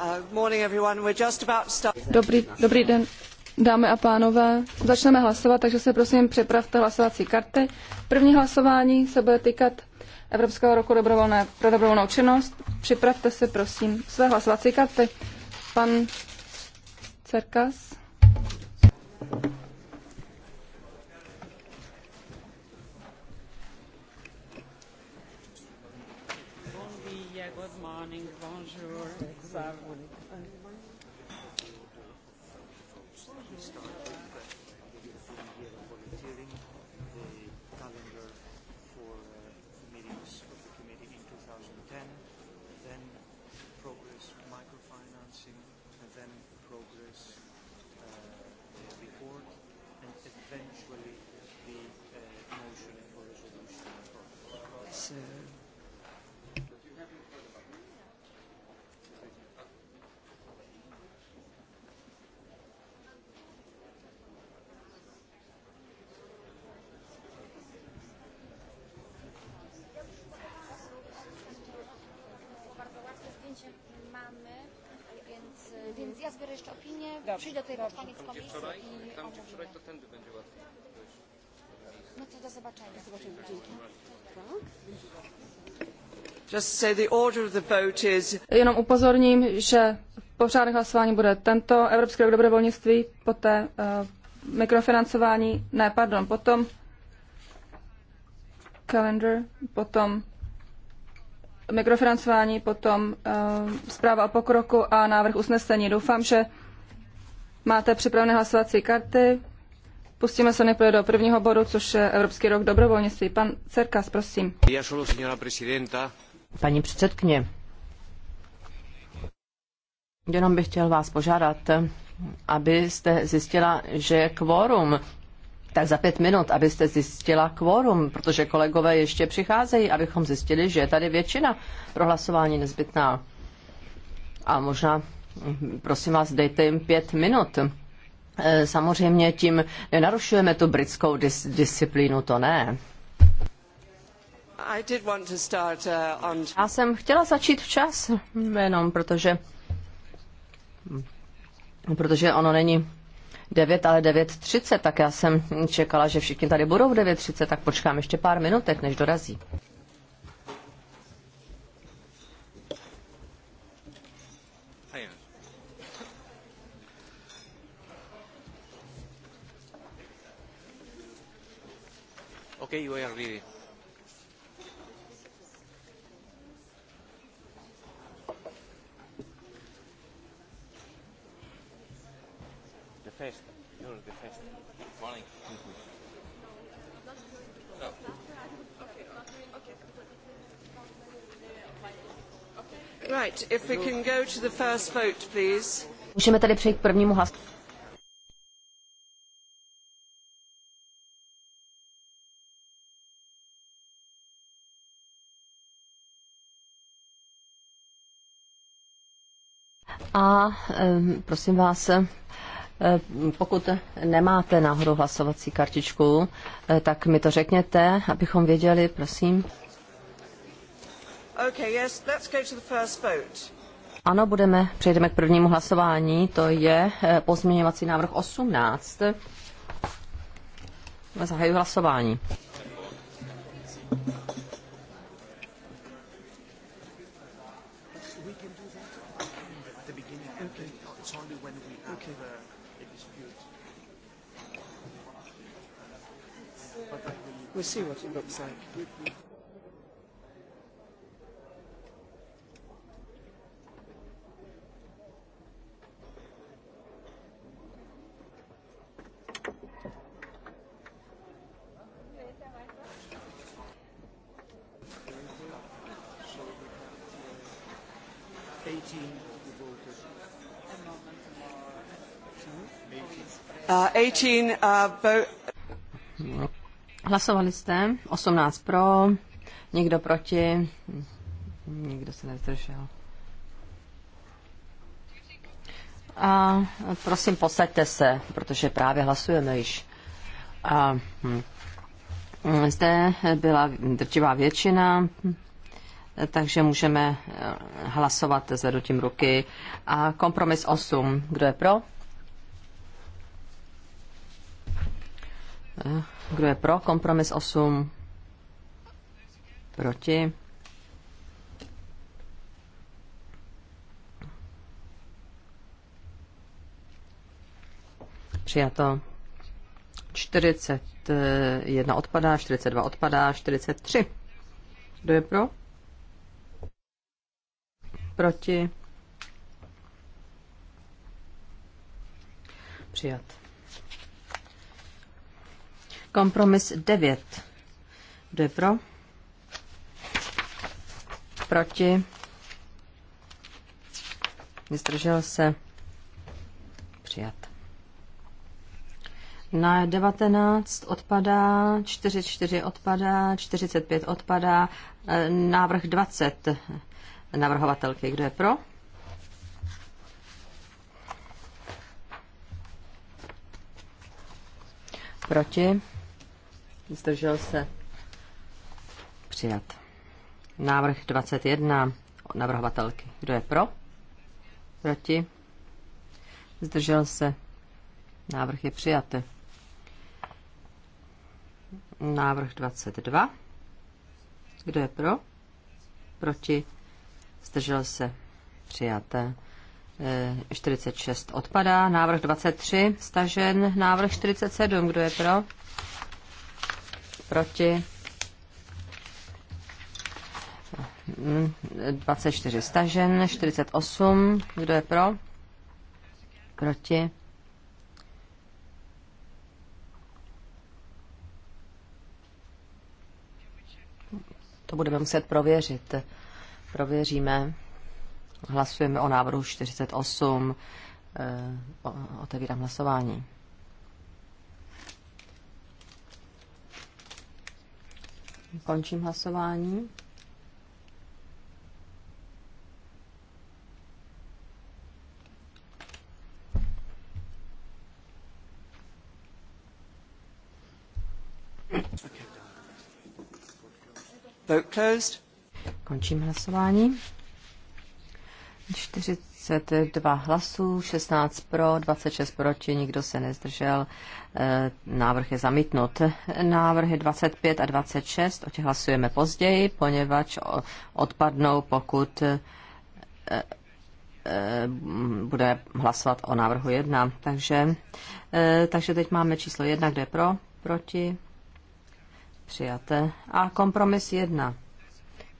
Uh, dobrý, dobrý den, dámy a pánové. Začneme hlasovat, takže se prosím připravte hlasovací karty. První hlasování se bude týkat Evropského roku dobrovolné, pro dobrovolnou činnost. Připravte si prosím své hlasovací karty. Pan Cerkas. good morning, bonjour kommissar przyjdę tutaj pod koniec komisji wczoraj, i Tam gdzie wczoraj, to tędy będzie łatwiej No to do zobaczenia. Do zobaczenia. Dzięki. Just say the order of the vote is... Jenom upozorním, že v pořádné hlasování bude tento Evropský rok dobrovolnictví, poté uh, mikrofinancování, ne, pardon, potom calendar, potom mikrofinancování, potom uh, zpráva o pokroku a návrh usnesení. Doufám, že Máte připravené hlasovací karty? Pustíme se nejprve do prvního bodu, což je Evropský rok dobrovolnictví. Pan Cerkas, prosím. Paní předsedkyně, jenom bych chtěl vás požádat, abyste zjistila, že je kvórum. Tak za pět minut, abyste zjistila kvórum, protože kolegové ještě přicházejí, abychom zjistili, že je tady většina pro hlasování nezbytná. A možná prosím vás, dejte jim pět minut. Eh, samozřejmě tím nenarušujeme tu britskou dis- disciplínu, to ne. Eh, já jsem chtěla začít včas, jenom protože, protože ono není 9, ale 9.30, tak já jsem čekala, že všichni tady budou v 9.30, tak počkám ještě pár minutek, než dorazí. Okay, The You're the morning. Right, if we can go to the first vote, please. Můžeme tedy přejít k prvnímu hlasování. A prosím vás, pokud nemáte náhodou hlasovací kartičku, eh, tak mi to řekněte, abychom věděli, prosím. Okay, yes, let's go to the first vote. Ano, budeme, přejdeme k prvnímu hlasování, to je eh, pozměňovací návrh 18. Zahajuji hlasování. We'll see what it looks like. Uh, 18 vote Hlasovali jste? 18 pro, někdo proti, někdo se nezdržel. A prosím, posaďte se, protože právě hlasujeme již. A, hm. Zde byla drtivá většina, takže můžeme eh, hlasovat zvednutím ruky. A kompromis 8. Kdo je pro? Eh, kdo je pro kompromis 8? Proti? Přijato. 41 odpadá, 42 odpadá, 43. Kdo je pro? Proti? Přijat. Kompromis 9. Kdo je pro? Proti? Vystržel se? Přijat. Na 19 odpadá, 44 odpadá, 45 odpadá, e, návrh 20 navrhovatelky. Kdo je pro? Proti? zdržel se, přijat. Návrh 21 od navrhovatelky. Kdo je pro? Proti? Zdržel se? Návrh je přijat. Návrh 22. Kdo je pro? Proti? Zdržel se? Přijat. 46 eh, odpadá. Návrh 23 stažen. Návrh 47. Kdo je pro? proti. 24 mm, stažen, 48, kdo je pro? Proti. To budeme muset prověřit. Prověříme. Hlasujeme o návrhu 48. Eh, otevírám hlasování. Končím hlasování. Vote closed. Končím hlasování. 40 42 hlasů, 16 pro, 26 proti, nikdo se nezdržel. Eh, návrh je zamítnut. Návrhy 25 a 26, o těch hlasujeme později, poněvadž odpadnou, pokud eh, eh, bude hlasovat o návrhu 1. Takže, takže teď máme číslo 1, kde je pro, proti, přijaté. A kompromis 1,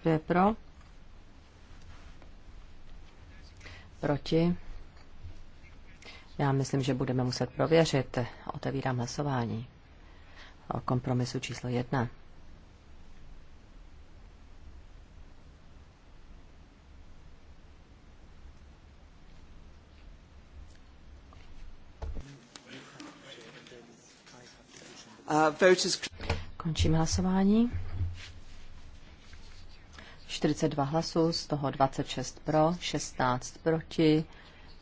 kde je pro, Proti? Já myslím, že budeme muset prověřit. Otevírám hlasování o kompromisu číslo jedna. Uh, Končím hlasování. 42 hlasů, z toho 26 pro, 16 proti,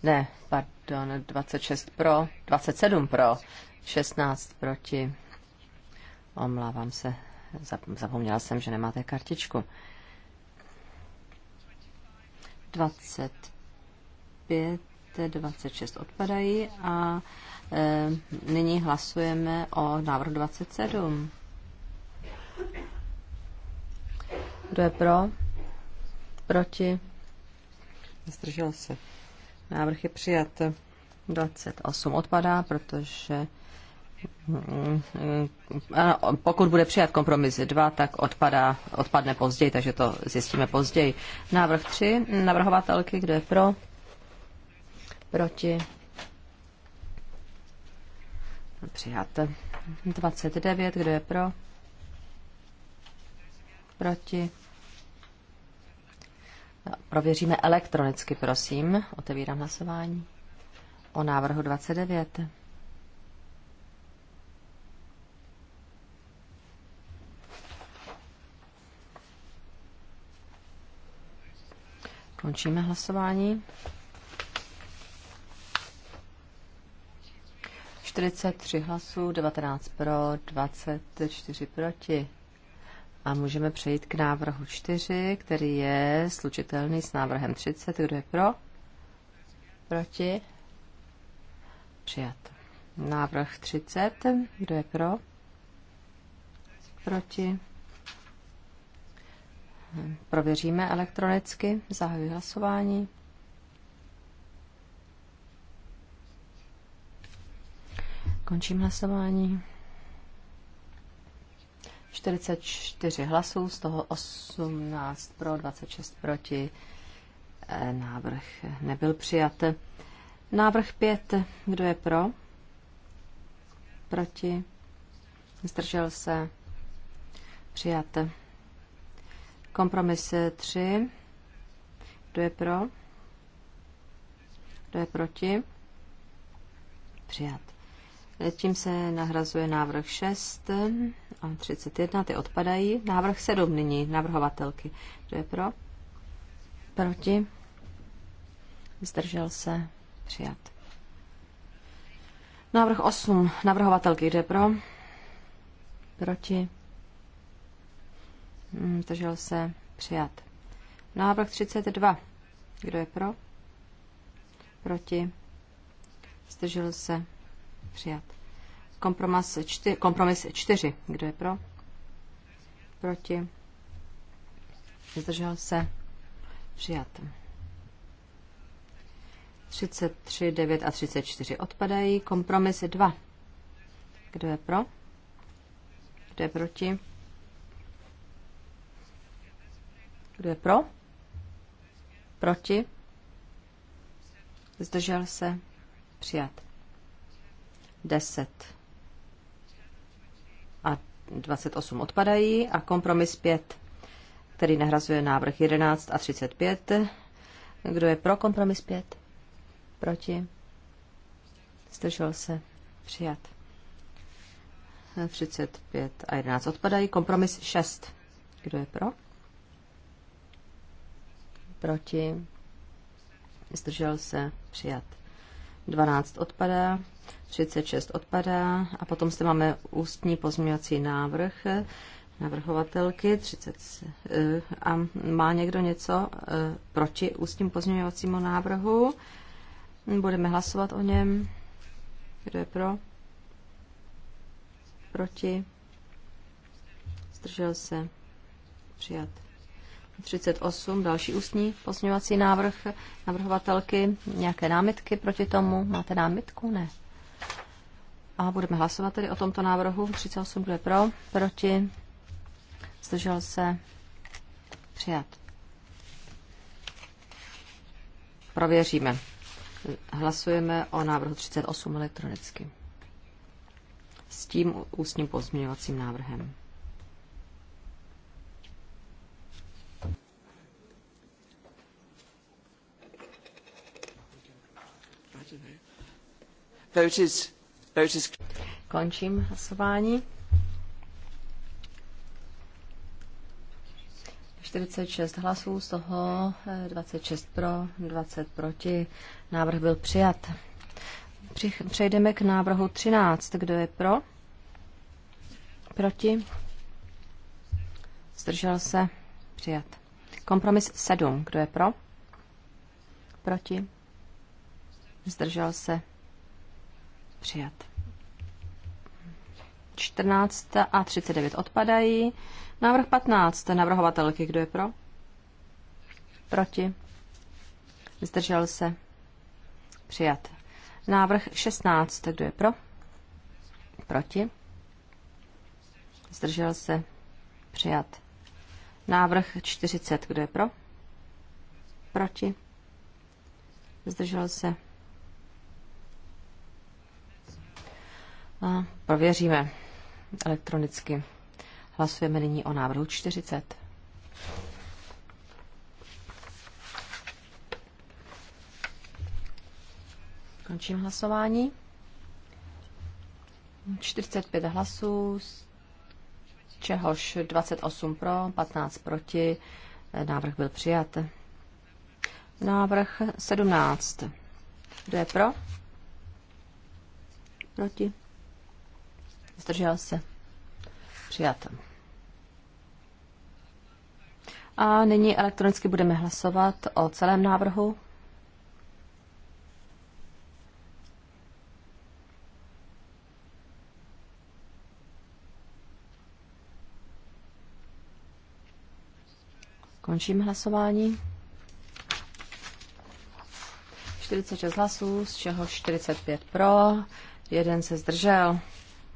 ne, pardon, 26 pro, 27 pro, 16 proti. Omlávám se, zapomněla jsem, že nemáte kartičku. 25, 26 odpadají a e, nyní hlasujeme o návrhu 27. Kdo je pro? Proti? Zdržel se. Návrh je přijat. 28 odpadá, protože mm, mm, pokud bude přijat kompromis 2, tak odpadá, odpadne později, takže to zjistíme později. Návrh 3, navrhovatelky, kdo je pro? Proti? Přijat. 29, kdo je pro? proti. Prověříme elektronicky, prosím. Otevírám hlasování o návrhu 29. Končíme hlasování. 43 hlasů, 19 pro, 24 proti. A můžeme přejít k návrhu 4, který je slučitelný s návrhem 30. Kdo je pro? Proti? Přijat. Návrh 30. Kdo je pro? Proti? Prověříme elektronicky. Zahajuji hlasování. Končím hlasování. 44 hlasů, z toho 18 pro, 26 proti. Eh, návrh nebyl přijat. Návrh 5. Kdo je pro? Proti? Zdržel se? Přijat. Kompromis 3. Kdo je pro? Kdo je proti? Přijat. Tím se nahrazuje návrh 6 a 31, ty odpadají. Návrh 7 nyní navrhovatelky. Kdo je pro? Proti? Zdržel se? Přijat. Návrh 8 navrhovatelky. Hmm, Kdo je pro? Proti? Zdržel se? Přijat. Návrh 32. Kdo je pro? Proti? Zdržel se? Přijat. Kompromis 4. Kompromis 4. Kdo je pro? Proti? Zdržel se? Přijat. 33, 9 a 34 odpadají. Kompromis 2. Kdo je pro? Kdo je proti? Kdo je pro? Proti? Zdržel se? Přijat. 10 a 28 odpadají a kompromis 5, který nahrazuje návrh 11 a 35. Kdo je pro kompromis 5? Proti? Zdržel se? Přijat. 35 a 11 odpadají. Kompromis 6. Kdo je pro? Proti? Zdržel se? Přijat. 12 odpadá, 36 odpadá a potom zde máme ústní pozměňovací návrh navrhovatelky 30. Eh, a má někdo něco eh, proti ústním pozměňovacímu návrhu? Budeme hlasovat o něm. Kdo je pro? Proti? Zdržel se? Přijat. 38, další ústní pozměňovací návrh navrhovatelky. Nějaké námitky proti tomu? Máte námitku? Ne. A budeme hlasovat tedy o tomto návrhu. 38 bude pro, proti, zdržel se, přijat. Prověříme. Hlasujeme o návrhu 38 elektronicky. S tím ústním pozměňovacím návrhem. Vote Končím hlasování. 46 hlasů, z toho 26 eh, pro, 20 proti. Návrh byl přijat. Přejdeme k návrhu 13. Kdo je pro? Proti? Zdržel se? Přijat. Kompromis 7. Kdo je pro? Proti? Zdržel se? Přijat. 14 a 39 odpadají. Návrh 15. Navrhovatelky. Kdo je pro? Proti? Zdržel se? Přijat. Návrh 16. Kdo je pro? Proti? Zdržel se? Přijat. Návrh 40. Kdo je pro? Proti? Zdržel se? A prověříme elektronicky. Hlasujeme nyní o návrhu 40. Končím hlasování. 45 hlasů, z čehož 28 pro, 15 proti. Návrh byl přijat. Návrh 17. Kdo je pro? Proti? zdržel se, Přijatel. A nyní elektronicky budeme hlasovat o celém návrhu. Končím hlasování. 46 hlasů, z čeho 45 pro, jeden se zdržel.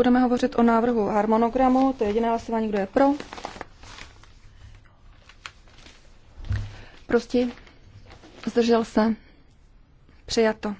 budeme hovořit o návrhu harmonogramu. To je jediné hlasování, kdo je pro. Prostě Zdržel se. Přijato.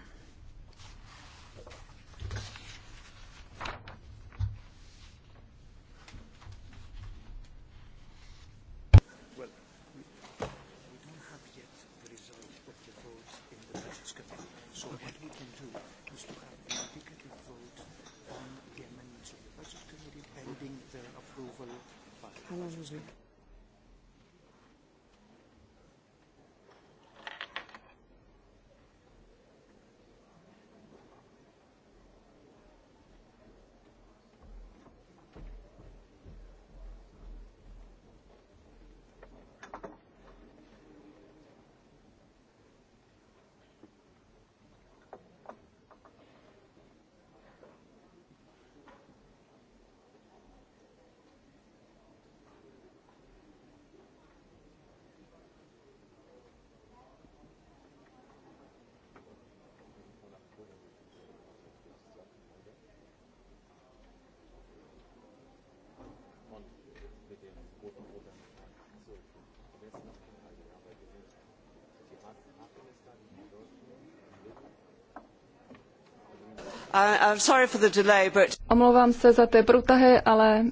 Omlouvám se za ty průtahy, ale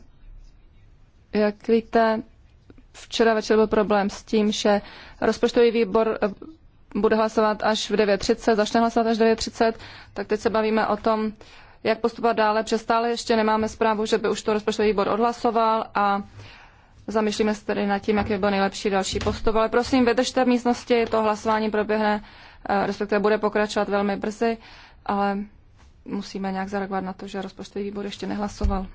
jak víte, včera večer byl problém s tím, že rozpočtový výbor eh, bude hlasovat až v 9.30, začne hlasovat až v 9.30, tak teď se bavíme o tom, jak postupovat dále, protože stále ještě nemáme zprávu, že by už to rozpočtový výbor odhlasoval a zamýšlíme se tedy nad tím, jaký by byl nejlepší další postup. Ale prosím, vydržte v místnosti, to hlasování proběhne, eh, respektive bude pokračovat velmi brzy, ale musíme nějak zareagovat na to, že rozpočtový výbor ještě nehlasoval.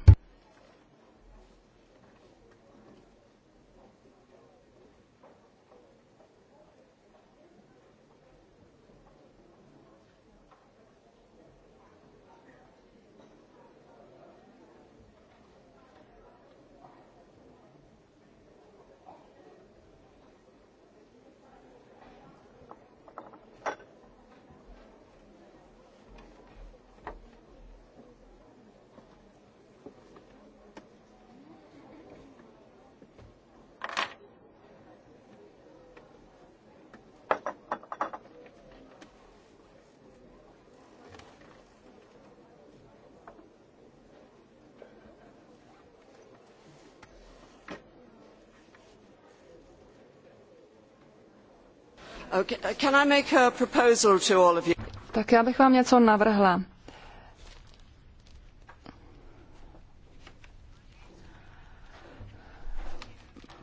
Uh, can I make a proposal to all of you? Tak já bych vám něco navrhla.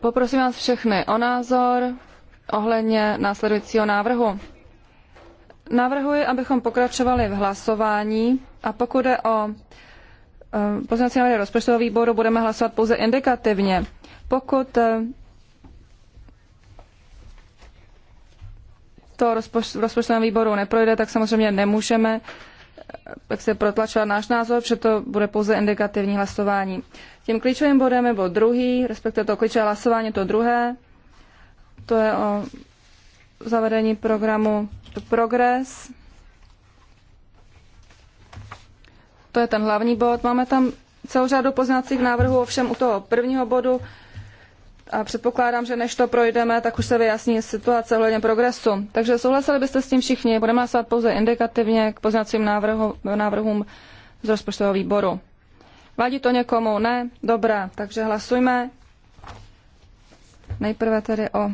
Poprosím vás všechny o názor ohledně následujícího návrhu. Navrhuji, abychom pokračovali v hlasování a pokud je o eh, pozměňovací návrhy rozpočtového výboru, budeme hlasovat pouze indikativně. Pokud eh, to v rozpočtovém výboru neprojde, tak samozřejmě nemůžeme eh, jak se protlačovat náš názor, protože to bude pouze indikativní hlasování. Tím klíčovým bodem je bod druhý, respektive to klíčové hlasování, to druhé, to je o zavedení programu Progress. To je ten hlavní bod. Máme tam celou řadu poznacích návrhů, ovšem u toho prvního bodu a předpokládám, že než to projdeme, tak už se vyjasní situace ohledně progresu. Takže souhlasili byste s tím všichni. Budeme hlasovat pouze indikativně k poznacím návrhu, návrhům z rozpočtového výboru. Vadí to někomu? Ne? Dobrá, takže hlasujme. Nejprve tedy o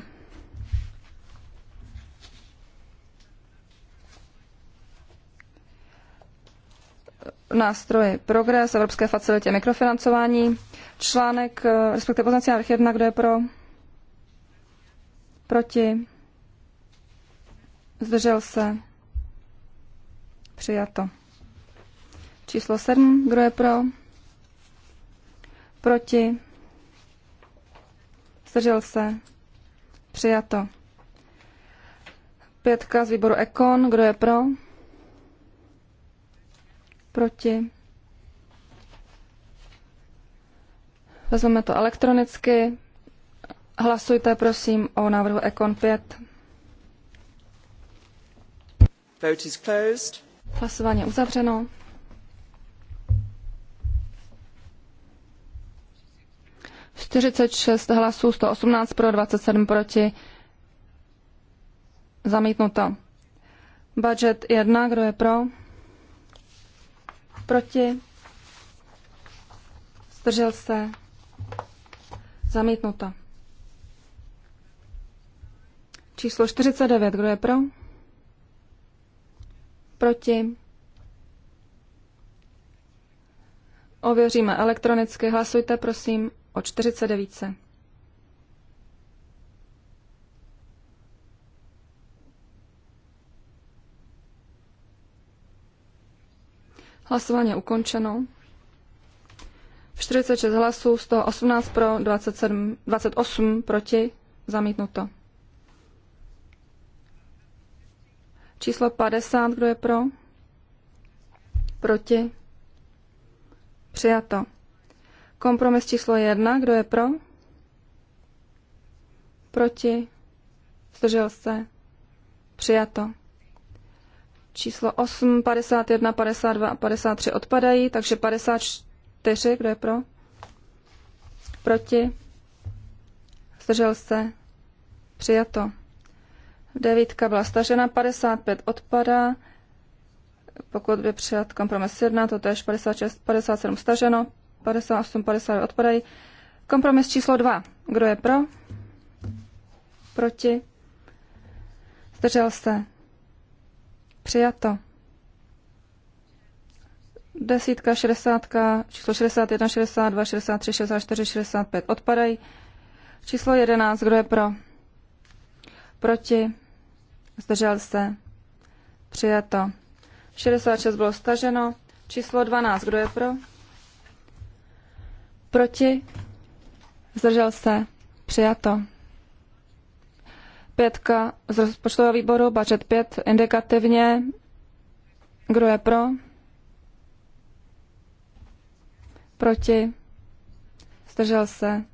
nástroji Progres, Evropské facilitě mikrofinancování. Článek, eh, respektive poznací návrh 1, kdo je pro? Proti? Zdržel se? Přijato. Číslo 7, kdo je pro? Proti? Zdržel se? Přijato. Pětka z výboru Ekon, kdo je pro? Proti? Vezmeme to elektronicky. Hlasujte prosím o návrhu Econ 5. Vote is closed. Hlasování uzavřeno. Čtyřicet šest hlasů, 118 pro, 27 proti. Zamítnuto. Budget 1, kdo je pro? Proti? Zdržel se? Zamítnuto. Číslo 49. Kdo je pro? Proti? Ověříme elektronicky. Hlasujte, prosím, o 49. Hlasování je ukončeno. 46 hlasů, 118 pro, 27, 28 proti, zamítnuto. Číslo 50, kdo je pro? Proti? Přijato. Kompromis číslo 1, kdo je pro? Proti? Zdržel se? Přijato. Číslo 8, 51, 52 a 53 odpadají, takže 54 4, kdo je pro? Proti? Zdržel se? Přijato. Devítka byla stažena, 55 odpadá. Pokud by přijat kompromis 1, to tež 56, 57 staženo, 58, 50 odpadají. Kompromis číslo 2. Kdo je pro? Proti? Zdržel se? Přijato desítka, šedesátka, číslo 61, 62, 63, 64, 65 odpadají. Číslo 11, kdo je pro? Proti? Zdržel se? Přijato. 66 bylo staženo. Číslo 12, kdo je pro? Proti? Zdržel se? Přijato. Pětka z rozpočtového výboru, budget 5, indikativně. Kdo je pro? Proti? Zdržel se?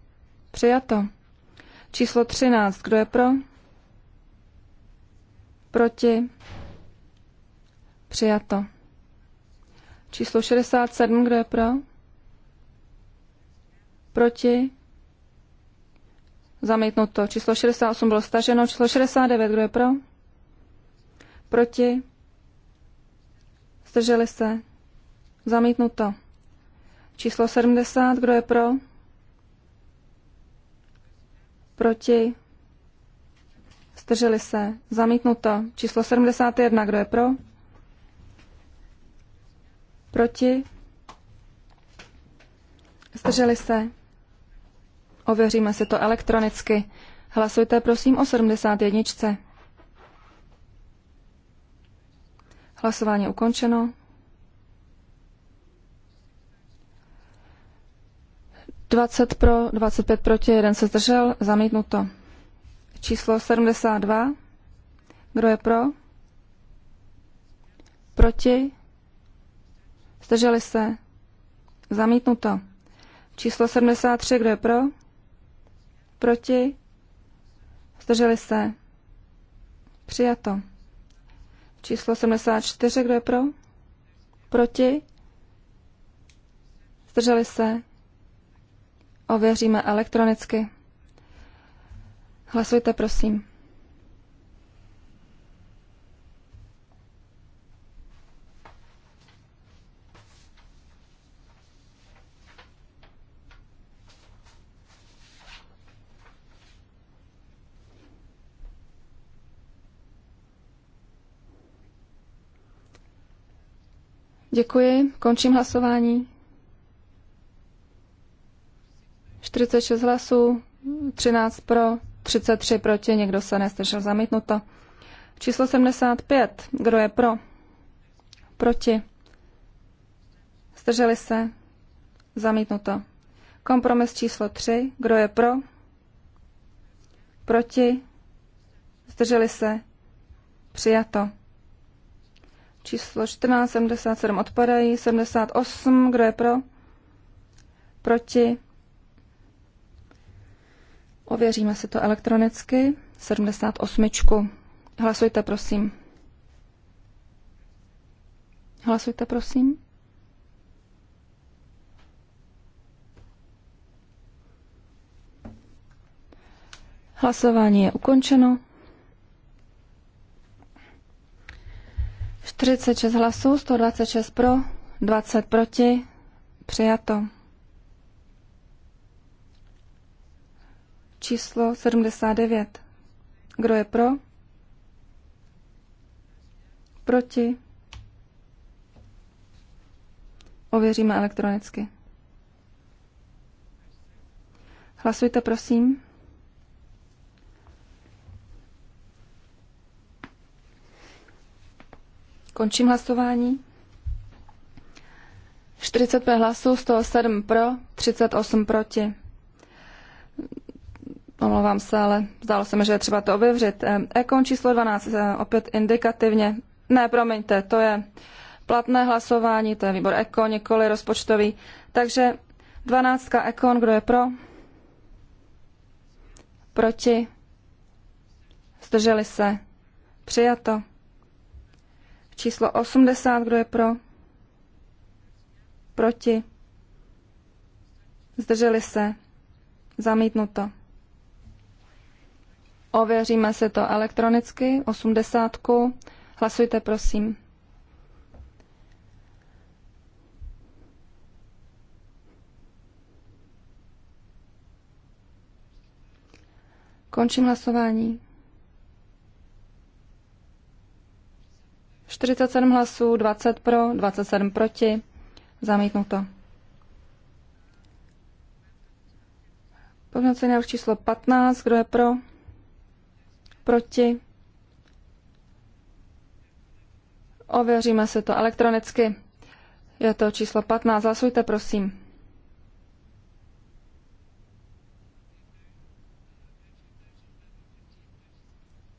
Přijato. Číslo 13. Kdo je pro? Proti? Přijato. Číslo 67. Kdo je pro? Proti? Zamítnuto. Číslo 68 bylo staženo. Číslo 69. Kdo je pro? Proti? Zdrželi se? Zamítnuto. Číslo 70, kdo je pro? Proti? Zdrželi se. Zamítnuto. Číslo 71, kdo je pro? Proti? Zdrželi se. Ověříme si to elektronicky. Hlasujte prosím o 71. Hlasování ukončeno. 20 pro, 25 proti, jeden se zdržel, zamítnuto. Číslo 72. Kdo je pro? Proti? Zdrželi se? Zamítnuto. Číslo 73. Kdo je pro? Proti? Zdrželi se? Přijato. Číslo 74. Kdo je pro? Proti? Zdrželi se? ověříme elektronicky. Hlasujte, prosím. Děkuji, končím hlasování. 46 hlasů, 13 pro, 33 proti, někdo se nestržel zamítnuto. Číslo 75, kdo je pro? Proti. Strželi se? Zamítnuto. Kompromis číslo 3, kdo je pro? Proti. Strželi se? Přijato. Číslo 14, 77 odpadají. 78, kdo je pro? Proti Ověříme si to elektronicky. 78. Hlasujte, prosím. Hlasujte, prosím. Hlasování je ukončeno. 46 hlasů, 126 pro, 20 proti, přijato. číslo 79. Kdo je pro? Proti? Ověříme elektronicky. Hlasujte, prosím. Končím hlasování. 45 hlasů, 107 pro, 38 proti. Omlouvám se, ale zdálo se mi, že je třeba to ověřit. Eh, ekon číslo 12, eh, opět indikativně. Ne, promiňte, to je platné hlasování, to je výbor Ekon, nikoli rozpočtový. Takže 12. Ekon, kdo je pro? Proti? Zdrželi se? Přijato. Číslo 80, kdo je pro? Proti? Zdrželi se? Zamítnuto. Ověříme si to elektronicky, osmdesátku. Hlasujte, prosím. Končím hlasování. 47 hlasů, 20 pro, 27 proti. Zamítnuto. Pozměňovací návrh číslo 15. Kdo je pro? proti. Ověříme si to elektronicky. Je to číslo 15. Hlasujte, prosím.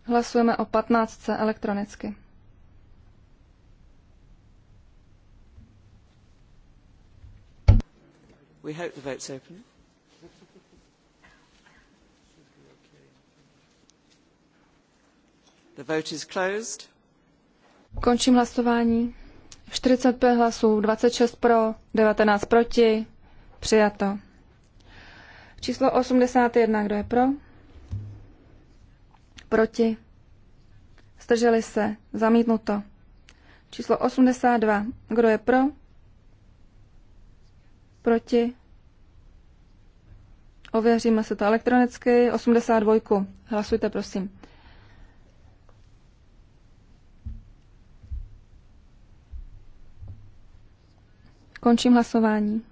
Hlasujeme o 15 elektronicky. We hope the vote's open. Končím hlasování. 45 hlasů, 26 pro, 19 proti. Přijato. Číslo 81, kdo je pro? Proti. Zdrželi se. Zamítnuto. Číslo 82, kdo je pro? Proti. Ověříme se to elektronicky. 82. Hlasujte, prosím. Končím hlasování.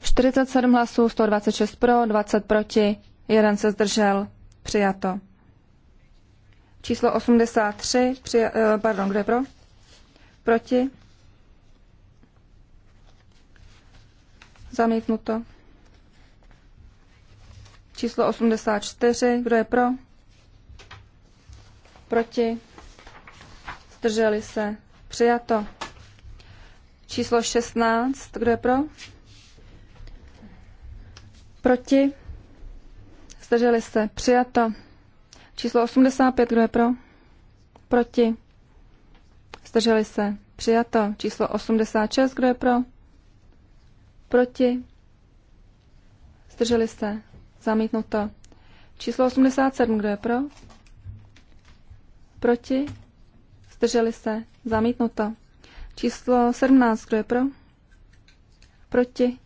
47 hlasů, 126 pro, 20 proti, jeden se zdržel, přijato. Číslo 83, přija, eh, pardon, kde pro? Proti. Zamítnuto. Číslo 84, kdo je pro? Proti. Zdrželi se. Přijato. Číslo 16. Kdo je pro? Proti? Zdrželi se. Přijato. Číslo 85. Kdo je pro? Proti? Zdrželi se. Přijato. Číslo 86. Kdo je pro? Proti? Zdrželi se. Zamítnuto. Číslo 87. Kdo je pro? Proti? Zdrželi se. Zamítnuto. Číslo 17, kdo je pro? Proti?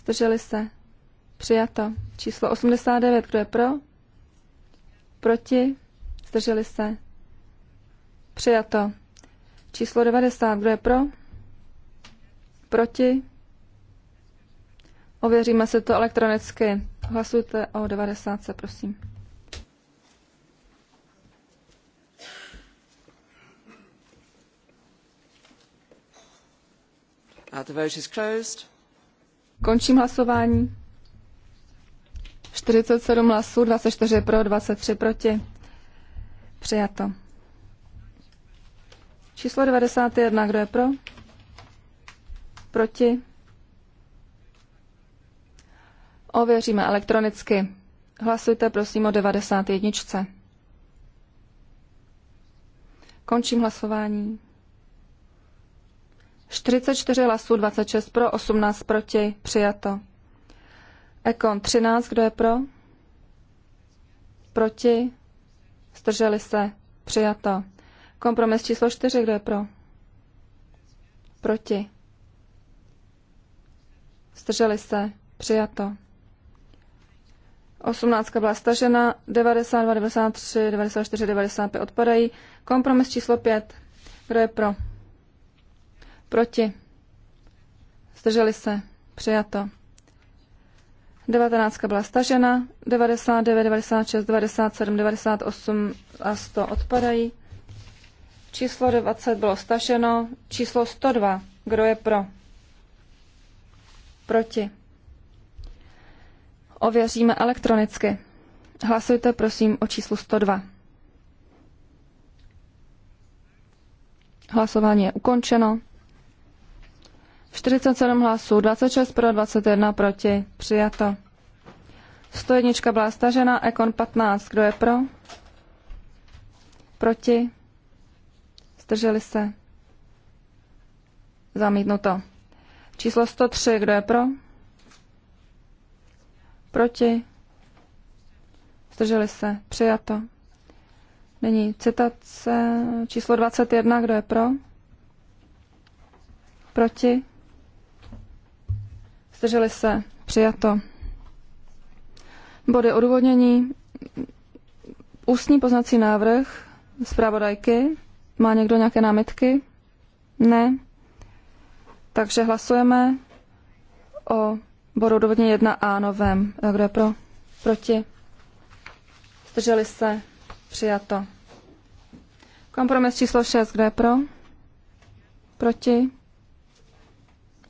Zdrželi se? Přijato. Číslo 89, kdo je pro? Proti? Zdrželi se? Přijato. Číslo 90, kdo je pro? Proti? Ověříme se to elektronicky. Hlasujte o 90, prosím. Uh, Končím hlasování. 47 hlasů, 24 pro, 23 proti. Přijato. Číslo 91, kdo je pro? Proti? Ověříme elektronicky. Hlasujte prosím o 91. Končím hlasování. 44 hlasů, 26 pro, 18 proti, přijato. Ekon 13, kdo je pro? Proti? Zdrželi se? Přijato. Kompromis číslo 4, kdo je pro? Proti? Zdrželi se? Přijato. 18 byla stažena, 92, 93, 94, 95 odpadají. Kompromis číslo 5, kdo je pro? Proti. Zdrželi se. Přijato. 19 byla stažena, 99, 96, 97, 98 a 100 odpadají. Číslo 20 bylo staženo, číslo 102. Kdo je pro? Proti. Ověříme elektronicky. Hlasujte prosím o číslu 102. Hlasování je ukončeno. 47 hlasů, 26 pro, 21 proti. Přijato. 101 byla stažena, Ekon 15. Kdo je pro? Proti? Zdrželi se? Zamítnuto. Číslo 103. Kdo je pro? Proti? Zdrželi se? Přijato. Nyní citace číslo 21. Kdo je pro? Proti? Zdrželi se? Přijato. Body odůvodnění. Ústní poznací návrh zpravodajky. Má někdo nějaké námitky? Ne. Takže hlasujeme o bodu odůvodnění 1a novém. Eh, Kdo je pro? Proti? Zdrželi se? Přijato. Kompromis číslo 6. Kdo je pro? Proti?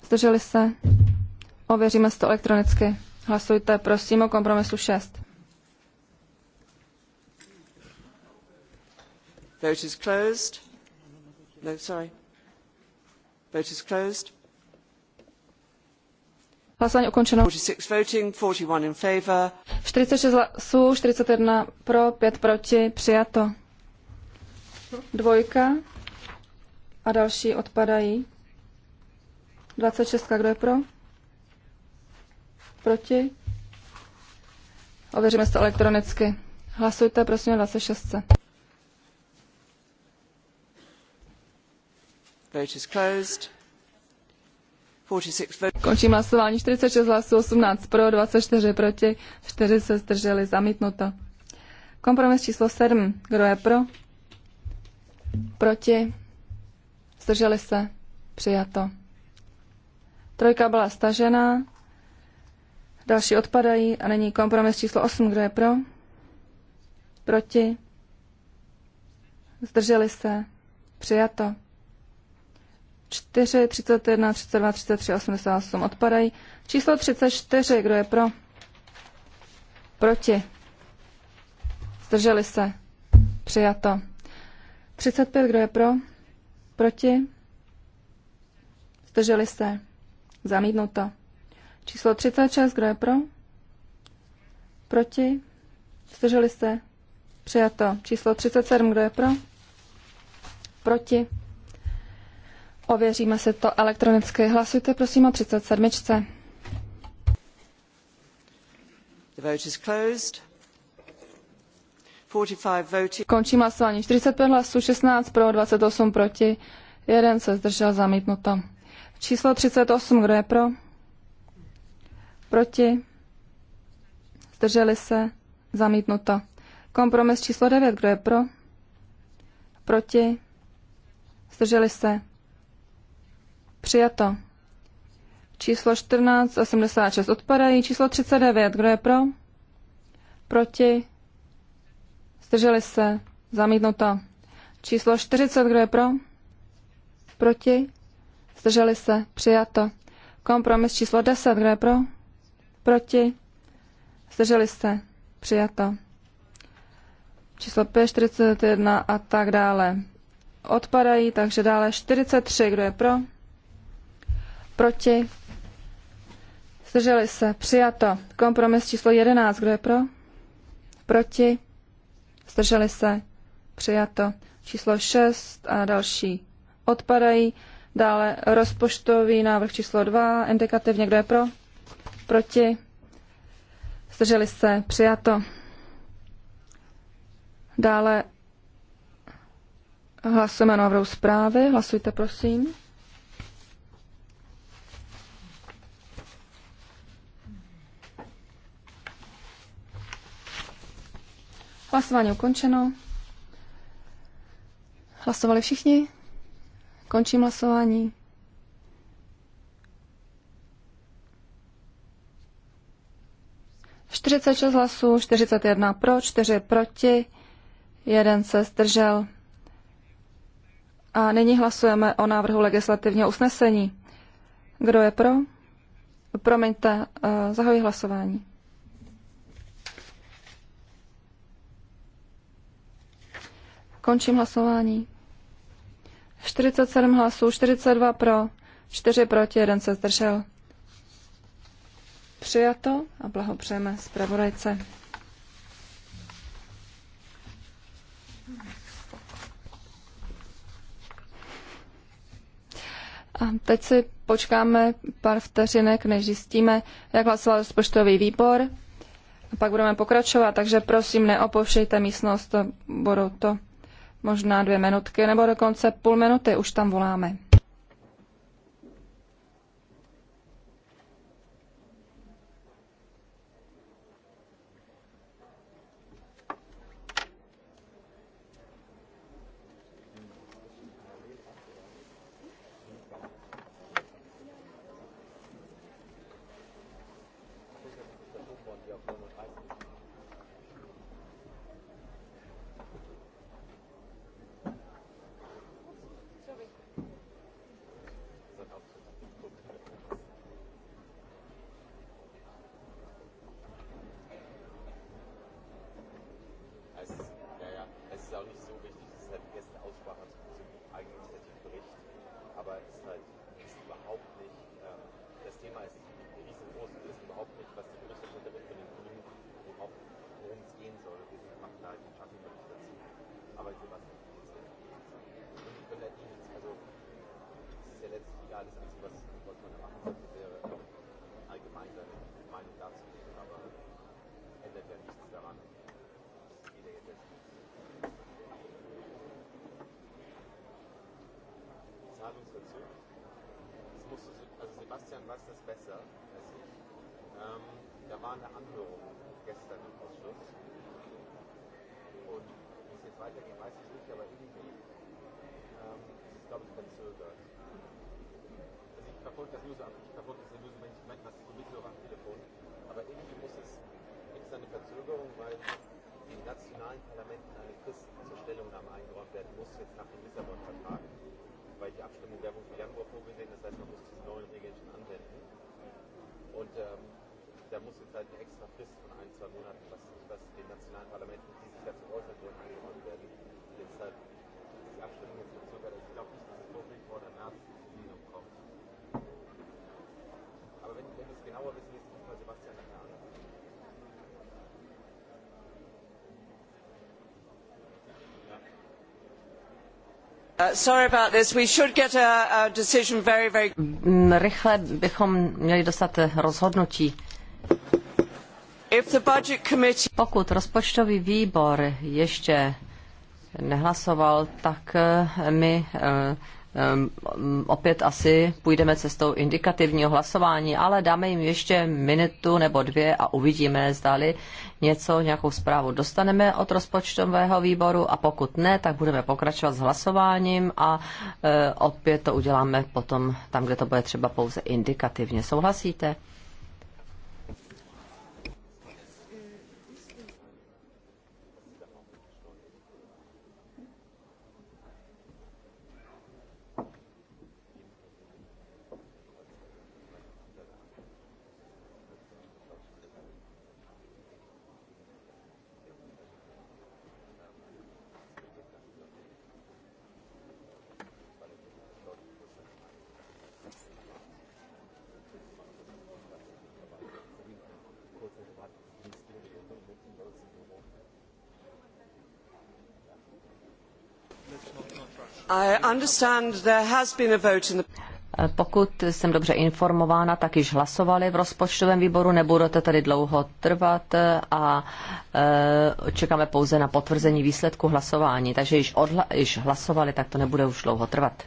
Zdrželi se? Ověříme si to elektronicky. Hlasujte, prosím, o kompromisu 6. Vote is closed. No, sorry. Vote is closed. Hlasování ukončeno. 46 46 hlasů, 41 pro, 5 proti, přijato. Dvojka a další odpadají. 26, kdo je pro? Proti? Ověříme to elektronicky. Hlasujte, prosím, 26. Vote is closed. Končím hlasování 46 hlasů, 18 pro, 24 proti, 4 se zdrželi, zamítnuto. Kompromis číslo 7. Kdo je pro? Proti? Zdrželi se? Přijato. Trojka byla stažená. Další odpadají a není kompromis číslo 8. Kdo je pro? Proti? Zdrželi se? Přijato. 4, 31, 32, 33, 88 odpadají. Číslo 34, kdo je pro? Proti. Zdrželi se. Přijato. 35, kdo je pro? Proti. Zdrželi se. Zamítnuto. Číslo 36, kdo je pro? Proti? Zdrželi se? Přijato. Číslo 37, kdo je pro? Proti? Ověříme si to elektronicky. Hlasujte prosím o 37. The vote is closed. 45 voting. Končím hlasování. 45 hlasů, 16 pro, 28 proti, jeden se zdržel zamítnuto. Číslo 38, kdo je pro? Proti? Zdrželi se? Zamítnuto. Kompromis číslo 9. Kdo je pro? Proti? Zdrželi se? Přijato. Číslo 14, 86 odpadají. Číslo 39. Kdo je pro? Proti? Zdrželi se? Zamítnuto. Číslo 40. Kdo je pro? Proti? Zdrželi se? Přijato. Kompromis číslo 10. Kdo je pro? Proti? Zdrželi se? Přijato. Číslo 5, 41 a tak dále. Odpadají, takže dále 43. Kdo je pro? Proti? Zdrželi se? Přijato. Kompromis číslo 11. Kdo je pro? Proti? Zdrželi se? Přijato. Číslo 6 a další odpadají. Dále rozpočtový návrh číslo 2, indikativně kdo je pro? proti, zdrželi se, přijato. Dále hlasujeme na návrhu zprávy. Hlasujte, prosím. Hlasování ukončeno. Hlasovali všichni? Končím hlasování. 46 hlasů, 41 pro, 4 proti, jeden se zdržel. A nyní hlasujeme o návrhu legislativního usnesení. Kdo je pro? Promiňte, eh, zahoji hlasování. Končím hlasování. 47 hlasů, 42 pro, 4 proti, 1 se zdržel. Přijato a blahopřejeme zpravodajce. A teď si počkáme pár vteřinek, než zjistíme, jak hlasoval rozpočtový výbor. A pak budeme pokračovat, takže prosím, neopovšejte místnost, budou to možná dvě minutky nebo dokonce půl minuty, už tam voláme. Zahlungsverzug. Das musste, also Sebastian weiß das besser als ich. Ähm, da war eine Anhörung gestern im Ausschuss. Und wie es jetzt weitergeht, weiß ich nicht, aber irgendwie ähm, ist es, glaube ich, verzögert. Also ich verfolge das News, so, ich verfolge das News, wenn ich manchmal sowieso am Telefon. Aber irgendwie muss es, gibt es eine Verzögerung, weil den nationalen Parlamenten eine Frist zur Stellungnahme eingeräumt werden muss, jetzt nach dem Lissabon-Vertrag weil die Abstimmung der wohl für Januar vorgesehen, das heißt, man muss diese neuen Regeln schon anwenden. Und ähm, da muss jetzt halt eine extra Frist von ein, zwei Monaten, was, was den nationalen Parlamenten, die sich dazu äußern wollen, angeräumt werden. Jetzt halt die Abstimmung jetzt verzögert, Rychle bychom měli dostat eh, rozhodnutí. Pokud rozpočtový výbor ještě nehlasoval, tak eh, my eh, opět asi půjdeme cestou indikativního hlasování, ale dáme jim ještě minutu nebo dvě a uvidíme, zdali něco, nějakou zprávu dostaneme od rozpočtového výboru a pokud ne, tak budeme pokračovat s hlasováním a e, opět to uděláme potom tam, kde to bude třeba pouze indikativně. Souhlasíte? Pokud jsem dobře informována, tak již hlasovali v rozpočtovém výboru, nebude to tady dlouho trvat eh, a eh, čekáme pouze na potvrzení výsledku hlasování. Takže již, odhla, již hlasovali, tak to nebude už dlouho trvat.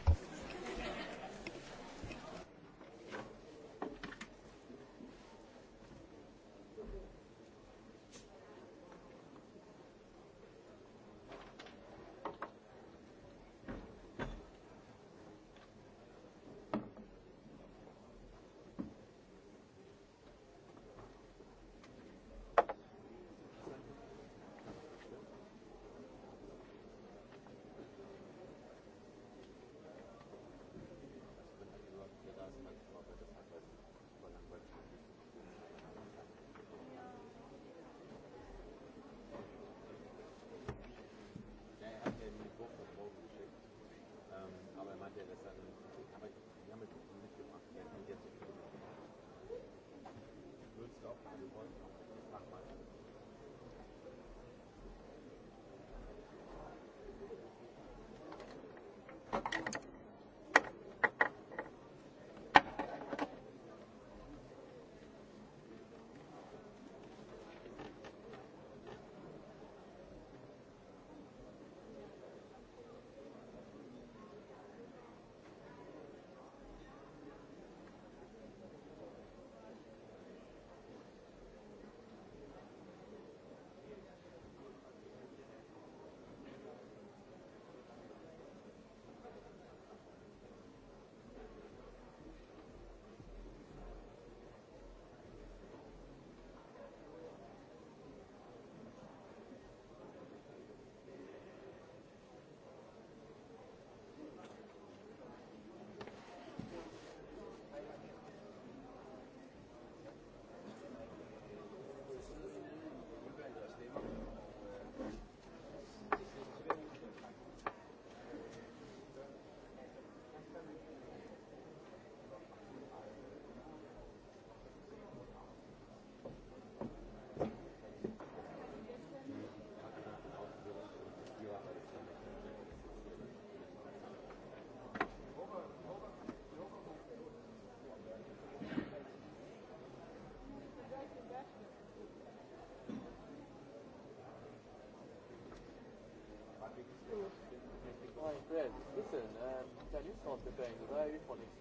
Hi, Fred. Listen, um, can you the today for next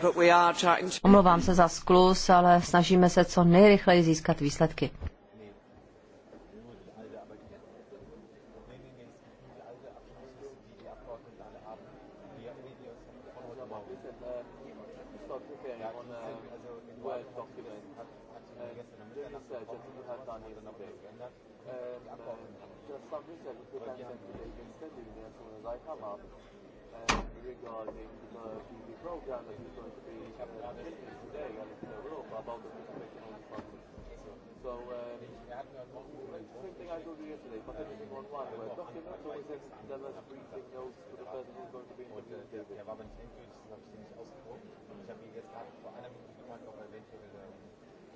week? Omlouvám se za sklus, ale snažíme se co nejrychleji získat výsledky. Um, some research which we can send to the extended universe I uh, regarding the TV program that is going to be uh, today and in Europa about the situation of the So um, same thing I told you yesterday, but everything on one word document, so we send them as briefing notes to the person who's going to be interviewed. Oh, um,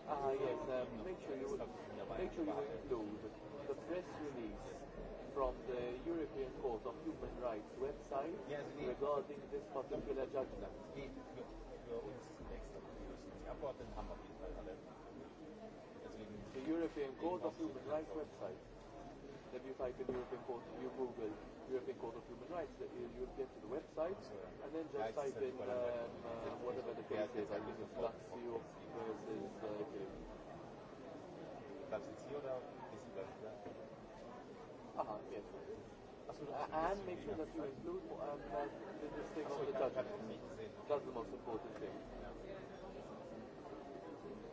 ah, yes, um, make sure you make sure you include the press release from the European Court of Human Rights website yes, regarding this particular judgment. the European Court of Human Rights website. If you type in European Court, you Google European Court of Human Rights, uh, you'll get to the website, and then just type in um, uh, whatever the case is. I think it's Lazio versus. Uh, okay uh make sure that you include um, thing on the the most important thing.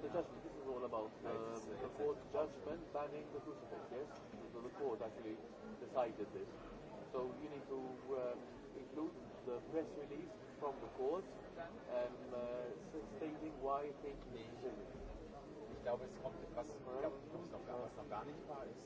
The judgment, this is all about the court's judgment banning the crucifix, So the court actually decided this. So you need to include the press release from the court um, stating why it came to Ich glaube, es kommt, etwas, ich glaube, was, noch, was noch gar nicht war, ist,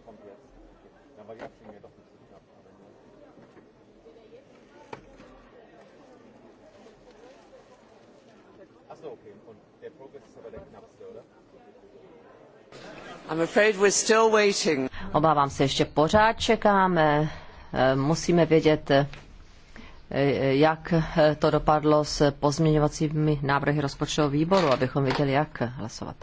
der kommt jetzt. aber jetzt sind wir doch nicht so knapp. Achso, okay. Und der Progress ist aber der knappste, oder? I'm afraid we're still waiting. Obávám se, ještě pořád čekáme. Eh, musíme vědět, eh, jak eh, to dopadlo s pozměňovacími návrhy rozpočtového výboru, abychom věděli, jak hlasovat.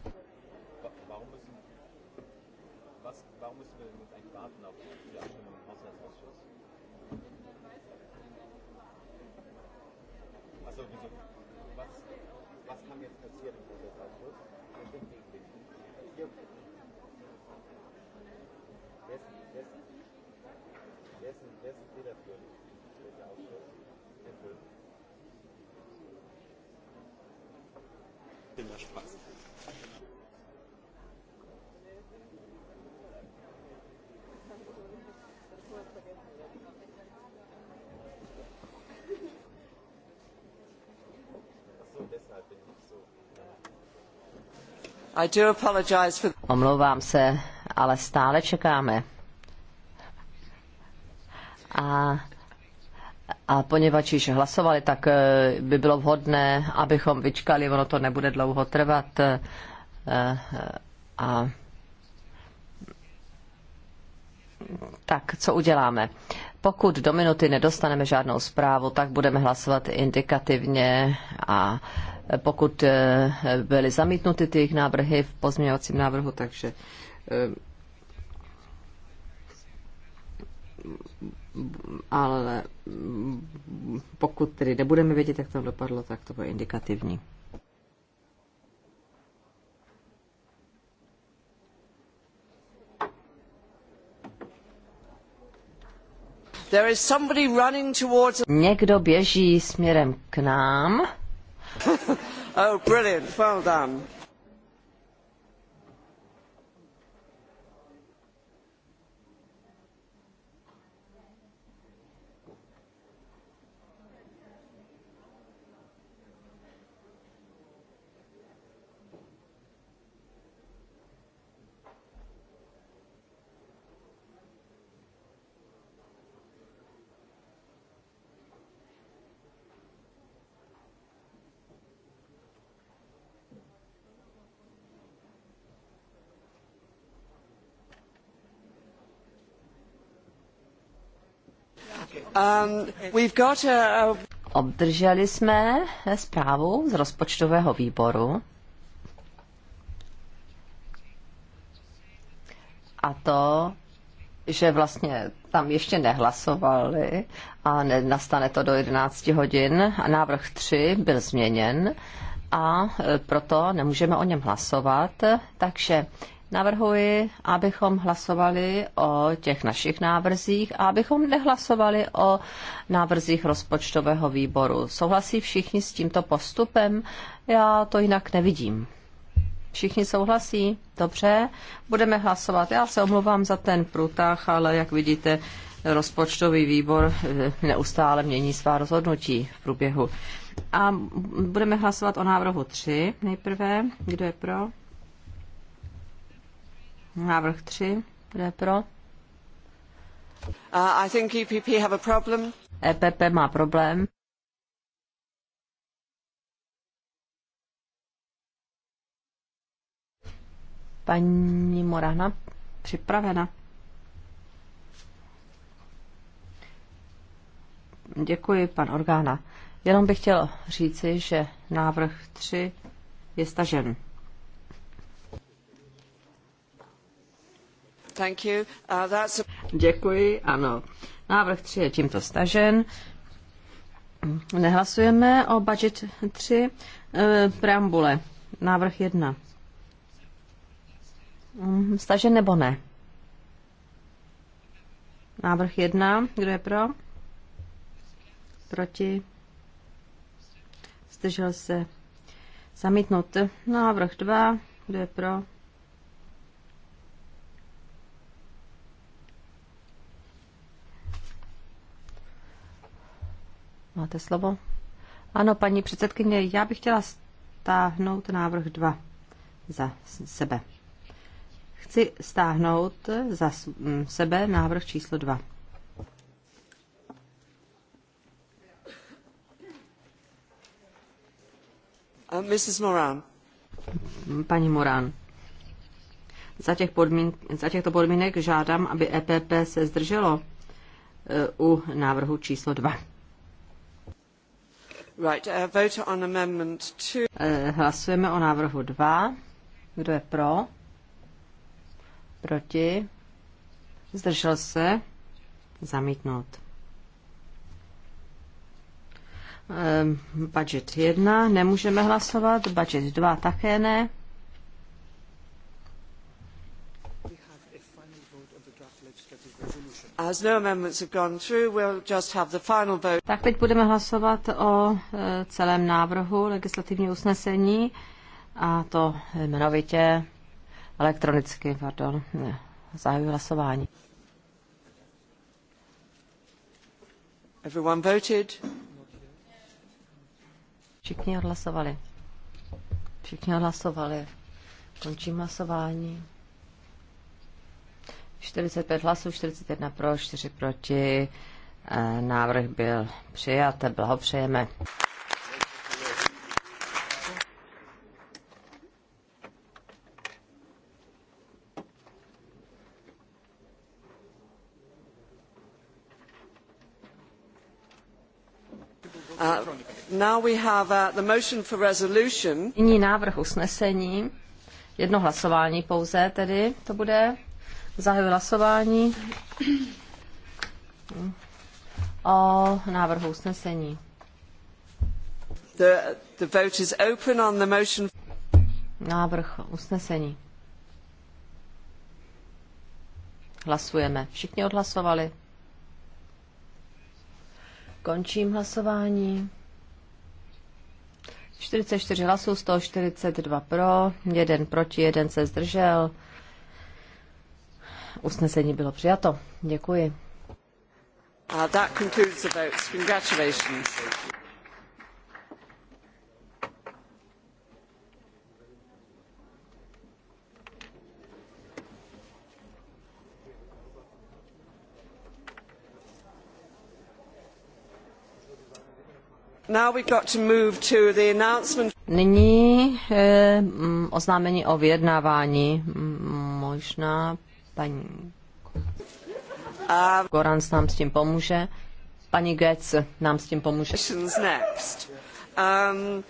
Omlouvám se, ale stále čekáme. A, a poněvadž již hlasovali, tak eh, by bylo vhodné, abychom vyčkali, ono to nebude dlouho trvat. Eh, eh, a, tak co uděláme? Pokud do minuty nedostaneme žádnou zprávu, tak budeme hlasovat indikativně a pokud eh, byly zamítnuty ty jejich návrhy v pozměňovacím návrhu, takže eh, ale pokud tedy nebudeme vědět, jak to dopadlo, tak to bude indikativní. There is somebody running towards... Někdo běží směrem k nám. oh, brilliant. Well done. Um, Obdrželi jsme zprávu z rozpočtového výboru. A to, že vlastně tam ještě nehlasovali a nastane to do 11 hodin. A návrh 3 byl změněn a e, proto nemůžeme o něm hlasovat. Takže navrhuji, abychom hlasovali o těch našich návrzích a abychom nehlasovali o návrzích rozpočtového výboru. Souhlasí všichni s tímto postupem? Já to jinak nevidím. Všichni souhlasí? Dobře, budeme hlasovat. Já se omlouvám za ten průtah, ale jak vidíte, rozpočtový výbor eh, neustále mění svá rozhodnutí v průběhu. A budeme hlasovat o návrhu 3 nejprve. Kdo je pro? Návrh 3. Kdo je pro? Uh, I think EPP have a problem. EPP má problém. Paní Morana připravena. Děkuji, pan Orgána. Jenom bych chtěl říci, že návrh 3 je stažen. Uh, Děkuji, ano. Návrh 3 je tímto stažen. Nehlasujeme o budget 3. Eh, preambule. Návrh 1. Mm, stažen nebo ne? Návrh 1. Kdo je pro? Proti? Zdržel se. Zamítnut. Návrh 2. Kdo je pro? Máte slovo? Ano, paní předsedkyně, já bych chtěla stáhnout návrh 2 za sebe. Chci stáhnout za sebe návrh číslo 2. Uh, Mrs. Moran. Paní Moran. Za, těch podmín, za těchto podmínek žádám, aby EPP se zdrželo uh, u návrhu číslo 2. Right, uh, vote on amendment two. Eh, hlasujeme o návrhu 2. Kdo je pro? Proti? Zdržel se? Zamítnout. Um, ehm, budget 1 nemůžeme hlasovat, budget 2 také ne. Tak teď budeme hlasovat o e, celém návrhu legislativního usnesení a to jmenovitě elektronicky, pardon, e, zahajuji hlasování. Everyone voted. Všichni odhlasovali. Všichni odhlasovali. Končím hlasování. 45 hlasů, 41 pro, 4 proti. Eh, návrh byl přijat. Blahopřejeme. Uh, uh, Nyní návrh usnesení. Jedno hlasování pouze tedy to bude. Zahajuji hlasování o návrhu usnesení. The, the vote is open on the motion. Návrh usnesení. Hlasujeme. Všichni odhlasovali. Končím hlasování. 44 hlasů, 142 pro, 1 proti, 1 se zdržel. Usnesení bylo přijato. Děkuji. Uh, that concludes the votes. Congratulations. Nyní eh, oznámení o vyjednávání. Možná Paní A... Gorans nám s tím pomůže. Paní Getz nám s tím pomůže. Next. Um...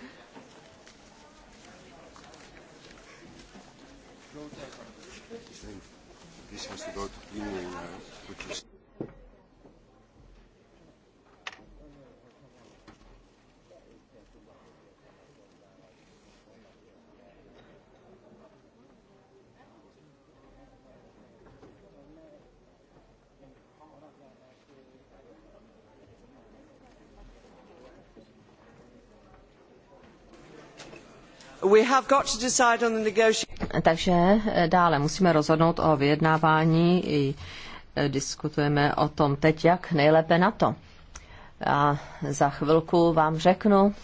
This has to go to Takže eh, dále musíme rozhodnout o vyjednávání i eh, diskutujeme o tom teď, jak nejlépe na to. A za chvilku vám řeknu,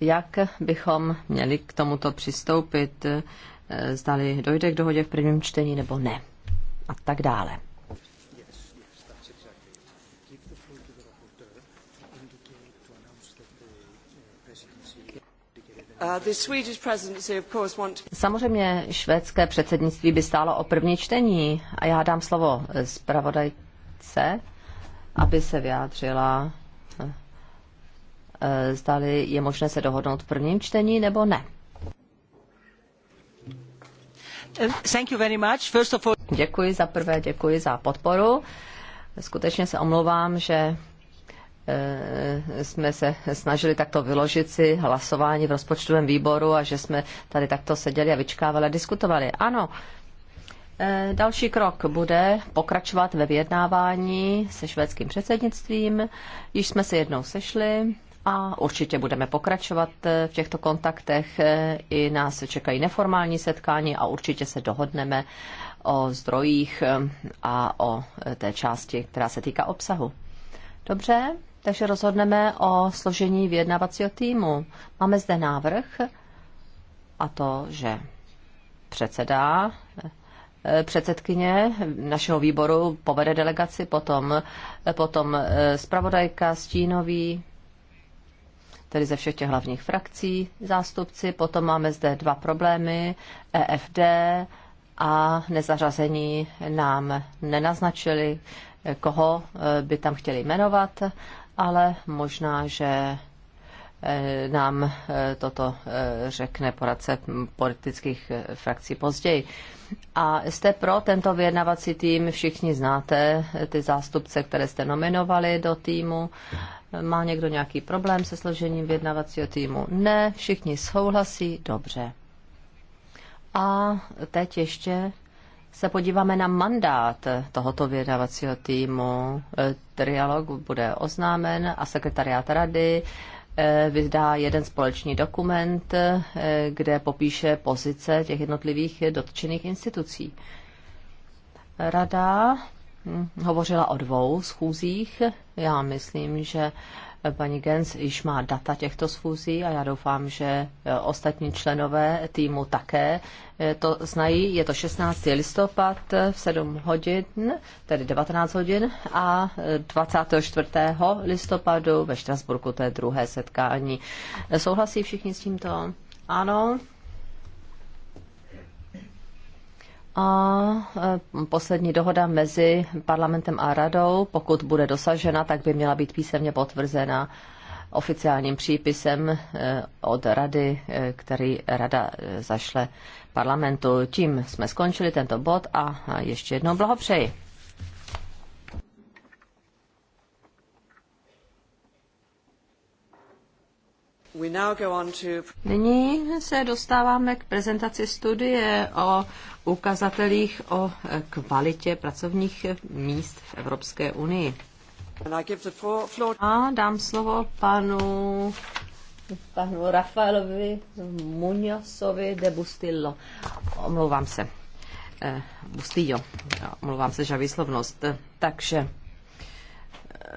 jak bychom měli k tomuto přistoupit, eh, zdali dojde k dohodě v prvním čtení nebo ne. A tak dále. Uh, Samozřejmě švédské předsednictví by stálo o první čtení a já dám slovo eh, zpravodajce, aby se vyjádřila, eh, eh, zdali je možné se dohodnout v prvním čtení nebo ne. Uh, thank you very much. First of all... Děkuji za prvé, děkuji za podporu. Skutečně se omlouvám, že Eh, jsme se snažili takto vyložit si hlasování v rozpočtovém výboru a že jsme tady takto seděli a vyčkávali a diskutovali. Ano, eh, Další krok bude pokračovat ve vyjednávání se švédským předsednictvím. Již jsme se jednou sešli a určitě budeme pokračovat eh, v těchto kontaktech. I nás čekají neformální setkání a určitě se dohodneme o zdrojích a o té části, která se týká obsahu. Dobře, takže rozhodneme o složení vyjednávacího týmu. Máme zde návrh a to, že předseda eh, předsedkyně našeho výboru povede delegaci, potom, eh, potom eh, zpravodajka, stínový, tedy ze všech těch hlavních frakcí zástupci. Potom máme zde dva problémy, EFD a nezařazení nám nenaznačili, koho by tam chtěli jmenovat ale možná, že eh, nám eh, toto eh, řekne poradce politických frakcí později. A jste pro tento vyjednavací tým, všichni znáte ty zástupce, které jste nominovali do týmu. Má někdo nějaký problém se složením vyjednavacího týmu? Ne, všichni souhlasí, dobře. A teď ještě se podíváme na mandát tohoto vědavacího týmu, e, trialog bude oznámen a sekretariát rady e, vydá jeden společný dokument, e, kde popíše pozice těch jednotlivých dotčených institucí. Rada hm, hovořila o dvou schůzích. Já myslím, že Paní Gens již má data těchto schůzí a já doufám, že e, ostatní členové týmu také e, to znají. Je to 16. listopad v 7 hodin, tedy 19 hodin a 24. E, listopadu ve Štrasburku, to je druhé setkání. Souhlasí všichni s tímto? Ano, A e, poslední dohoda mezi parlamentem a radou, pokud bude dosažena, tak by měla být písemně potvrzena oficiálním přípisem e, od rady, e, který rada zašle parlamentu. Tím jsme skončili tento bod a ještě jednou blahopřeji. Nyní se dostáváme k prezentaci studie o ukazatelích o eh, kvalitě pracovních míst v Evropské unii. A dám slovo panu, panu Rafaelovi Muñozovi de Bustillo. Omlouvám se. Eh, Bustillo. Omlouvám se za výslovnost. Takže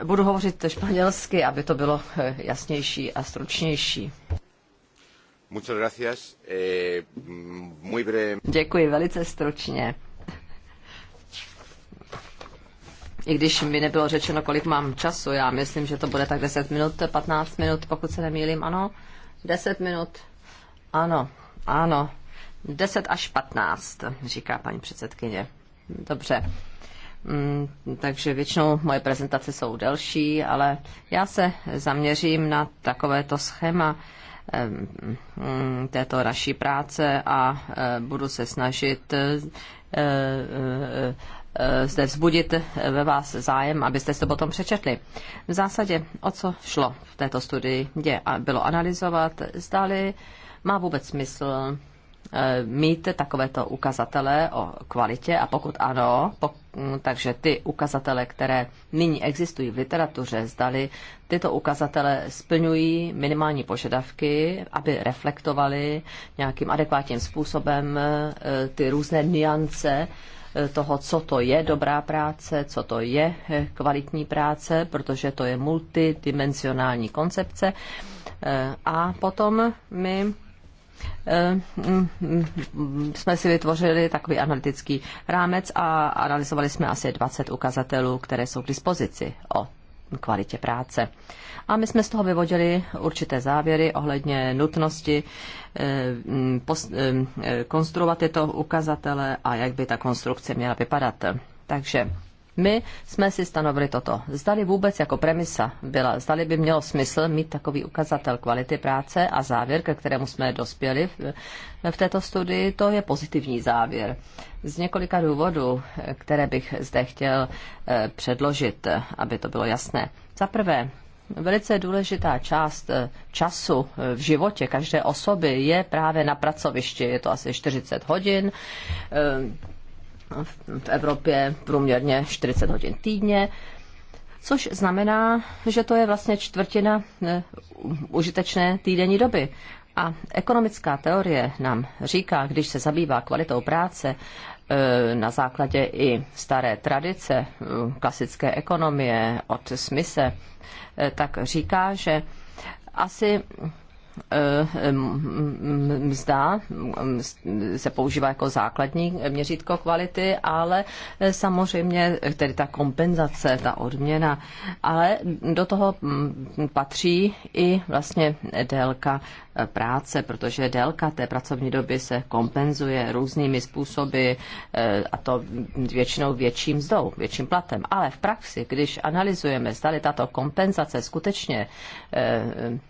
budu hovořit španělsky, aby to bylo eh, jasnější a stručnější. Eh, Děkuji velice stručně. I když mi nebylo řečeno, kolik mám času, já myslím, že to bude tak 10 minut, 15 minut, pokud se nemýlím, ano. 10 minut, ano, ano. 10 až 15, říká paní předsedkyně. Dobře. Mm, takže většinou moje prezentace jsou delší, ale já se zaměřím na takovéto schéma této naší práce a eh, budu se snažit eh, eh, zde vzbudit ve vás zájem, abyste se potom přečetli. V zásadě, o co šlo v této studii, je, bylo analyzovat, zdali má vůbec smysl Eh, mít takovéto ukazatele o kvalitě a pokud ano, mm, takže ty ukazatele, které nyní existují v literatuře, zdali tyto ukazatele splňují minimální požadavky, aby reflektovaly nějakým adekvátním způsobem eh, ty různé niance eh, toho, co to je dobrá práce, co to je kvalitní práce, protože to je multidimenzionální koncepce. A potom my Eh, jsme si vytvořili takový analytický rámec a analyzovali jsme asi 20 ukazatelů, které jsou k dispozici o kvalitě práce. A my jsme z toho vyvodili určité závěry ohledně nutnosti eh, eh, konstruovat tyto ukazatele a jak by ta konstrukce měla vypadat. Takže my jsme si stanovili toto. Zdali vůbec jako premisa byla, zdali by mělo smysl mít takový ukazatel kvality práce a závěr, ke kterému jsme dospěli v, této studii, to je pozitivní závěr. Z několika důvodů, které bych zde chtěl eh, předložit, aby to bylo jasné. Za prvé, velice důležitá část eh, času eh, v životě každé osoby je právě na pracovišti. Je to asi 40 hodin v Evropě průměrně 40 hodin týdně, což znamená, že to je vlastně čtvrtina eh, užitečné týdenní doby. A ekonomická teorie nám říká, když se zabývá kvalitou práce, eh, na základě i staré tradice eh, klasické ekonomie od Smise, tak říká, že asi Eh, mzda se používá jako základní měřítko kvality, ale eh, samozřejmě tedy ta kompenzace, ta odměna, ale do toho patří i vlastně délka eh, práce, protože délka té pracovní doby se kompenzuje různými způsoby a to většinou větším mzdou, větším platem. Ale v praxi, když analyzujeme, zda tato kompenzace skutečně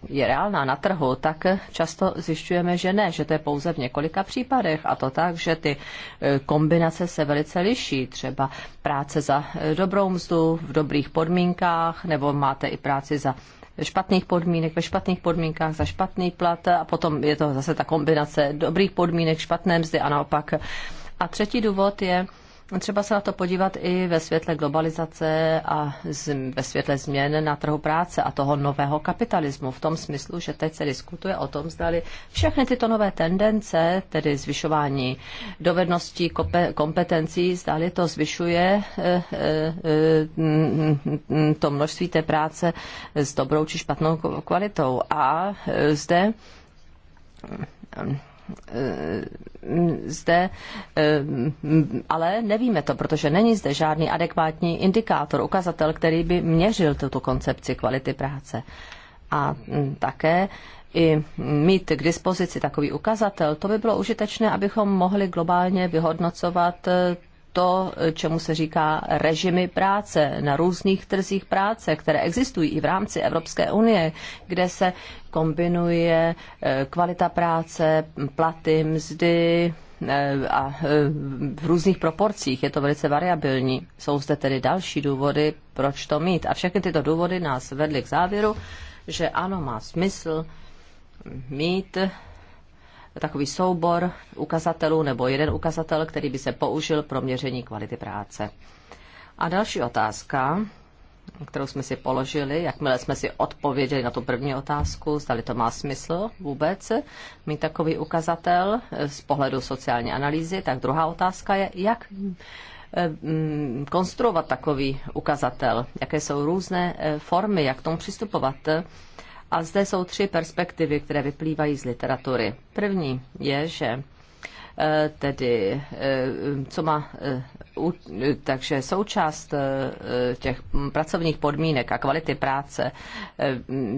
je reálná na trhu, tak často zjišťujeme, že ne, že to je pouze v několika případech a to tak, že ty e, kombinace se velice liší. Třeba práce za e, dobrou mzdu v dobrých podmínkách nebo máte i práci za špatných podmínek, ve špatných podmínkách za špatný plat a potom je to zase ta kombinace dobrých podmínek, špatné mzdy a naopak. A třetí důvod je, Třeba se na to podívat i ve světle globalizace a ve světle změn na trhu práce a toho nového kapitalismu. V tom smyslu, že teď se diskutuje o tom, zdali všechny tyto nové tendence, tedy zvyšování dovedností, kompetencí, zdali to zvyšuje eh, eh, mm, to množství té práce s dobrou či špatnou kvalitou. A eh, zde Eh, zde, eh, ale nevíme to, protože není zde žádný adekvátní indikátor, ukazatel, který by měřil tuto koncepci kvality práce. A hm, také i mít k dispozici takový ukazatel, to by bylo užitečné, abychom mohli globálně vyhodnocovat eh, to, čemu se říká režimy práce na různých trzích práce, které existují i v rámci Evropské unie, kde se kombinuje eh, kvalita práce, platy, mzdy eh, a eh, v různých proporcích. Je to velice variabilní. Jsou zde tedy další důvody, proč to mít. A všechny tyto důvody nás vedly k závěru, že ano, má smysl mít takový soubor ukazatelů nebo jeden ukazatel, který by se použil pro měření kvality práce. A další otázka, kterou jsme si položili, jakmile jsme si odpověděli na tu první otázku, zdali to má smysl vůbec mít takový ukazatel z pohledu sociální analýzy, tak druhá otázka je, jak mm, konstruovat takový ukazatel, jaké jsou různé eh, formy, jak tomu přistupovat. A zde jsou tři perspektivy, které vyplývají z literatury. První je, že eh, tedy, eh, co má, eh, takže součást těch pracovních podmínek a kvality práce,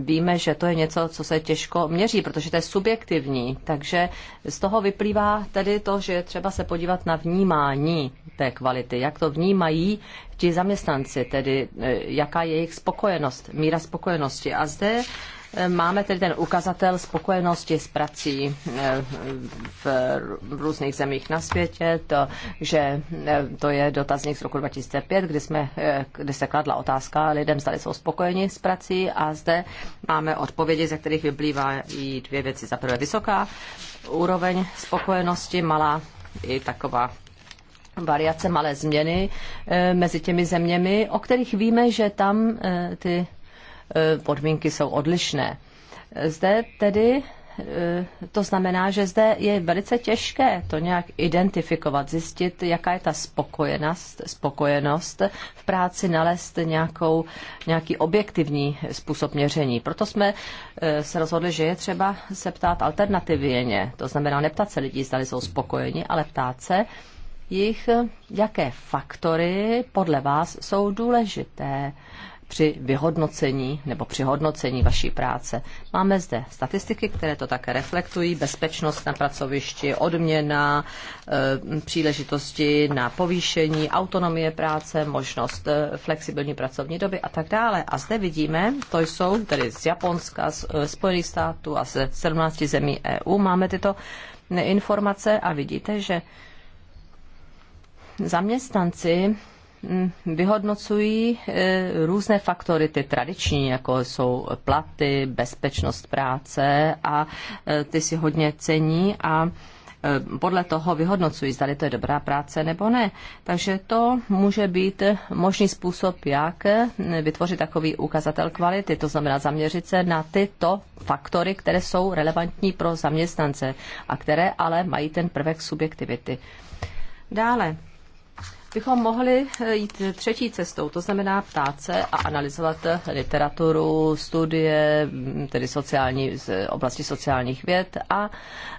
víme, že to je něco, co se těžko měří, protože to je subjektivní, takže z toho vyplývá tedy to, že je třeba se podívat na vnímání té kvality, jak to vnímají ti zaměstnanci, tedy jaká je jejich spokojenost, míra spokojenosti. A zde Máme tedy ten ukazatel spokojenosti s prací eh, v různých zemích na světě, to, že eh, to je dotazník z roku 2005, kdy, jsme, eh, kdy se kladla otázka lidem, zda jsou spokojeni s prací a zde máme odpovědi, ze kterých vyplývají dvě věci. Za prvé vysoká úroveň spokojenosti, malá i taková variace, malé změny mezi těmi zeměmi, o kterých víme, že tam ty E, podmínky jsou odlišné. Zde tedy e, to znamená, že zde je velice těžké to nějak identifikovat, zjistit, jaká je ta spokojenost, spokojenost v práci, nalézt nějakou, nějaký objektivní způsob měření. Proto jsme e, se rozhodli, že je třeba se ptát alternativně, to znamená neptat se lidí, zda jsou spokojeni, ale ptát se jich, jaké faktory podle vás jsou důležité při vyhodnocení nebo při hodnocení vaší práce. Máme zde statistiky, které to také reflektují, bezpečnost na pracovišti, odměna, eh, příležitosti na povýšení, autonomie práce, možnost eh, flexibilní pracovní doby a tak dále. A zde vidíme, to jsou tedy z Japonska, z eh, Spojených států a ze 17 zemí EU máme tyto informace a vidíte, že zaměstnanci Mm, vyhodnocují eh, různé faktory, ty tradiční, jako jsou platy, bezpečnost práce a eh, ty si hodně cení a eh, podle toho vyhodnocují, zda to je dobrá práce nebo ne. Takže to může být možný způsob, jak vytvořit takový ukazatel kvality, to znamená zaměřit se na tyto faktory, které jsou relevantní pro zaměstnance a které ale mají ten prvek subjektivity. Dále, bychom mohli eh, jít třetí cestou, to znamená ptát se a analyzovat eh, literaturu, studie, mm, tedy sociální, z eh, oblasti sociálních věd a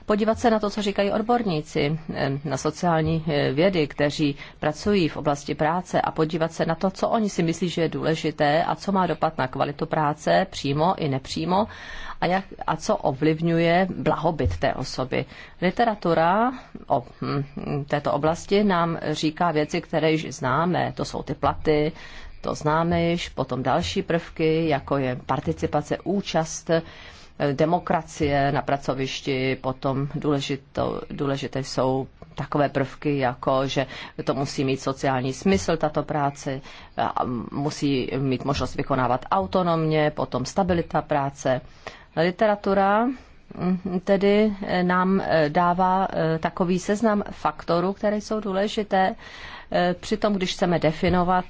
podívat se na to, co říkají odborníci na sociální vědy, kteří pracují v oblasti práce a podívat se na to, co oni si myslí, že je důležité a co má dopad na kvalitu práce přímo i nepřímo a, jak, a co ovlivňuje blahobyt té osoby. Literatura o hm, této oblasti nám říká věci, které již známe. To jsou ty platy, to známe již, potom další prvky, jako je participace, účast, eh, demokracie na pracovišti, potom důležito, důležité jsou takové prvky, jako že to musí mít sociální smysl, tato práce, musí mít možnost vykonávat autonomně, potom stabilita práce Literatura mm, tedy eh, nám eh, dává eh, takový seznam faktorů, které jsou důležité. Přitom, když chceme definovat,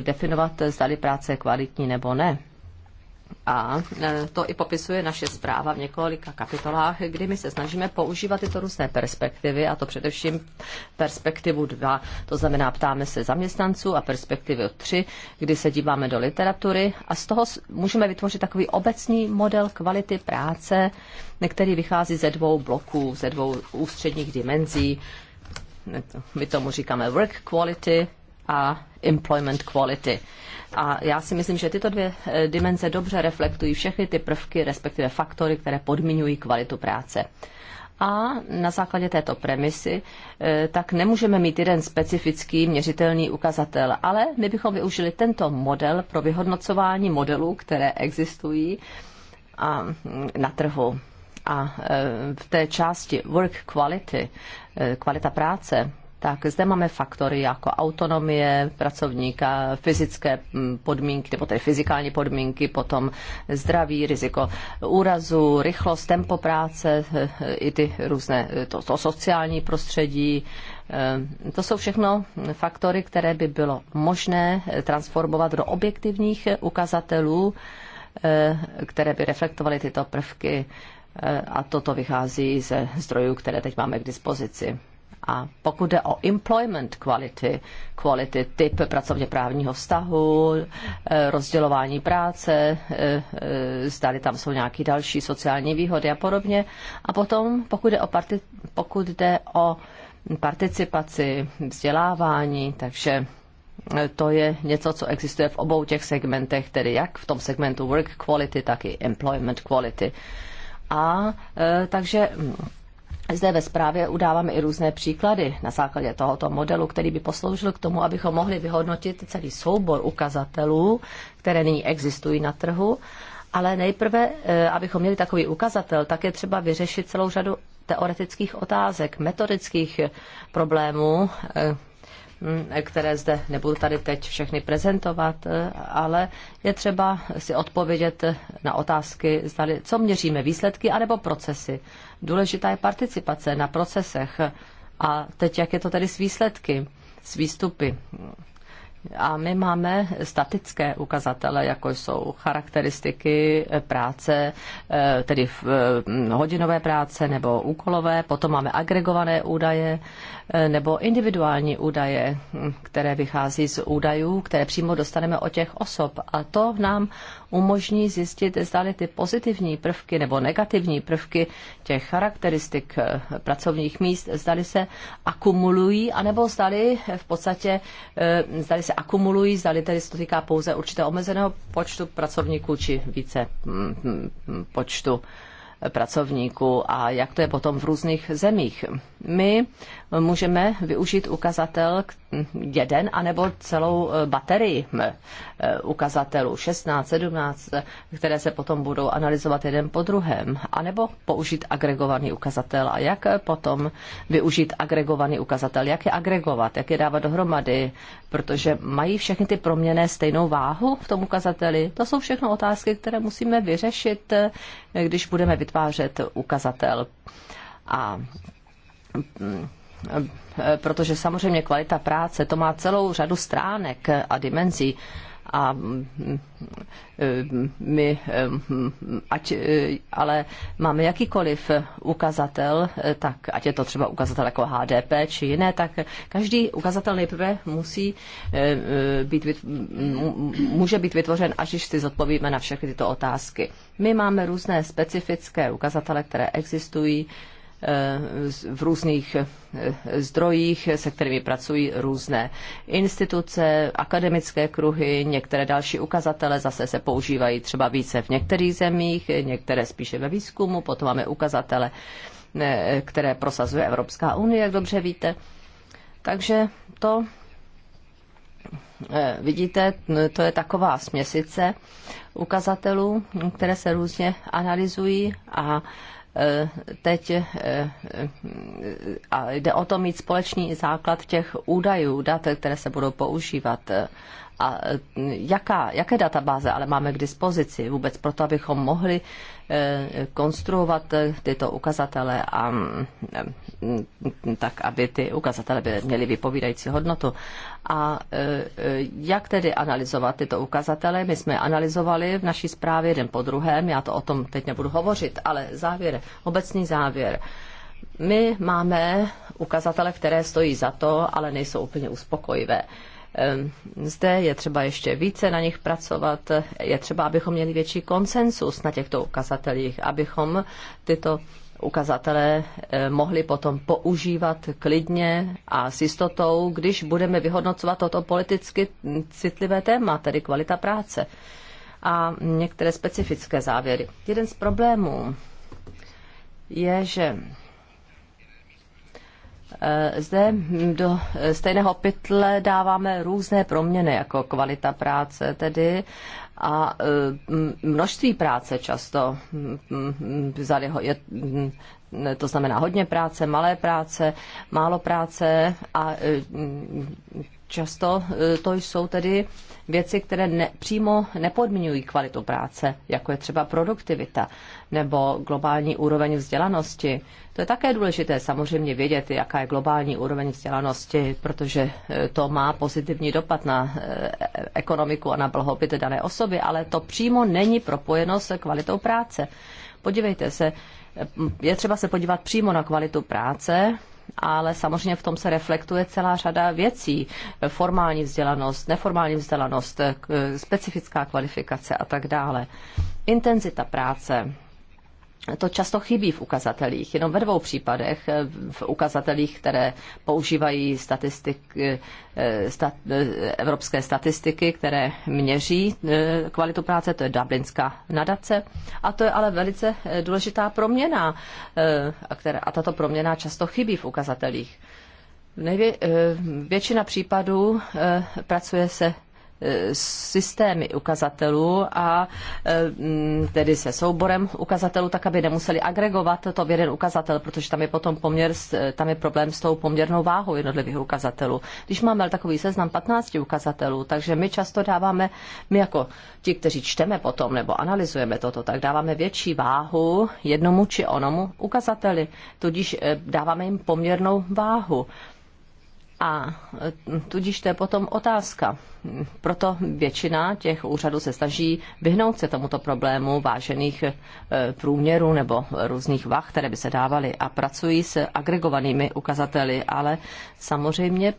definovat zdali práce je kvalitní nebo ne. A e, to i popisuje naše zpráva v několika kapitolách, kdy my se snažíme používat tyto různé perspektivy, a to především perspektivu 2, to znamená ptáme se zaměstnanců a perspektivu 3, kdy se díváme do literatury a z toho můžeme vytvořit takový obecný model kvality práce, který vychází ze dvou bloků, ze dvou ústředních dimenzí. My tomu říkáme work quality, a employment quality. A já si myslím, že tyto dvě eh, dimenze dobře reflektují všechny ty prvky, respektive faktory, které podmiňují kvalitu práce. A na základě této premisy eh, tak nemůžeme mít jeden specifický měřitelný ukazatel, ale my bychom využili tento model pro vyhodnocování modelů, které existují a, hm, na trhu. A eh, v té části work quality, kvalita práce, tak zde máme faktory jako autonomie pracovníka, fyzické mm, podmínky, nebo tedy fyzikální podmínky, potom zdraví, riziko úrazu, rychlost, tempo práce, eh, i ty různé, eh, to, to sociální prostředí, eh, to jsou všechno faktory, které by bylo možné transformovat do objektivních ukazatelů, které by reflektovaly tyto prvky a toto vychází ze zdrojů, které teď máme k dispozici. A pokud jde o employment quality, quality typ pracovně právního vztahu, eh, rozdělování práce, eh, eh, zdali tam jsou nějaké další sociální výhody a podobně. A potom, pokud jde o, parti, pokud jde o participaci, vzdělávání, takže to je něco, co existuje v obou těch segmentech, tedy jak v tom segmentu work quality, tak i employment quality. A takže mm, zde ve zprávě udáváme i různé příklady na základě tohoto modelu, který by posloužil k tomu, abychom mohli vyhodnotit celý soubor ukazatelů, které nyní existují na trhu. Ale nejprve, eh, abychom měli takový ukazatel, tak je třeba vyřešit celou řadu teoretických otázek, metodických eh, problémů, eh, Eh, které zde nebudu tady teď všechny prezentovat, eh, ale je třeba si odpovědět na otázky, co měříme, výsledky anebo procesy. Důležitá je participace na procesech. A teď, jak je to tedy s výsledky, s výstupy? A my máme statické ukazatele, jako jsou charakteristiky práce, eh, tedy hodinové práce nebo úkolové, potom máme agregované údaje Eh, nebo individuální údaje, hm, které vychází z údajů, které přímo dostaneme od těch osob. A to nám umožní zjistit, zda ty pozitivní prvky nebo negativní prvky těch charakteristik eh, pracovních míst, zda se akumulují, anebo zda v podstatě, eh, zda se akumulují, zda tedy se to týká pouze určitého omezeného počtu pracovníků či více hm, hm, počtu pracovníků a jak to je potom v různých zemích. My můžeme využít ukazatel jeden anebo celou e, baterii e, ukazatelů 16, 17, které se potom budou analyzovat jeden po druhém, anebo použít agregovaný ukazatel a jak potom využít agregovaný ukazatel, jak je agregovat, jak je dávat dohromady, protože mají všechny ty proměny stejnou váhu v tom ukazateli. To jsou všechno otázky, které musíme vyřešit, e, když budeme vytvářet vytvářet ukazatel. A mm, e, protože samozřejmě kvalita práce to má celou řadu stránek a dimenzí a mm, mm, mm, my, ať, eh, ale máme jakýkoliv ukazatel, eh, tak ať je to třeba ukazatel jako HDP či jiné, tak každý ukazatel nejprve musí eh, být, může být vytvořen, až když si zodpovíme na všechny tyto otázky. My máme různé specifické ukazatele, které existují, Eh, v různých eh, zdrojích, se kterými pracují různé instituce, akademické kruhy, některé další ukazatele zase se používají třeba více v některých zemích, některé spíše ve výzkumu, potom máme ukazatele, eh, které prosazuje Evropská unie, jak dobře víte. Takže to vidíte, no, to je taková směsice ukazatelů, které se různě analyzují a Eh, teď eh, eh, a jde o to mít společný základ těch údajů, dat, které se budou používat a e, jaká, jaké databáze ale máme k dispozici vůbec proto, abychom mohli e, konstruovat e, tyto ukazatele a tak, aby ty ukazatele byly, měly vypovídající hodnotu. A jak tedy analyzovat tyto ukazatele? My jsme analyzovali v naší zprávě jeden po druhém, já to o tom teď nebudu hovořit, ale závěr, obecný závěr. My máme ukazatele, které stojí za to, ale nejsou úplně uspokojivé. Ehm, zde je třeba ještě více na nich pracovat, je třeba, abychom měli větší konsensus na těchto ukazatelích, abychom tyto ukazatele eh, mohli potom používat klidně a s jistotou, když budeme vyhodnocovat toto politicky citlivé téma, tedy kvalita práce a některé specifické závěry. Jeden z problémů je, že Eh, zde do stejného pytle dáváme různé proměny, jako kvalita práce tedy a eh, množství práce často. Mm, mm, to znamená hodně práce, malé práce, málo práce a eh, často e, to jsou tedy věci, které ne, přímo nepodmiňují kvalitu práce, jako je třeba produktivita nebo globální úroveň vzdělanosti. To je také důležité samozřejmě vědět, jaká je globální úroveň vzdělanosti, protože e, to má pozitivní dopad na e, ekonomiku a na blahobyt dané osoby, ale to přímo není propojeno s kvalitou práce. Podívejte se, je třeba se podívat přímo na kvalitu práce, ale samozřejmě v tom se reflektuje celá řada věcí. Formální vzdělanost, neformální vzdělanost, specifická kvalifikace a tak dále. Intenzita práce to často chybí v ukazatelích, jenom ve dvou případech, eh, v ukazatelích, které používají statistik, eh, stat, eh, evropské statistiky, které měří kvalitu práce, to je Dublinská nadace. A to je ale velice důležitá proměna a, která, a tato proměna často chybí v ukazatelích. Nejvě, většina případů pracuje se Eh, systémy ukazatelů a eh, mm, tedy se souborem ukazatelů, tak aby nemuseli agregovat to v jeden ukazatel, protože tam je potom poměr, eh, tam je problém s tou poměrnou váhou jednotlivých ukazatelů. Když máme takový seznam 15 ukazatelů, takže my často dáváme, my jako ti, kteří čteme potom nebo analyzujeme toto, tak dáváme větší váhu jednomu či onomu ukazateli, tudíž dáváme jim poměrnou váhu. A e, tudíž to je potom otázka. Proto většina těch úřadů se snaží vyhnout se tomuto problému vážených e, průměrů nebo různých vah, které by se dávaly a pracují s agregovanými ukazateli, ale samozřejmě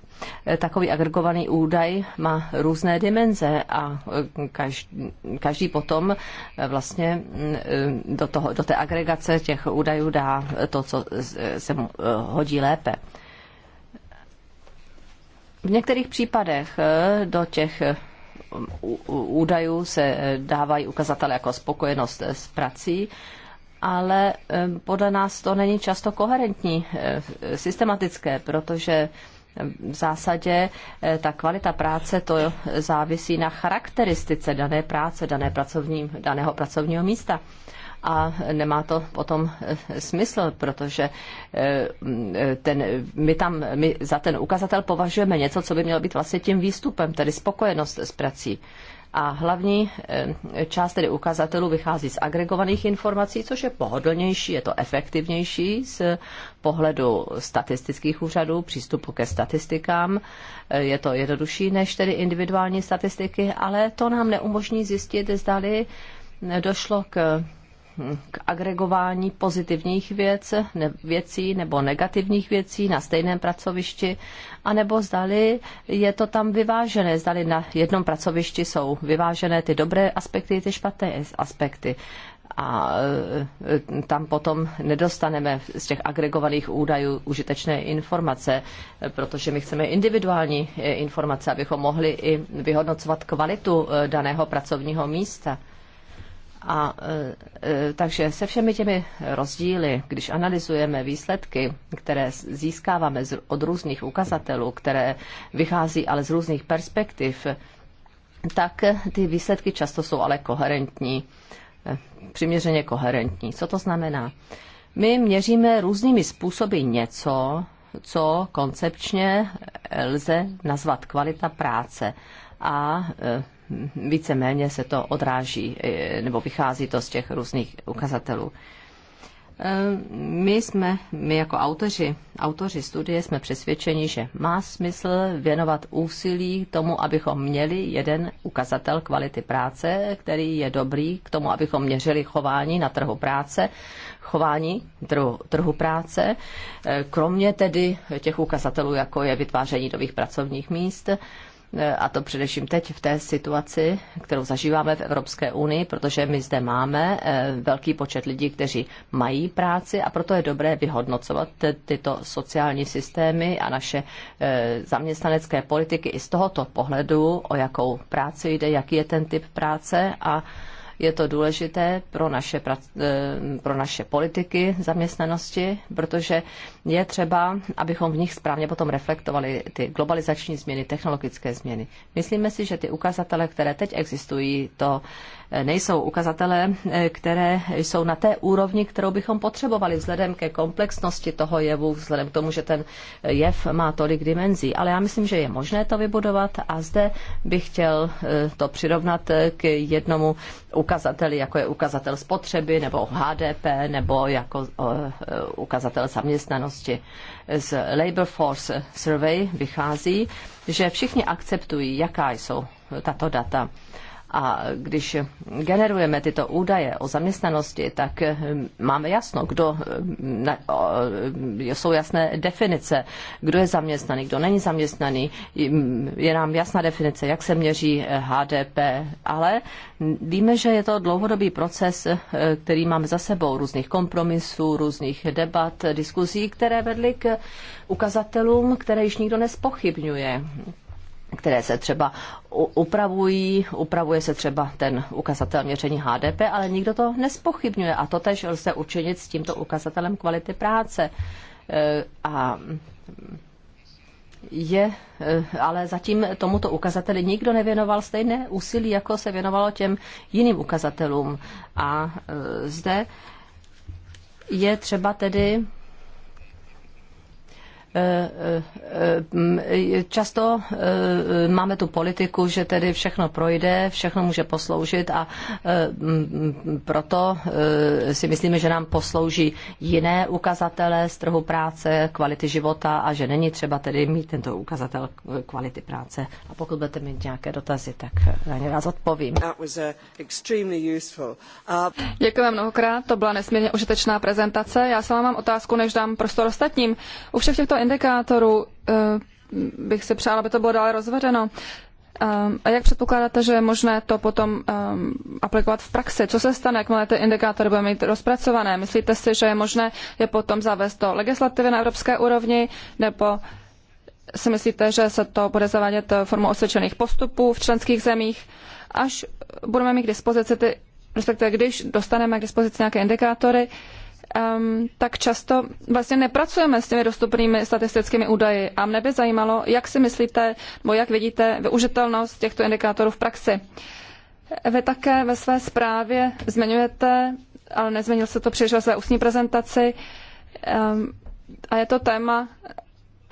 e, takový agregovaný údaj má různé dimenze a každý, každý potom vlastně do, toho, do té agregace těch údajů dá to, co se mu hodí lépe. V některých případech eh, do těch eh, údajů se eh, dávají ukazatele jako spokojenost s prací, ale podle nás to není často koherentní, systematické, protože v zásadě ta kvalita práce to závisí na charakteristice dané práce, dané pracovní, daného pracovního místa a nemá to potom eh, smysl, protože eh, ten, my tam my za ten ukazatel považujeme něco, co by mělo být vlastně tím výstupem, tedy spokojenost s prací. A hlavní eh, část tedy ukazatelů vychází z agregovaných informací, což je pohodlnější, je to efektivnější z pohledu statistických úřadů, přístupu ke statistikám. Je to jednodušší než tedy individuální statistiky, ale to nám neumožní zjistit, zdali došlo k k agregování pozitivních věc, ne, věcí nebo negativních věcí na stejném pracovišti, anebo zdali je to tam vyvážené, zdali na jednom pracovišti jsou vyvážené ty dobré aspekty, ty špatné aspekty a e, tam potom nedostaneme z těch agregovaných údajů užitečné informace, protože my chceme individuální e, informace, abychom mohli i vyhodnocovat kvalitu e, daného pracovního místa. A e, e, takže se všemi těmi rozdíly, když analyzujeme výsledky, které získáváme z, od různých ukazatelů, které vychází ale z různých perspektiv, tak ty výsledky často jsou ale koherentní, e, přiměřeně koherentní. Co to znamená? My měříme různými způsoby něco, co koncepčně lze nazvat kvalita práce a e, víceméně se to odráží e, nebo vychází to z těch různých ukazatelů. Eh, my jsme, my jako autoři, autoři studie jsme přesvědčeni, že má smysl věnovat úsilí tomu, abychom měli jeden ukazatel kvality práce, který je dobrý k tomu, abychom měřili chování na trhu práce, chování trhu, trhu práce, eh, kromě tedy těch ukazatelů, jako je vytváření nových pracovních míst, a to především teď v té situaci, kterou zažíváme v Evropské unii, protože my zde máme eh, velký počet lidí, kteří mají práci a proto je dobré vyhodnocovat tyto sociální systémy a naše eh, zaměstnanecké politiky i z tohoto pohledu, o jakou práci jde, jaký je ten typ práce a je to důležité pro naše, eh, pro naše politiky zaměstnanosti, protože je třeba, abychom v nich správně potom reflektovali ty globalizační změny, technologické změny. Myslíme si, že ty ukazatele, které teď existují, to nejsou ukazatele, eh, které jsou na té úrovni, kterou bychom potřebovali vzhledem ke komplexnosti toho jevu, vzhledem k tomu, že ten jev má tolik dimenzí. Ale já myslím, že je možné to vybudovat a zde bych chtěl eh, to přirovnat eh, k jednomu ukazateli, jako je ukazatel spotřeby nebo HDP nebo jako ukazatel zaměstnanosti. Z Labour Force Survey vychází, že všichni akceptují, jaká jsou tato data. A když generujeme tyto údaje o zaměstnanosti, tak eh, máme jasno, kdo, eh, eh, jsou jasné definice, kdo je zaměstnaný, kdo není zaměstnaný, je nám jasná definice, jak se měří HDP, ale víme, že je to dlouhodobý proces, který máme za sebou, různých kompromisů, různých debat, diskuzí, které vedly k ukazatelům, které již nikdo nespochybňuje které se třeba upravují, upravuje se třeba ten ukazatel měření HDP, ale nikdo to nespochybňuje a to tež lze učinit s tímto ukazatelem kvality práce. Eh, a je, eh, ale zatím tomuto ukazateli nikdo nevěnoval stejné úsilí, jako se věnovalo těm jiným ukazatelům. A eh, zde je třeba tedy Často eh, eh, máme tu politiku, že tedy všechno projde, všechno může posloužit a eh, mm, proto si myslíme, že nám poslouží jiné ukazatele z trhu práce, kvality života a že není třeba tedy mít tento ukazatel kvality práce. A pokud budete mít nějaké dotazy, tak na ně vás odpovím. Uh, Děkuji vám mnohokrát, to byla nesmírně užitečná prezentace. Já vám mám otázku, než dám prostor ostatním. U všech těchto indikátorů eh, bych si přála, aby to bylo dále rozvedeno. Eh, a jak předpokládáte, že je možné to potom eh, aplikovat v praxi? Co se stane, jakmile ty indikátory budeme mít rozpracované? Myslíte si, že je možné je potom zavést do legislativy na evropské úrovni, nebo si myslíte, že se to bude zavádět formou osvědčených postupů v členských zemích, až budeme mít k dispozici ty, respektive když dostaneme k dispozici nějaké indikátory, um, tak často vlastně nepracujeme s těmi dostupnými statistickými údaji a mne by zajímalo, jak si myslíte, nebo jak vidíte využitelnost těchto indikátorů v praxi. Vy také ve své zprávě zmiňujete, ale nezměnil se to příliš ve své ústní prezentaci, um, a je to téma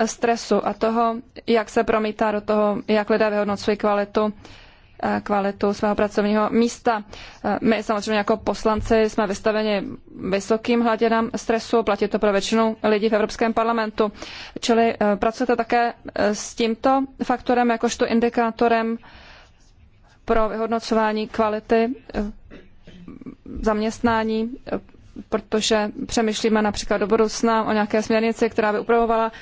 stresu a toho, jak se promítá do toho, jak lidé vyhodnocují kvalitu Eh, kvalitu svého pracovního místa. Eh, my samozřejmě jako poslanci jsme vystaveni vysokým hladinám stresu, platí to pro většinu lidí v Evropském parlamentu. Čili eh, pracujete také s tímto faktorem, jakožto indikátorem pro vyhodnocování kvality zaměstnání, protože přemýšlíme například do budoucna o nějaké směrnici, která by upravovala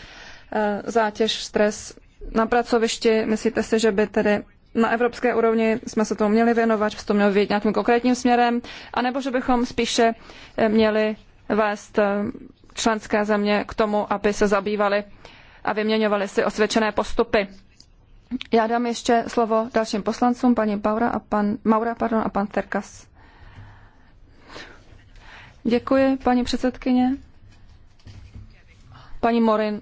zátěž, stres na pracovišti. Myslíte si, že by tedy na evropské úrovni jsme se tomu měli věnovat, že to mělo vědět nějakým konkrétním směrem, anebo že bychom spíše eh, měli vést eh, členské země k tomu, aby se zabývali a vyměňovali si osvědčené postupy. Já dám ještě slovo dalším poslancům, paní Baura a pan, Maura pardon, a pan Terkas. Děkuji, paní předsedkyně. Paní Morin,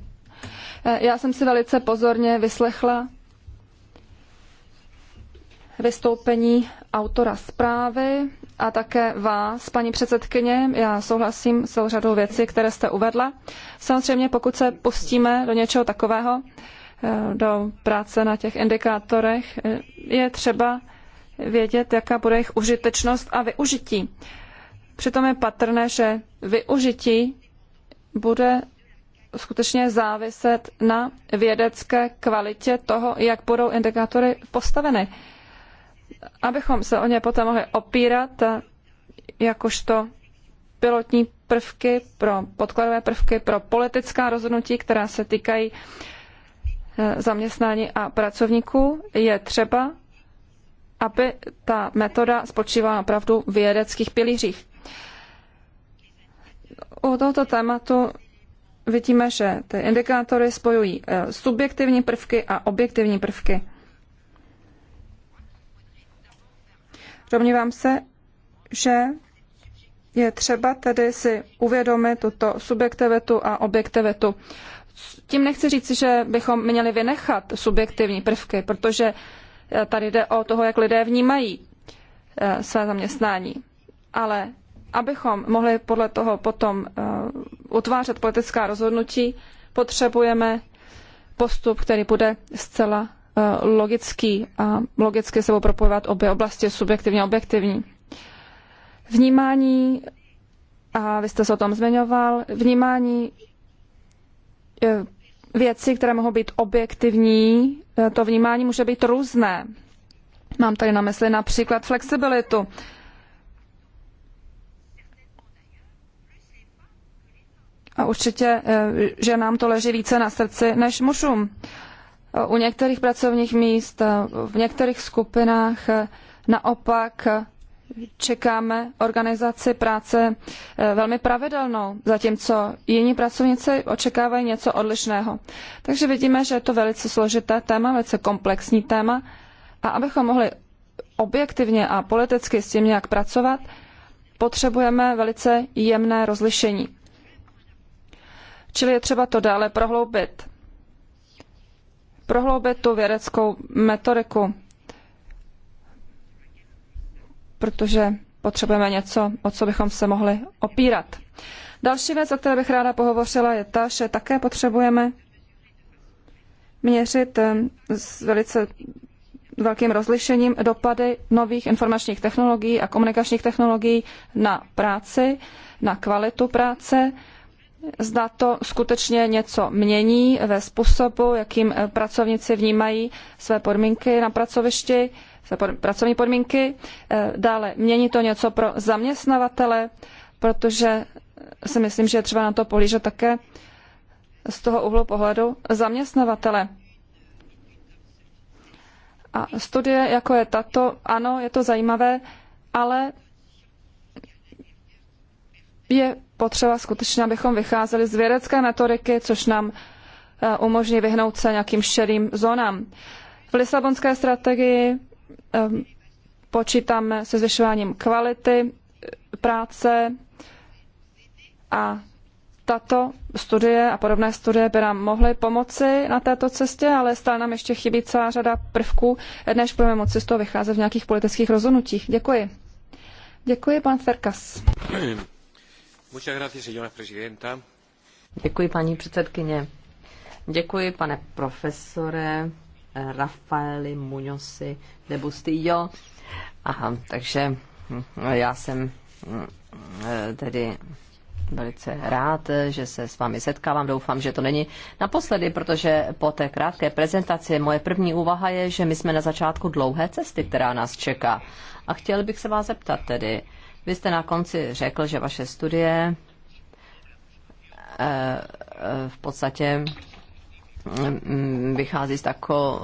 eh, já jsem si velice pozorně vyslechla vystoupení autora zprávy a také vás, paní předsedkyně. Já souhlasím s řadou věcí, které jste uvedla. Samozřejmě, pokud se pustíme do něčeho takového, eh, do práce na těch indikátorech, eh, je třeba vědět, jaká bude jejich užitečnost a využití. Přitom je patrné, že využití bude skutečně záviset na vědecké kvalitě toho, jak budou indikátory postaveny abychom se o ně poté mohli opírat eh, jakožto pilotní prvky, pro podkladové prvky, pro politická rozhodnutí, která se týkají eh, zaměstnání a pracovníků, je třeba, aby ta metoda spočívala opravdu v vědeckých pilířích. U tohoto tématu vidíme, že ty indikátory spojují eh, subjektivní prvky a objektivní prvky. Domnívám se, že je třeba tedy si uvědomit tuto subjektivitu a objektivitu. Tím nechci říct, že bychom měli vynechat subjektivní prvky, protože eh, tady jde o toho, jak lidé vnímají eh, své zaměstnání. Ale abychom mohli podle toho potom eh, utvářet politická rozhodnutí, potřebujeme postup, který bude zcela Eh, logický a logicky sebou propojovat obě oblasti, subjektivní a objektivní. Vnímání, a vy jste se o tom zmiňoval, vnímání eh, věci, které mohou být objektivní, eh, to vnímání může být různé. Mám tady na mysli například flexibilitu. A určitě, že nám to leží více na srdci než mužům u některých pracovních míst, v některých skupinách. Naopak čekáme organizaci práce eh, velmi pravidelnou, zatímco jiní pracovníci očekávají něco odlišného. Takže vidíme, že je to velice složité téma, velice komplexní téma a abychom mohli objektivně a politicky s tím nějak pracovat, potřebujeme velice jemné rozlišení. Čili je třeba to dále prohloubit prohloubit tu vědeckou metodiku, protože potřebujeme něco, o co bychom se mohli opírat. Další věc, o které bych ráda pohovořila, je ta, že také potřebujeme měřit eh, s velice velkým rozlišením dopady nových informačních technologií a komunikačních technologií na práci, na kvalitu práce, zda to skutečně něco mění ve způsobu, jakým eh, pracovníci vnímají své podmínky na pracovišti, své pod, pracovní podmínky. Eh, dále mění to něco pro zaměstnavatele, protože eh, si myslím, že je třeba na to pohlížet také z toho úhlu pohledu zaměstnavatele. A studie jako je tato, ano, je to zajímavé, ale je potřeba skutečně, abychom vycházeli z vědecké metodiky, což nám eh, umožní vyhnout se nějakým šedým zónám. V Lisabonské strategii ehm, počítáme se zvyšováním kvality eh, práce a tato studie a podobné studie by nám mohly pomoci na této cestě, ale stále nám ještě chybí celá řada prvků, než budeme moci z toho vycházet v nějakých politických rozhodnutích. Děkuji. Děkuji, pan Ferkas. Děkuji, paní předsedkyně. Děkuji, pane profesore eh, Rafaeli Muñosi de Bustillo. Aha, takže hm, já jsem hm, eh, tedy velice rád, že se s vámi setkávám. Doufám, že to není naposledy, protože po té krátké prezentaci moje první úvaha je, že my jsme na začátku dlouhé cesty, která nás čeká. A chtěl bych se vás zeptat tedy, vy jste na konci řekl, že vaše studie eh, eh, v podstatě vychází z tako,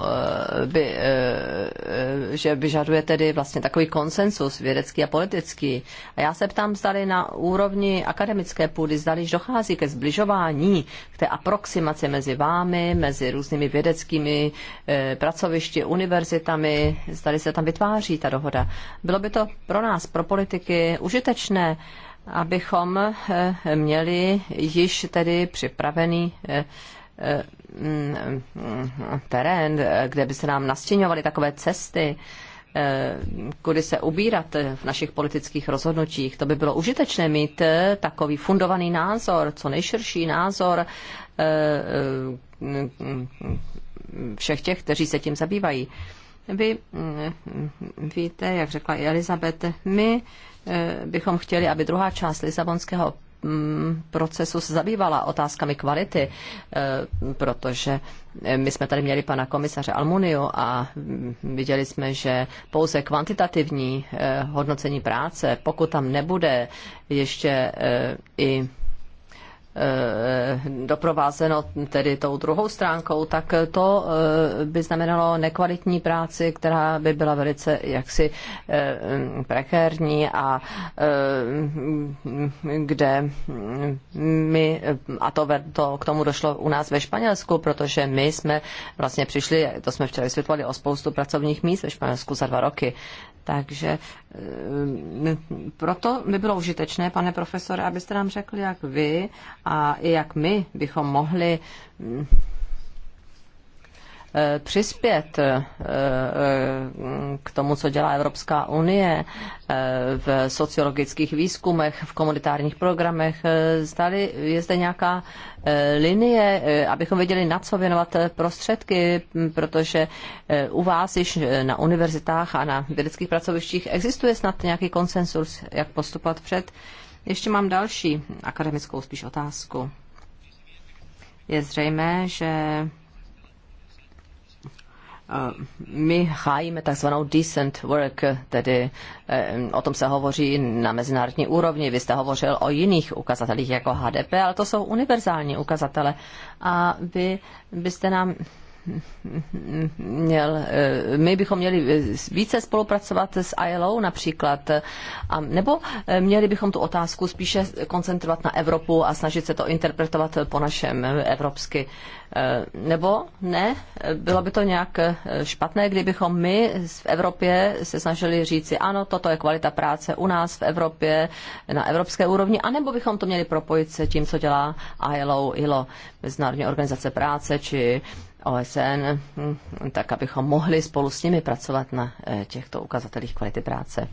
eh, by, eh, že vyžaduje tedy vlastně takový konsensus vědecký a politický. A já se ptám, zdali na úrovni akademické půdy, zdali dochází ke zbližování, k té aproximaci mezi vámi, mezi různými vědeckými eh, pracovišti, univerzitami, zdali se tam vytváří ta dohoda. Bylo by to pro nás, pro politiky, užitečné, abychom měli již tedy připravený Mm, terén, kde by se nám nastěňovaly takové cesty, eh, kudy se ubírat v našich politických rozhodnutích. To by bylo užitečné mít eh, takový fundovaný názor, co nejširší názor eh, všech těch, kteří se tím zabývají. Vy mm, víte, jak řekla i Elizabeth, my bychom chtěli, aby druhá část Lisabonského procesu se zabývala otázkami kvality, eh, protože eh, my jsme tady měli pana komisaře Almunio a mm, viděli jsme, že pouze kvantitativní eh, hodnocení práce, pokud tam nebude ještě i Eh, doprovázeno tedy tou druhou stránkou, tak to eh, by znamenalo nekvalitní práci, která by byla velice jaksi eh, prekérní a kde my, a to, to k tomu došlo u nás ve Španělsku, protože my jsme vlastně přišli, to jsme včera vysvětlovali, o spoustu pracovních míst ve Španělsku za dva roky. Takže Ehm, proto by bylo užitečné, pane profesore, abyste nám řekl, jak vy a i jak my bychom mohli hm, Eh, přispět eh, eh, k tomu, co dělá Evropská unie v sociologických výzkumech, v komunitárních programech. Zdali je zde nějaká linie, abychom věděli, na co věnovat prostředky, protože u vás již na univerzitách a na vědeckých pracovištích existuje snad nějaký konsensus, jak postupovat před. Ještě mám další akademickou spíš otázku. Je zřejmé, že my hájíme takzvanou decent work, tedy eh, o tom se hovoří na mezinárodní úrovni. Vy jste hovořil o jiných ukazatelích jako HDP, ale to jsou univerzální ukazatele. A vy byste nám měl, eh, my bychom měli eh, více spolupracovat s ILO například, a, nebo eh, měli bychom tu otázku spíše koncentrovat na Evropu a snažit se to interpretovat po našem evropsky. Nebo ne, bylo by to nějak špatné, kdybychom my v Evropě se snažili říci, ano, toto je kvalita práce u nás v Evropě, na evropské úrovni, anebo bychom to měli propojit se tím, co dělá ILO, ILO, Mezinárodní organizace práce, či OSN, hm, tak abychom mohli spolu s nimi pracovat na eh, těchto ukazatelích kvality práce.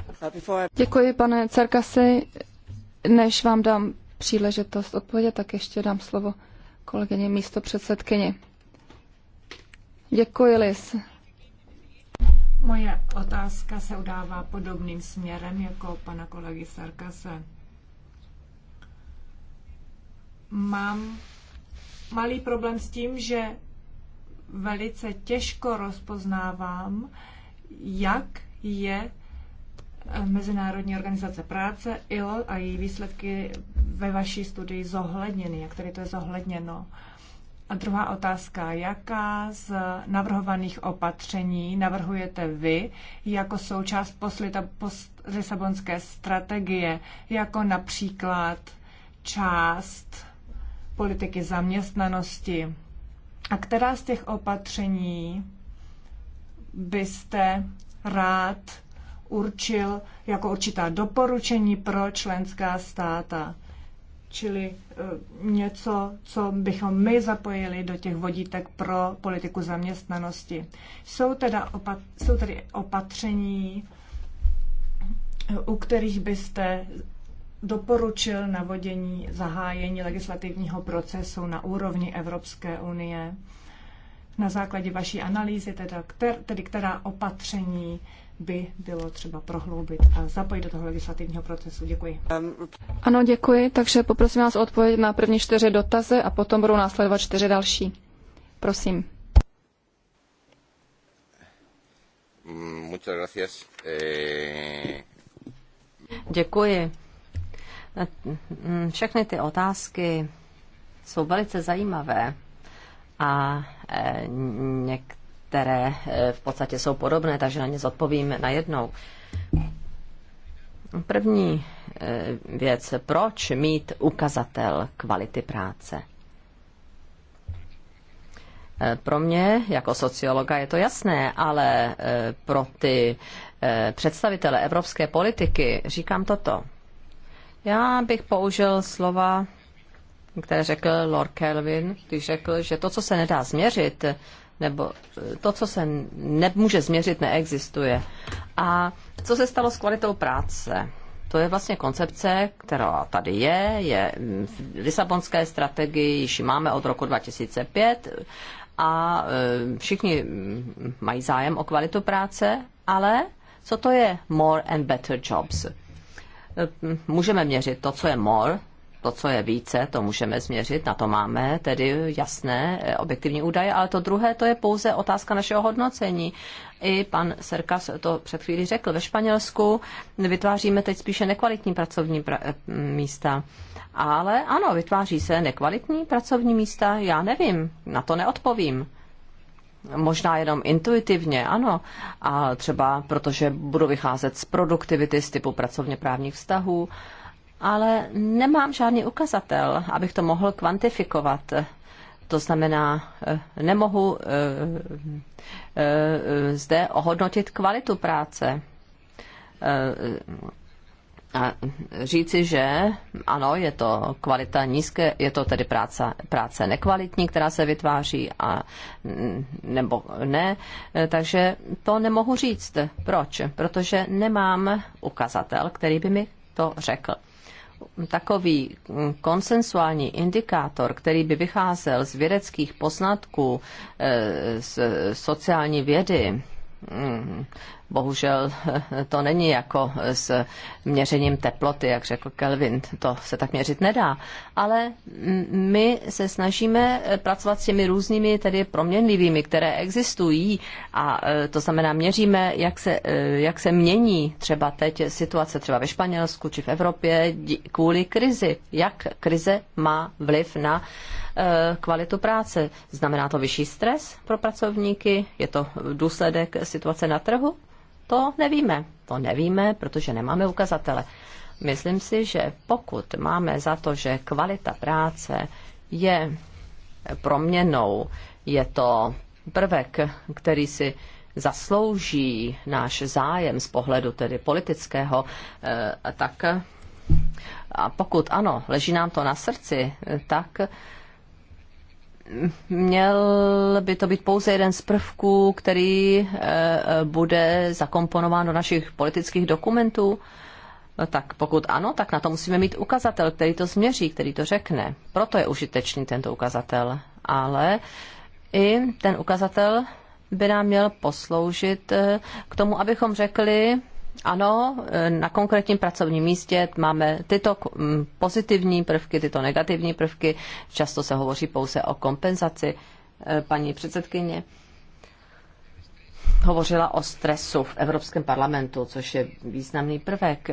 Děkuji, pane Cerkasy. Než vám dám příležitost odpovědět, tak ještě dám slovo kolegyně místo předsedkyni. Děkuji, Liz. Moje otázka se udává podobným směrem jako pana kolegy Sarkase. Mám malý problém s tím, že velice těžko rozpoznávám, jak je eh, Mezinárodní organizace práce ILO a její výsledky ve vaší studii zohledněny, jak tady to je zohledněno. A druhá otázka, jaká z navrhovaných opatření navrhujete vy jako součást poslita post-Lisabonské strategie, jako například část politiky zaměstnanosti? A která z těch opatření byste rád určil jako určitá doporučení pro členská státa? Čili e, něco, co bychom my zapojili do těch vodítek pro politiku zaměstnanosti. Jsou, teda opat, jsou tedy opatření, u kterých byste doporučil navodění zahájení legislativního procesu na úrovni Evropské unie. Na základě vaší analýzy, teda, kter, tedy která opatření by bylo třeba prohloubit a zapojit do toho legislativního procesu. Děkuji. Ano, děkuji. Takže poprosím vás o odpověď na první čtyři dotazy a potom budou následovat čtyři další. Prosím. Mm, muchas gracias. Eh, děkuji všechny ty otázky jsou velice zajímavé a e, některé e, v podstatě jsou podobné, takže na ně zodpovím najednou. První e, věc, proč mít ukazatel kvality práce? Pro mě jako sociologa je to jasné, ale pro ty představitele evropské politiky říkám toto. Já bych použil slova, které řekl Lord Kelvin, když řekl, že to, co se nedá změřit, nebo eh, to, co se nemůže změřit, neexistuje. A co se stalo s kvalitou práce? To je vlastně koncepce, která tady je, je v Lisabonské strategii, již máme od roku 2005 a eh, všichni mm, mají zájem o kvalitu práce, ale co to je more and better jobs? Eh, můžeme měřit to, co je more, to, co je více, to můžeme změřit, na to máme tedy jasné eh, objektivní údaje, ale to druhé, to je pouze otázka našeho hodnocení. I pan Serkas to před chvíli řekl. Ve Španělsku vytváříme teď spíše nekvalitní pracovní pra- eh, místa. Ale ano, vytváří se nekvalitní pracovní místa, já nevím, na to neodpovím možná jenom intuitivně, ano, a třeba protože budu vycházet z produktivity, z typu pracovně právních vztahů, ale nemám žádný ukazatel, abych to mohl kvantifikovat. To znamená, eh, nemohu eh, eh, zde ohodnotit kvalitu práce a říci, že ano, je to kvalita nízké, je to tedy práce, práce nekvalitní, která se vytváří a nebo ne, takže to nemohu říct. Proč? Protože nemám ukazatel, který by mi to řekl. Takový konsensuální indikátor, který by vycházel z vědeckých poznatků, e, z sociální vědy, Bohužel to není jako s měřením teploty, jak řekl Kelvin, to se tak měřit nedá. Ale my se snažíme pracovat s těmi různými tedy proměnlivými, které existují a e, to znamená měříme, jak se, e, jak se mění třeba teď situace třeba ve Španělsku či v Evropě kvůli krizi. Jak krize má vliv na e, kvalitu práce. Znamená to vyšší stres pro pracovníky? Je to důsledek situace na trhu? To nevíme. To nevíme, protože nemáme ukazatele. Myslím si, že pokud máme za to, že kvalita práce je proměnou, je to prvek, který si zaslouží náš zájem z pohledu tedy politického, eh, tak a pokud ano, leží nám to na srdci, tak měl by to být pouze jeden z prvků, který eh, bude zakomponován do našich politických dokumentů? No tak pokud ano, tak na to musíme mít ukazatel, který to změří, který to řekne. Proto je užitečný tento ukazatel. Ale i ten ukazatel by nám měl posloužit eh, k tomu, abychom řekli, ano, e, na konkrétním pracovním místě máme tyto pozitivní prvky, tyto negativní prvky. Často se hovoří pouze o kompenzaci. E, paní předsedkyně hovořila o stresu v Evropském parlamentu, což je významný prvek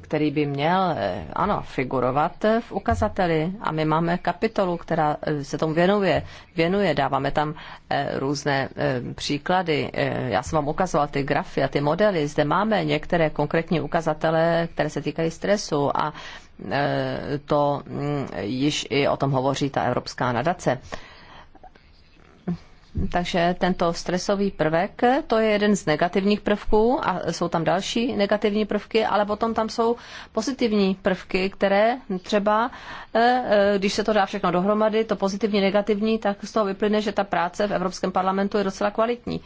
který by měl, eh, ano, figurovat v ukazateli. A my máme kapitolu, která eh, se tomu věnuje. věnuje. Dáváme tam eh, různé příklady. Já jsem vám ukazoval ty grafy a ty modely. Zde máme některé konkrétní ukazatele, které se týkají stresu a to mm, již i o tom hovoří ta Evropská nadace. Takže tento stresový prvek, to je jeden z negativních prvků a jsou tam další negativní prvky, ale potom tam jsou pozitivní prvky, které třeba, eh, eh, když se to dá všechno dohromady, to pozitivní, negativní, tak z toho vyplyne, že ta práce v Evropském parlamentu je docela kvalitní.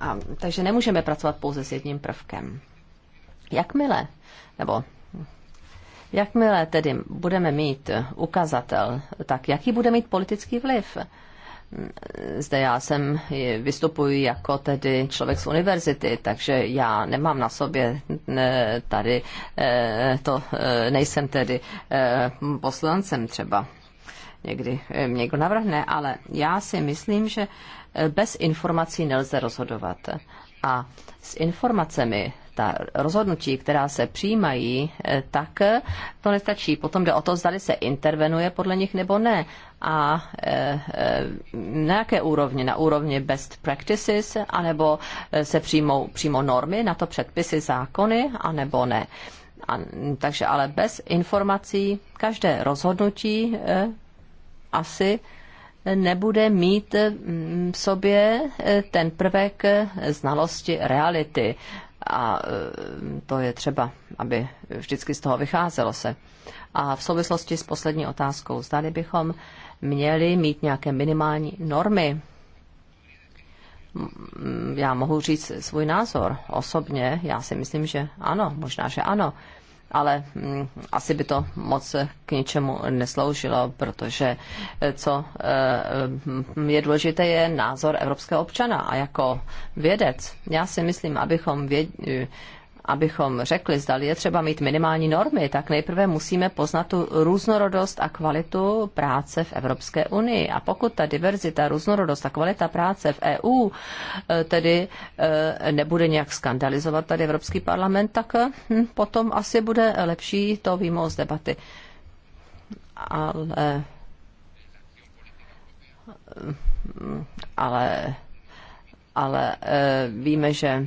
A, takže nemůžeme pracovat pouze s jedním prvkem. Jakmile, nebo jakmile tedy budeme mít ukazatel, tak jaký bude mít politický vliv? zde já jsem vystupuji jako tedy člověk z univerzity, takže já nemám na sobě eh, tady eh, to, eh, nejsem tedy poslancem třeba. Někdy mě někdo navrhne, ale já si myslím, že bez informací nelze rozhodovat. A s informacemi ta rozhodnutí, která se přijímají, eh, tak eh, to nestačí. Potom jde o to, zda se intervenuje podle nich nebo ne. A eh, na jaké úrovni? Na úrovni best practices, anebo se přijmou přímo normy, na to předpisy, zákony, anebo ne. A, takže ale bez informací každé rozhodnutí asi nebude mít mm, v sobě ten prvek znalosti reality a e, to je třeba, aby vždycky z toho vycházelo se. A v souvislosti s poslední otázkou, zdali bychom měli mít nějaké minimální normy. Já mohu říct svůj názor osobně, já si myslím, že ano, možná, že ano ale mm, asi by to moc k ničemu nesloužilo, protože eh, co eh, mm, je důležité, je názor evropského občana a jako vědec. Já si myslím, abychom věděli, abychom řekli, zda je třeba mít minimální normy, tak nejprve musíme poznat tu různorodost a kvalitu práce v Evropské unii. A pokud ta diverzita, různorodost a kvalita práce v EU eh, tedy eh, nebude nějak skandalizovat tady Evropský parlament, tak hm, potom asi bude lepší, to výmo z debaty. Ale hm, ale, ale eh, víme, že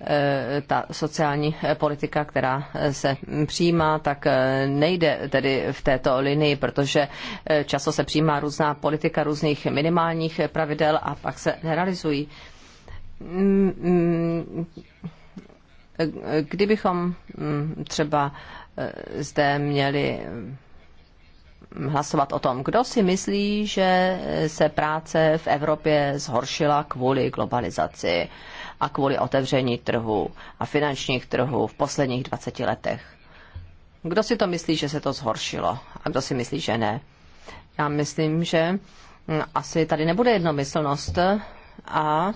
Eh, ta sociální eh, politika, která eh, se přijímá, tak nejde tedy v této linii, protože často se přijímá různá politika různých minimálních pravidel a pak se nerealizují. Mm, mm, kdybychom mm, třeba zde měli hlasovat o tom, kdo si myslí, že se práce v Evropě zhoršila kvůli globalizaci a kvůli otevření trhu a finančních trhů v posledních 20 letech. Kdo si to myslí, že se to zhoršilo a kdo si myslí, že ne? Já myslím, že hm, asi tady nebude jednomyslnost a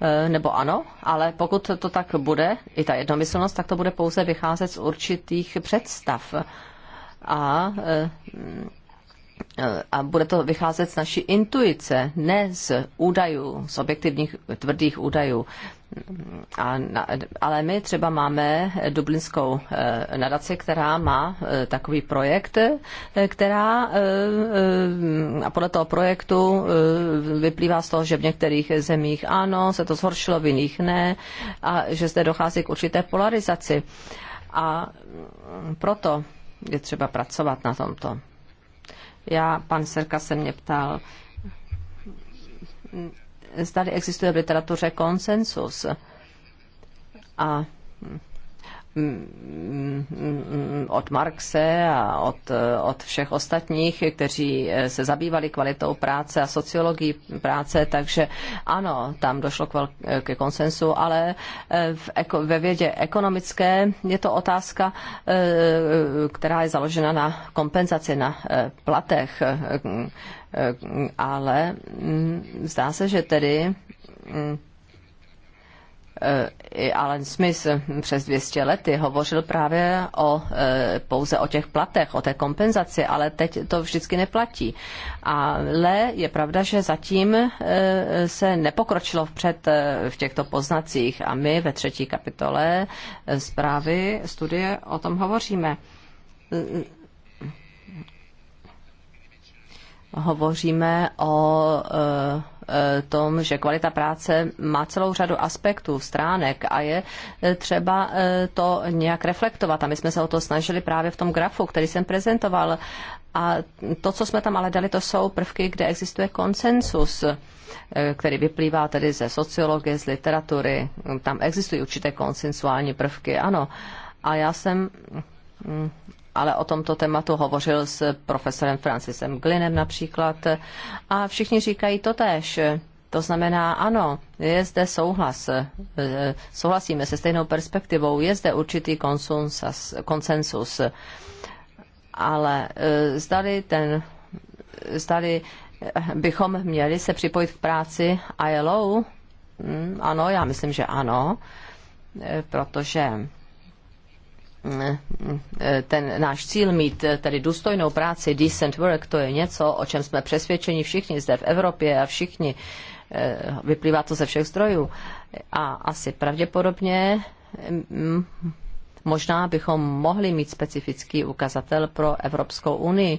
e, nebo ano, ale pokud to tak bude, i ta jednomyslnost, tak to bude pouze vycházet z určitých představ. A e, hm, a bude to vycházet z naší intuice, ne z údajů, z objektivních tvrdých údajů. A, ale my třeba máme dublinskou eh, nadaci, která má eh, takový projekt, eh, která a podle toho projektu vyplývá z toho, že v některých zemích ano, se to zhoršilo, v jiných ne, a že zde dochází k určité polarizaci. A proto je třeba pracovat na tomto. Já, pan Serka se mě ptal, zda existuje v literatuře konsensus. A od Marxe a od, od všech ostatních, kteří se zabývali kvalitou práce a sociologií práce, takže ano, tam došlo k velk- ke konsensu, ale eh, v eko- ve vědě ekonomické je to otázka, eh, která je založena na kompenzaci na eh, platech, ale hm, zdá se, že tedy hm, Eh, i Alan Smith přes 200 lety hovořil právě o, eh, pouze o těch platech, o té kompenzaci, ale teď to vždycky neplatí. Ale je pravda, že zatím eh, se nepokročilo vpřed v těchto poznacích a my ve třetí kapitole zprávy studie o tom hovoříme. Hovoříme o Eh, tom, že kvalita práce má celou řadu aspektů, stránek a je eh, třeba eh, to nějak reflektovat. A my jsme se o to snažili právě v tom grafu, který jsem prezentoval. A to, co jsme tam ale dali, to jsou prvky, kde existuje konsensus, který vyplývá tedy ze sociologie, z literatury. Tam existují určité konsensuální prvky, ano. A já jsem mm, ale o tomto tématu hovořil s profesorem Francisem Glinem například a všichni říkají to tež. To znamená, ano, je zde souhlas, souhlasíme se stejnou perspektivou, je zde určitý konsensus, konsensus. ale e, zdali ten, zdali bychom měli se připojit k práci ILO, hm, ano, já myslím, že ano, e, protože Eh, ten náš cíl mít eh, tedy důstojnou práci, decent work, to je něco, o čem jsme přesvědčeni všichni zde v Evropě a všichni, eh, vyplývá to ze všech zdrojů. A asi pravděpodobně mm, možná bychom mohli mít specifický ukazatel pro Evropskou unii,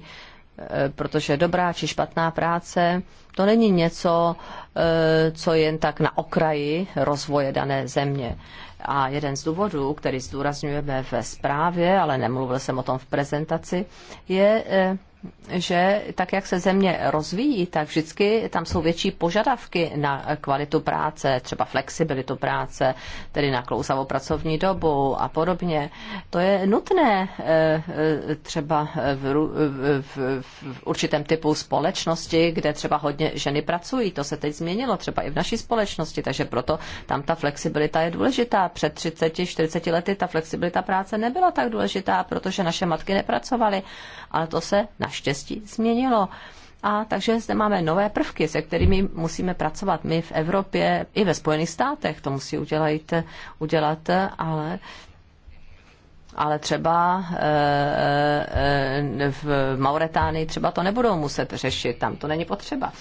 Eh, protože dobrá či špatná práce to není něco, eh, co je jen tak na okraji rozvoje dané země. A jeden z důvodů, který zdůrazňujeme ve zprávě, ale nemluvil jsem o tom v prezentaci, je eh, že tak, jak se země rozvíjí, tak vždycky tam jsou větší požadavky na kvalitu práce, třeba flexibilitu práce, tedy na klouzavou pracovní dobu a podobně. To je nutné eh, eh, třeba v, v, v určitém typu společnosti, kde třeba hodně ženy pracují. To se teď změnilo třeba i v naší společnosti, takže proto tam ta flexibilita je důležitá. Před 30-40 lety ta flexibilita práce nebyla tak důležitá, protože naše matky nepracovaly, ale to se naše naštěstí změnilo. A takže zde máme nové prvky, se kterými musíme pracovat my v Evropě i ve Spojených státech. To musí udělat, udělat ale ale třeba eh, eh, v Mauretánii třeba to nebudou muset řešit, tam to není potřeba.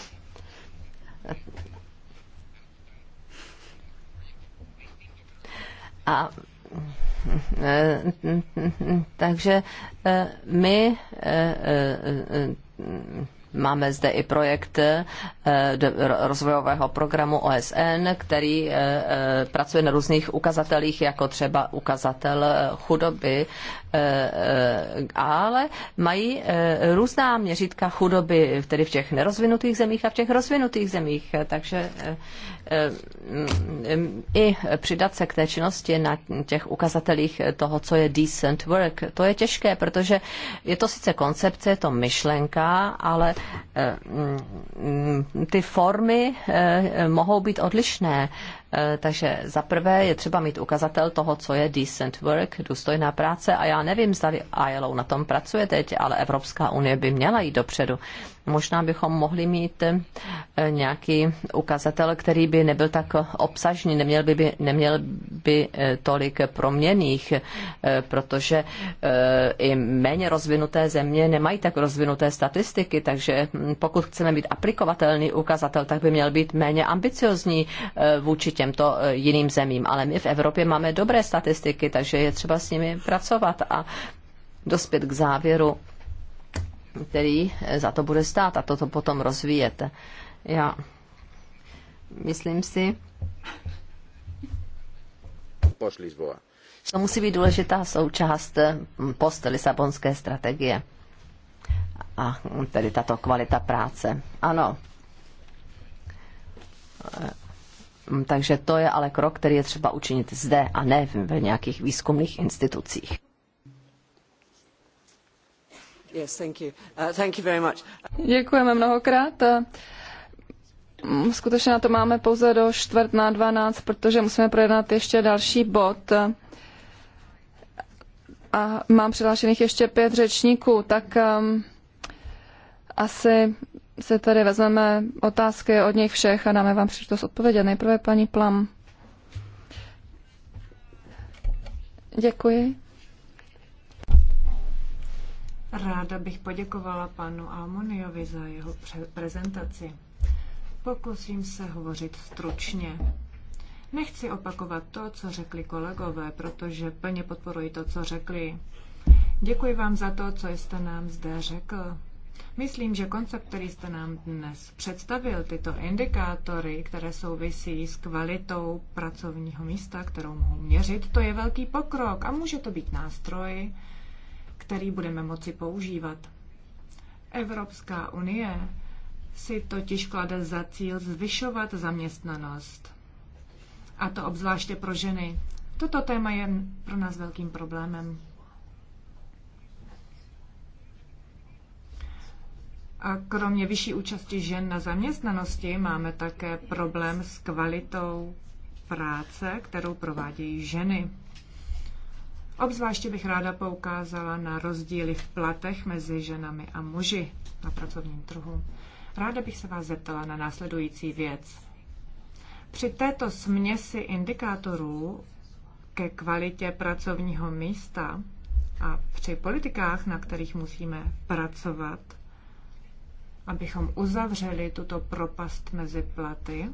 A takže eh, my eh, eh, Máme zde i projekt rozvojového programu OSN, který pracuje na různých ukazatelích, jako třeba ukazatel chudoby, ale mají různá měřítka chudoby, tedy v těch nerozvinutých zemích a v těch rozvinutých zemích. Takže Ehm, ehm, i přidat se k té činnosti na těch ukazatelích toho, co je decent work. To je těžké, protože je to sice koncepce, je to myšlenka, ale ehm, ty formy mohou být odlišné Eh, takže za prvé je třeba mít ukazatel toho, co je decent work, důstojná práce a já nevím, zda ILO na tom pracuje teď, ale Evropská unie by měla jít dopředu. Možná bychom mohli mít eh, nějaký ukazatel, který by nebyl tak obsažný, neměl by, by, neměl by eh, tolik proměných, protože i méně rozvinuté země nemají tak rozvinuté statistiky, takže hm, pokud chceme být aplikovatelný ukazatel, tak by měl být méně ambiciozní vůči těmto e, jiným zemím. Ale my v Evropě máme dobré statistiky, takže je třeba s nimi pracovat a dospět k závěru, který e, za to bude stát a toto potom rozvíjet. Já myslím si, to musí být důležitá součást post-Lisabonské strategie. A tedy tato kvalita práce. Ano. E, Mm, takže to je ale krok, který je třeba učinit zde a ne v nějakých výzkumných institucích. Yes, thank you. Uh, thank you very much. Děkujeme mnohokrát. Mm, skutečně na to máme pouze do čtvrt na dvanáct, protože musíme projednat ještě další bod. A mám přihlášených ještě pět řečníků, tak um, asi si tady vezmeme otázky od nich všech a dáme vám příležitost odpovědět. Nejprve paní Plam. Děkuji. Ráda bych poděkovala panu Almoniovi za jeho prezentaci. Pokusím se hovořit stručně. Nechci opakovat to, co řekli kolegové, protože plně podporuji to, co řekli. Děkuji vám za to, co jste nám zde řekl. Myslím, že koncept, který jste nám dnes představil, tyto indikátory, které souvisí s kvalitou pracovního místa, kterou mohou měřit, to je velký pokrok a může to být nástroj, který budeme moci používat. Evropská unie si totiž klade za cíl zvyšovat zaměstnanost. A to obzvláště pro ženy. Toto téma je pro nás velkým problémem. A kromě vyšší účasti žen na zaměstnanosti máme také problém s kvalitou práce, kterou provádějí ženy. Obzvláště bych ráda poukázala na rozdíly v platech mezi ženami a muži na pracovním trhu. Ráda bych se vás zeptala na následující věc. Při této směsi indikátorů ke kvalitě pracovního místa a při politikách, na kterých musíme pracovat, abychom uzavřeli tuto propast mezi platy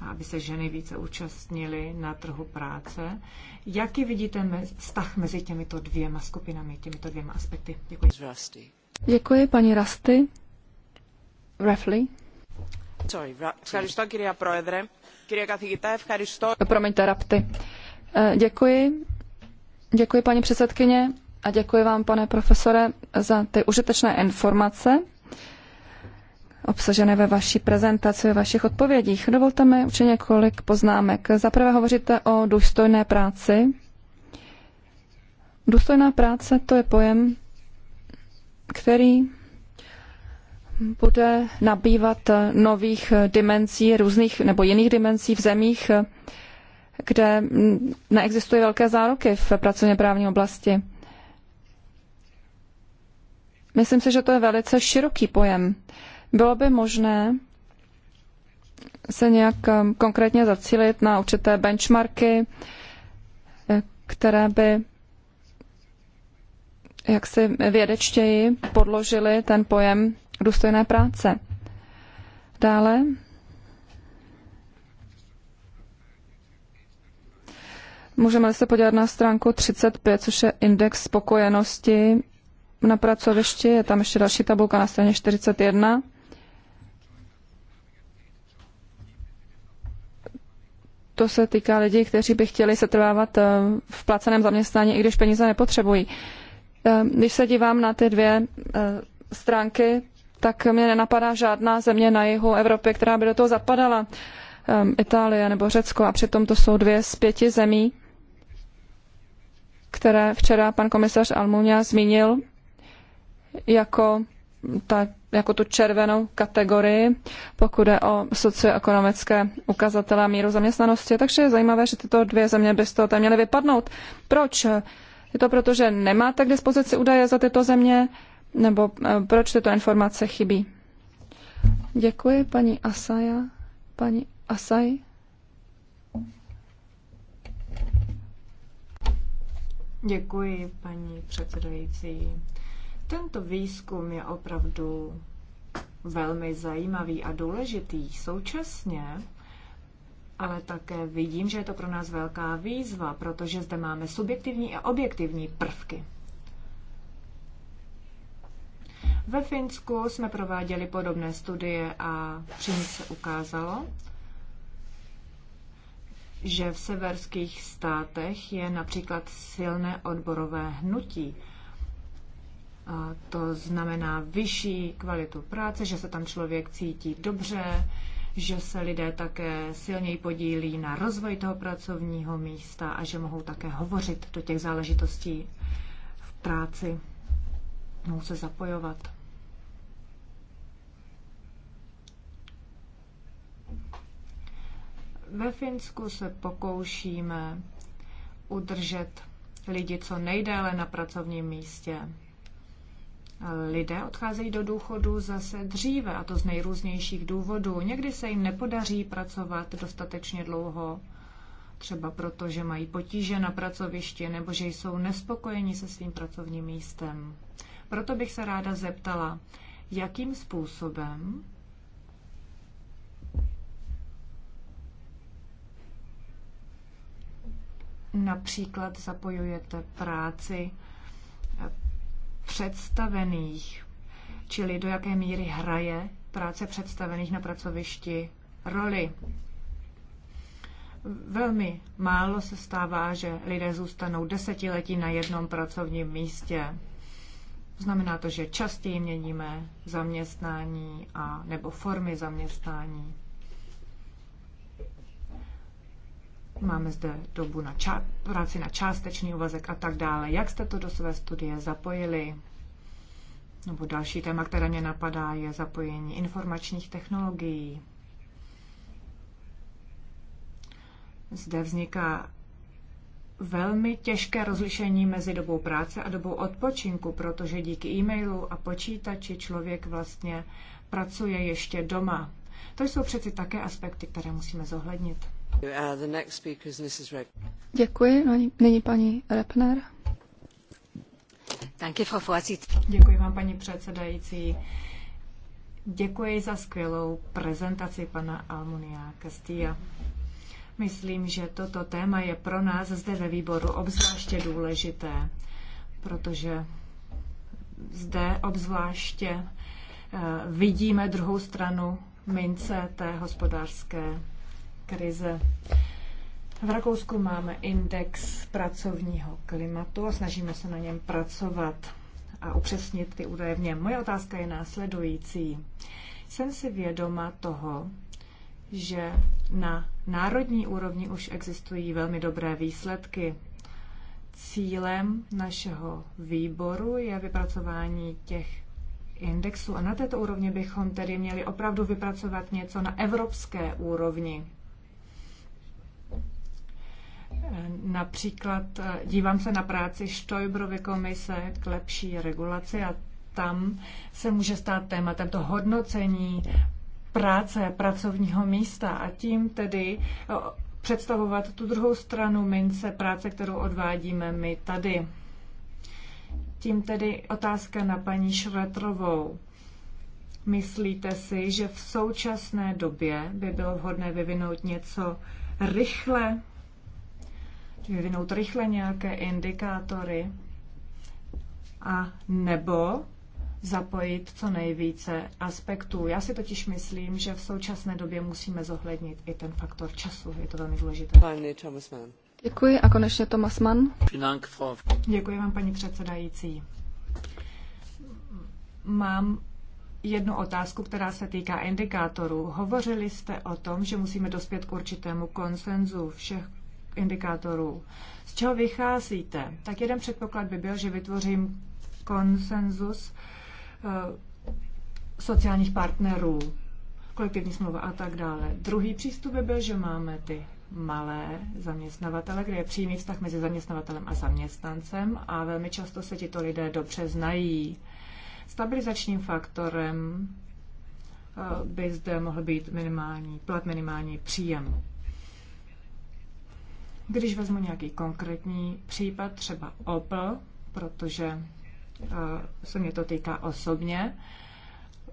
a aby se ženy více účastnily na trhu práce. Jaký vidíte vztah mezi těmito dvěma skupinami, těmito dvěma aspekty? Děkuji. Děkuji, paní Rasty. Rafli. Eh, promiňte, Rapty. Eh, děkuji. Děkuji, paní předsedkyně, a děkuji vám, pane profesore, za ty užitečné informace obsažené ve vaší prezentaci, ve vašich odpovědích. Dovolte mi určitě několik poznámek. Za prvé hovoříte o důstojné práci. Důstojná práce to je pojem, který bude nabývat nových dimenzí, různých nebo jiných dimenzí v zemích, kde neexistují velké záruky v pracovně právní oblasti. Myslím si, že to je velice široký pojem. Bylo by možné se nějak um, konkrétně zacílit na určité benchmarky, eh, které by jak si vědečtěji podložili ten pojem důstojné práce. Dále Můžeme se podívat na stránku 35, což je index spokojenosti na pracovišti. Je tam ještě další tabulka na straně 41. to se týká lidí, kteří by chtěli setrvávat eh, v placeném zaměstnání, i když peníze nepotřebují. Eh, když se dívám na ty dvě eh, stránky, tak mě nenapadá žádná země na jihu Evropy, která by do toho zapadala. Itálie nebo Řecko a přitom to jsou dvě z pěti zemí, které včera pan komisař Almunia zmínil jako ta jako tu červenou kategorii, pokud je o socioekonomické ukazatele a míru zaměstnanosti. Takže je zajímavé, že tyto dvě země by z toho měly vypadnout. Proč? Je to proto, že nemáte k dispozici údaje za tyto země, nebo eh, proč tyto informace chybí? Děkuji, paní Asaja. Paní Asaj. Děkuji, paní předsedající. Tento výzkum je opravdu velmi zajímavý a důležitý. Současně ale také vidím, že je to pro nás velká výzva, protože zde máme subjektivní a objektivní prvky. Ve Finsku jsme prováděli podobné studie a při nich se ukázalo, že v severských státech je například silné odborové hnutí to znamená vyšší kvalitu práce, že se tam člověk cítí dobře, že se lidé také silněji podílí na rozvoji toho pracovního místa a že mohou také hovořit do těch záležitostí v práci, mohou se zapojovat. Ve Finsku se pokoušíme udržet lidi co nejdéle na pracovním místě Lidé odcházejí do důchodu zase dříve, a to z nejrůznějších důvodů. Někdy se jim nepodaří pracovat dostatečně dlouho, třeba proto, že mají potíže na pracovišti nebo že jsou nespokojeni se svým pracovním místem. Proto bych se ráda zeptala, jakým způsobem například zapojujete práci představených, čili do jaké míry hraje práce představených na pracovišti roli. Velmi málo se stává, že lidé zůstanou desetiletí na jednom pracovním místě. Znamená to, že častěji měníme zaměstnání a nebo formy zaměstnání. Máme zde dobu na ča- práci na částečný úvazek a tak dále. Jak jste to do své studie zapojili? Nebo další téma, které mě napadá, je zapojení informačních technologií. Zde vzniká velmi těžké rozlišení mezi dobou práce a dobou odpočinku, protože díky e-mailu a počítači člověk vlastně pracuje ještě doma. To jsou přeci také aspekty, které musíme zohlednit. Uh, Děkuji. No, nyní paní Repner. Děkuji vám, paní předsedající. Děkuji za skvělou prezentaci pana Almunia Castilla. Myslím, že toto téma je pro nás zde ve výboru obzvláště důležité, protože zde obzvláště eh, vidíme druhou stranu mince té hospodářské krize. V Rakousku máme index pracovního klimatu a snažíme se na něm pracovat a upřesnit ty údaje v něm. Moje otázka je následující. Jsem si vědoma toho, že na národní úrovni už existují velmi dobré výsledky. Cílem našeho výboru je vypracování těch indexů a na této úrovni bychom tedy měli opravdu vypracovat něco na evropské úrovni. Například eh, dívám se na práci Štojbrovy komise k lepší regulaci a tam se může stát tématem to hodnocení práce, pracovního místa a tím tedy eh, představovat tu druhou stranu mince práce, kterou odvádíme my tady. Tím tedy otázka na paní Švetrovou. Myslíte si, že v současné době by bylo vhodné vyvinout něco rychle vyvinout rychle nějaké indikátory a nebo zapojit co nejvíce aspektů. Já si totiž myslím, že v současné době musíme zohlednit i ten faktor času. Je to velmi důležité. Děkuji a konečně Thomas Mann. Děkuji vám, paní předsedající. Mám jednu otázku, která se týká indikátorů. Hovořili jste o tom, že musíme dospět k určitému konsenzu všech indikátorů. Z čeho vycházíte? Tak jeden předpoklad by byl, že vytvořím konsenzus eh, sociálních partnerů, kolektivní smlouva a tak dále. Druhý přístup by byl, že máme ty malé zaměstnavatele, kde je přímý vztah mezi zaměstnavatelem a zaměstnancem a velmi často se tito lidé dobře znají. Stabilizačním faktorem eh, by zde mohl být minimální plat, minimální příjem. Když vezmu nějaký konkrétní případ, třeba Opel, protože eh, se mě to týká osobně,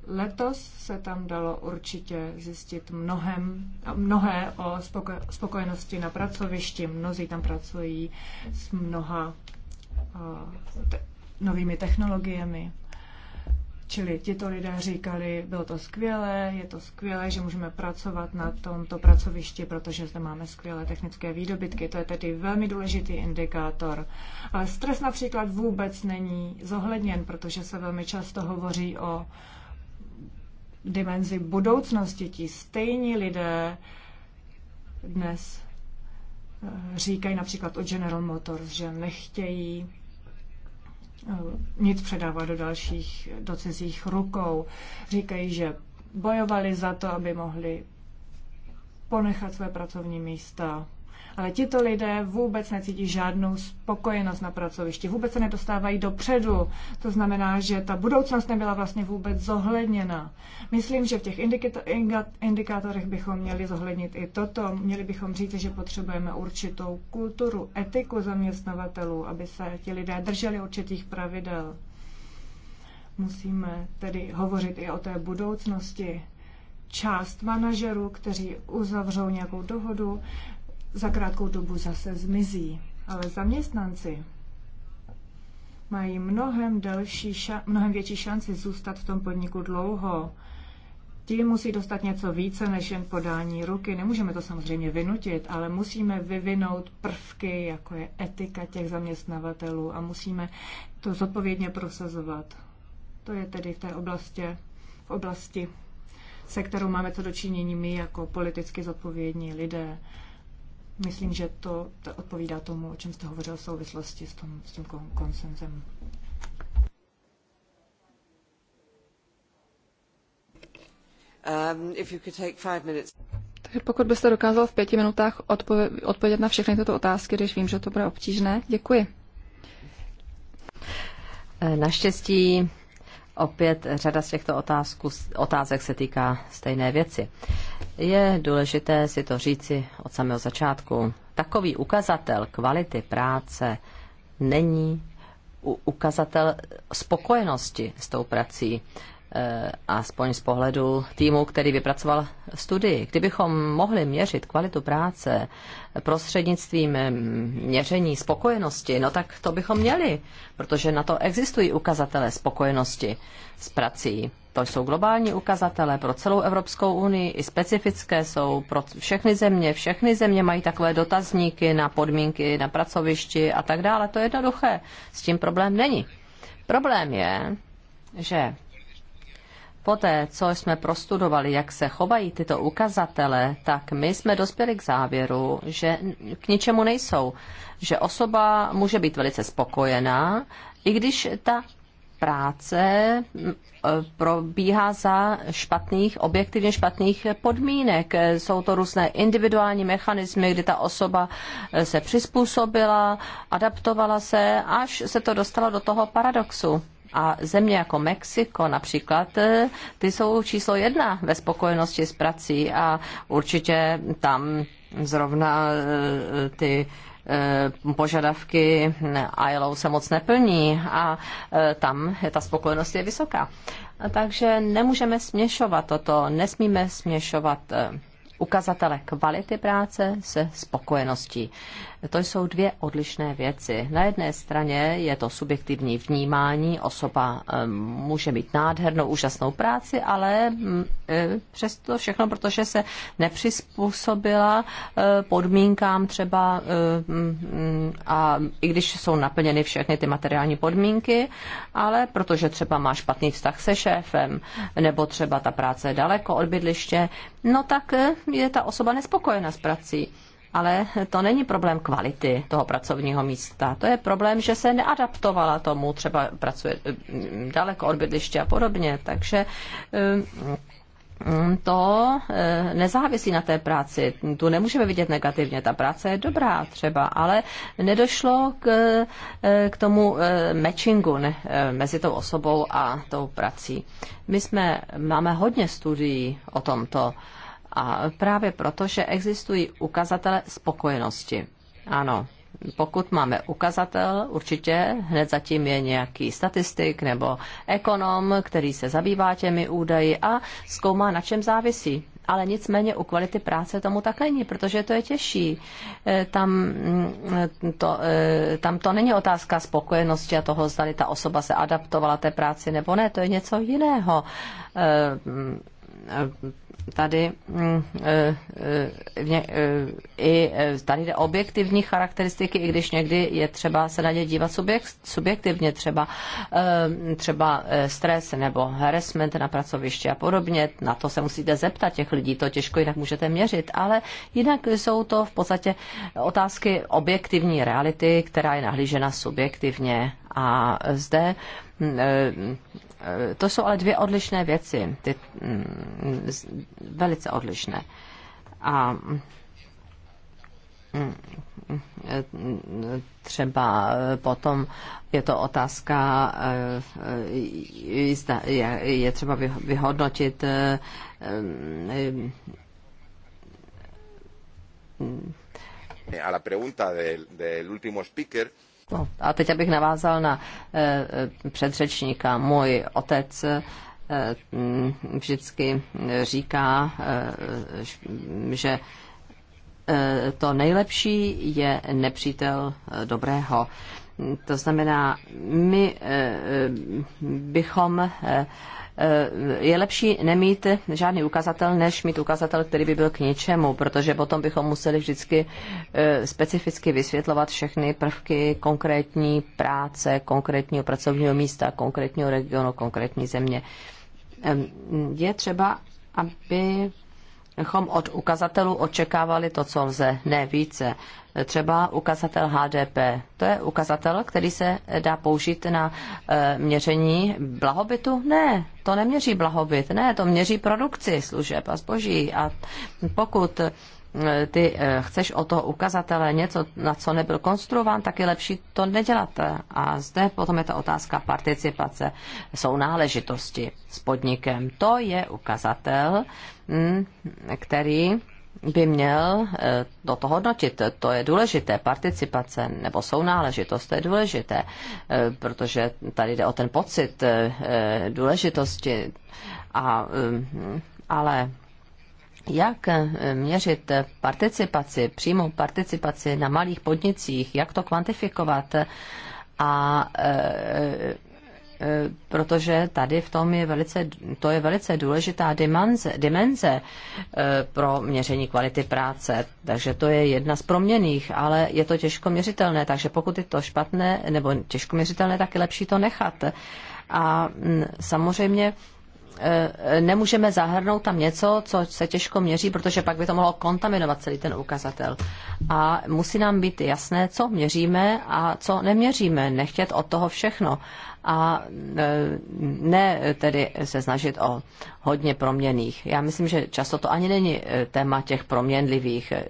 letos se tam dalo určitě zjistit mnohem, mnohé o spokojenosti na pracovišti. Mnozí tam pracují s mnoha eh, novými technologiemi. Čili tito lidé říkali, bylo to skvělé, je to skvělé, že můžeme pracovat na tomto pracovišti, protože zde máme skvělé technické výdobytky. To je tedy velmi důležitý indikátor. Ale stres například vůbec není zohledněn, protože se velmi často hovoří o dimenzi budoucnosti. Ti stejní lidé dnes eh, říkají například o General Motors, že nechtějí Eh, nic předává do dalších, do cizích rukou. Říkají, že bojovali za to, aby mohli ponechat své pracovní místa, ale tito lidé vůbec necítí žádnou spokojenost na pracovišti, vůbec se nedostávají dopředu. To znamená, že ta budoucnost nebyla vlastně vůbec zohledněna. Myslím, že v těch indikátorech bychom měli zohlednit i toto. Měli bychom říct, že potřebujeme určitou kulturu, etiku zaměstnavatelů, aby se ti lidé drželi určitých pravidel. Musíme tedy hovořit i o té budoucnosti část manažerů, kteří uzavřou nějakou dohodu, za krátkou dobu zase zmizí. Ale zaměstnanci mají mnohem, delší ša- mnohem větší šanci zůstat v tom podniku dlouho. Ti musí dostat něco více než jen podání ruky. Nemůžeme to samozřejmě vynutit, ale musíme vyvinout prvky, jako je etika těch zaměstnavatelů a musíme to zodpovědně prosazovat. To je tedy v té oblasti, v oblasti se kterou máme co dočinění my jako politicky zodpovědní lidé. Myslím, že to, to odpovídá tomu, o čem jste hovořil v souvislosti s, tom, s tím konsenzem. Um, if you could take five minutes. Takže pokud byste dokázal v pěti minutách odpověd- odpovědět na všechny tyto otázky, když vím, že to bude obtížné, děkuji. Eh, naštěstí opět řada z těchto otázku, otázek se týká stejné věci. Uh, je důležité si to říci od samého začátku. Takový ukazatel kvality práce není ukazatel spokojenosti s tou prací. Eh, aspoň z pohledu týmu, který vypracoval studii. Kdybychom mohli měřit kvalitu práce prostřednictvím měření spokojenosti, no tak to bychom měli, protože na to existují ukazatele spokojenosti s prací. To jsou globální ukazatele pro celou Evropskou unii, i specifické jsou pro všechny země. Všechny země mají takové dotazníky na podmínky, na pracovišti a tak dále. To je jednoduché. S tím problém není. Problém je, že poté, co jsme prostudovali, jak se chovají tyto ukazatele, tak my jsme dospěli k závěru, že k ničemu nejsou. Že osoba může být velice spokojená, i když ta práce e, probíhá za špatných, objektivně špatných podmínek. Jsou to různé individuální mechanismy, kdy ta osoba e, se přizpůsobila, adaptovala se, až se to dostalo do toho paradoxu a země jako Mexiko například, eh, ty jsou číslo jedna ve spokojenosti s prací a určitě tam zrovna eh, ty eh, požadavky ILO se moc neplní a tam je ta spokojenost je vysoká. Takže nemůžeme směšovat toto, nesmíme směšovat ukazatele kvality práce se spokojeností. To jsou dvě odlišné věci. Na jedné straně je to subjektivní vnímání. Osoba může mít nádhernou, úžasnou práci, ale mm, e, přesto všechno, protože se nepřizpůsobila e, podmínkám třeba e, mm, a i když jsou naplněny všechny ty materiální podmínky, ale protože třeba má špatný vztah se šéfem, nebo třeba ta práce je daleko od bydliště, no tak je ta osoba nespokojená s prací ale to není problém kvality toho pracovního místa. To je problém, že se neadaptovala tomu, třeba pracuje eh, daleko od bydliště a podobně. Takže eh, to eh, nezávisí na té práci. Tu nemůžeme vidět negativně. Ta práce je dobrá třeba, ale nedošlo k, k tomu matchingu ne, mezi tou osobou a tou prací. My jsme, máme hodně studií o tomto. A právě proto, že existují ukazatele spokojenosti. Ano, pokud máme ukazatel, určitě hned zatím je nějaký statistik nebo ekonom, který se zabývá těmi údaji a zkoumá, na čem závisí. Ale nicméně u kvality práce tomu tak není, protože to je těžší. Eh, tam mm, to, eh, tam to není otázka spokojenosti a toho, zda ta osoba se adaptovala té práci nebo ne, to je něco jiného eh, mm, tady mm, e, e, e, i tady jde objektivní charakteristiky, i když někdy je třeba se na ně dívat subjekt, subjektivně, třeba, třeba stres nebo harassment na pracovišti a podobně. Na to se musíte zeptat těch lidí, to těžko jinak můžete měřit, ale jinak jsou to v podstatě otázky objektivní reality, která je nahlížena subjektivně. A zde uh, E, e, to jsou ale dvě odlišné věci, ty, mm, velice odlišné. A mm, e, třeba potom je to otázka, je třeba vyhodnotit mm, a la pregunta del, del último speaker No, a teď abych navázal na eh, eh, předřečníka. Můj otec eh, mm, vždycky říká, že to nejlepší je nepřítel dobrého. To znamená, my eh, eh, bychom eh, je lepší nemít žádný ukazatel, než mít ukazatel, který by byl k ničemu, protože potom bychom museli vždycky specificky vysvětlovat všechny prvky konkrétní práce, konkrétního pracovního místa, konkrétního regionu, konkrétní země. Je třeba, aby abychom od ukazatelů očekávali to, co lze, ne více třeba ukazatel HDP. To je ukazatel, který se dá použít na eh, měření blahobytu? Ne, to neměří blahobyt, ne, to měří produkci služeb a zboží. A pokud eh, ty eh, chceš o toho ukazatele něco, na co nebyl konstruován, tak je lepší to nedělat. A zde potom je ta otázka participace, jsou náležitosti s podnikem. To je ukazatel, hm, který by měl eh, toto hodnotit. To je důležité. Participace nebo sounáležitost, to je důležité, eh, protože tady jde o ten pocit eh, důležitosti. A, ale jak měřit participaci, přímou participaci na malých podnicích, jak to kvantifikovat a protože tady v tom je velice, to je velice důležitá dimenze, dimenze eh, pro měření kvality práce. Takže to je jedna z proměných, ale je to těžko měřitelné, takže pokud je to špatné nebo těžko měřitelné, tak je lepší to nechat. A mm, samozřejmě eh, nemůžeme zahrnout tam něco, co se těžko měří, protože pak by to mohlo kontaminovat celý ten ukazatel. A musí nám být jasné, co měříme a co neměříme, nechtět od toho všechno a e, ne tedy se snažit o hodně proměných. Já myslím, že často to ani není e, téma těch proměnlivých. E,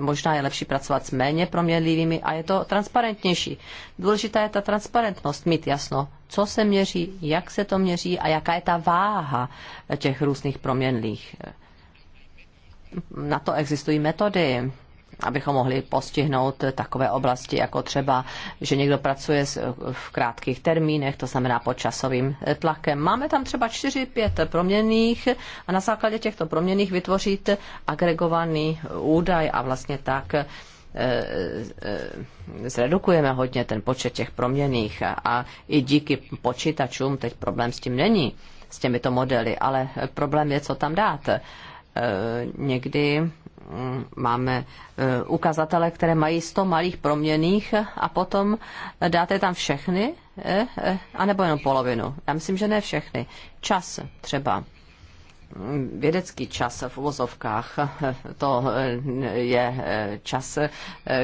možná je lepší pracovat s méně proměnlivými a je to transparentnější. Důležitá je ta transparentnost, mít jasno, co se měří, jak se to měří a jaká je ta váha těch různých proměnlých. Na to existují metody, abychom mohli postihnout takové oblasti, jako třeba, že někdo pracuje v krátkých termínech, to znamená pod časovým tlakem. Máme tam třeba 4-5 proměných a na základě těchto proměných vytvořit agregovaný údaj a vlastně tak e, e, zredukujeme hodně ten počet těch proměných a i díky počítačům teď problém s tím není, s těmito modely, ale problém je, co tam dát. E, někdy máme eh, ukazatele, které mají 100 malých proměných a potom dáte tam všechny, eh, eh, anebo jenom polovinu. Já myslím, že ne všechny. Čas třeba vědecký čas v uvozovkách. To je čas,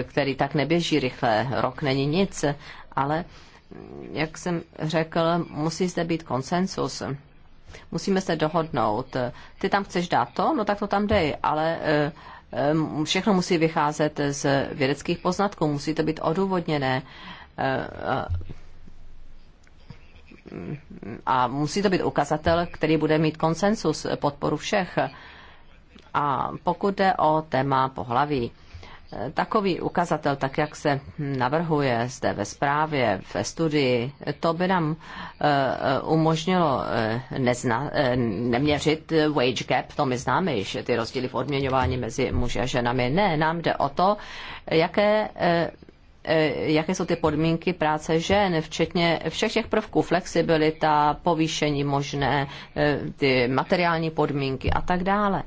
který tak neběží rychle. Rok není nic, ale jak jsem řekl, musí zde být konsensus musíme se dohodnout. Ty tam chceš dát to, no tak to tam dej, ale e, e, všechno musí vycházet z vědeckých poznatků, musí to být odůvodněné e, a musí to být ukazatel, který bude mít konsensus, podporu všech. A pokud jde o téma pohlaví, takový ukazatel, tak jak se navrhuje zde ve zprávě, ve studii, to by nám eh, eh, umožnilo eh, nezna, neměřit wage gap, to my známe již, ty rozdíly v odměňování mezi muži a ženami. Ne, nám jde o to, jaké jaké jsou ty podmínky práce žen, včetně všech těch prvků, flexibilita, povýšení možné, ty materiální podmínky a tak dále.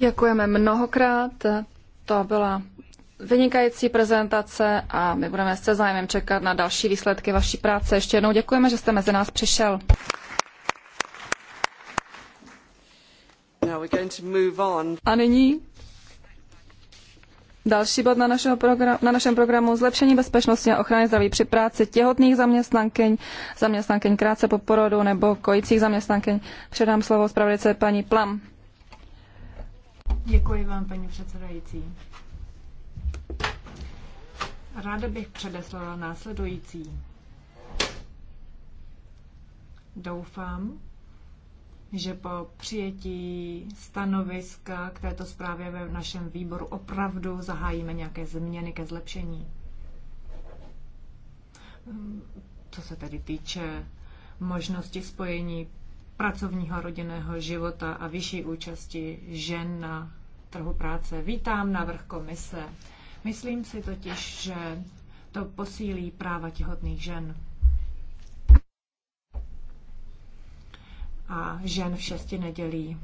Děkujeme mnohokrát. To byla vynikající prezentace a my budeme se zájmem čekat na další výsledky vaší práce. Ještě jednou děkujeme, že jste mezi nás přišel. A nyní další bod na, našeho na našem programu zlepšení bezpečnosti a ochrany zdraví při práci těhotných zaměstnankyň, zaměstnankyň krátce po porodu nebo kojících zaměstnankyň. Předám slovo zpravodajce paní Plam. Děkuji vám, paní předsedající. Ráda bych předeslala následující. Doufám, že po přijetí stanoviska k této zprávě ve našem výboru opravdu zahájíme nějaké změny ke zlepšení. Co se tedy týče možnosti spojení pracovního rodinného života a vyšší účasti žen na trhu práce. Vítám návrh komise. Myslím si totiž, že to posílí práva těhotných žen. A žen v šesti nedělí.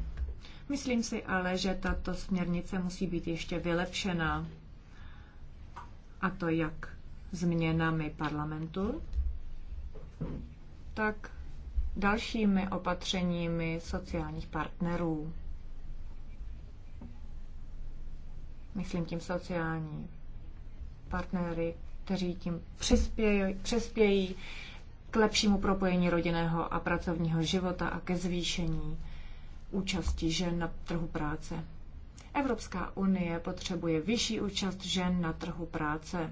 Myslím si ale, že tato směrnice musí být ještě vylepšena. A to jak změnami parlamentu, tak dalšími opatřeními sociálních partnerů. Myslím tím sociální partnery, kteří tím přispějí, přispějí k lepšímu propojení rodinného a pracovního života a ke zvýšení účasti žen na trhu práce. Evropská unie potřebuje vyšší účast žen na trhu práce.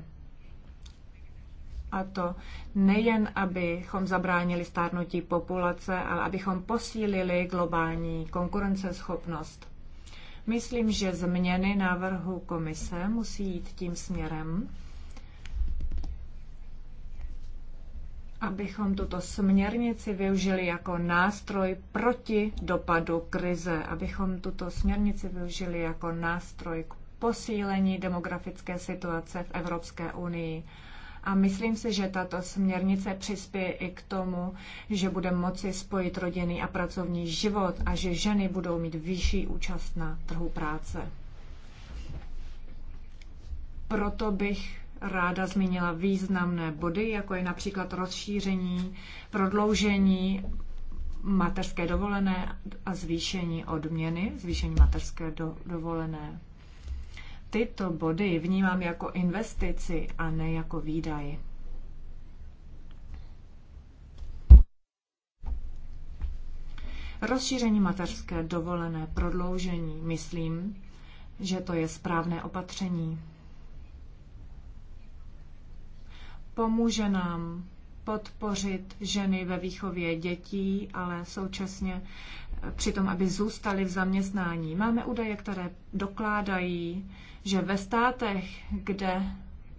A to nejen, abychom zabránili stárnutí populace, ale abychom posílili globální konkurenceschopnost. Myslím, že změny návrhu komise musí jít tím směrem, abychom tuto směrnici využili jako nástroj proti dopadu krize, abychom tuto směrnici využili jako nástroj k posílení demografické situace v Evropské unii a myslím si, že tato směrnice přispěje i k tomu, že bude moci spojit rodinný a pracovní život a že ženy budou mít vyšší účast na trhu práce. Proto bych ráda zmínila významné body, jako je například rozšíření, prodloužení mateřské dovolené a zvýšení odměny, zvýšení mateřské do, dovolené tyto body vnímám jako investici a ne jako výdaj. Rozšíření mateřské dovolené prodloužení, myslím, že to je správné opatření. Pomůže nám podpořit ženy ve výchově dětí, ale současně eh, přitom, aby zůstaly v zaměstnání. Máme údaje, které dokládají, že ve státech, kde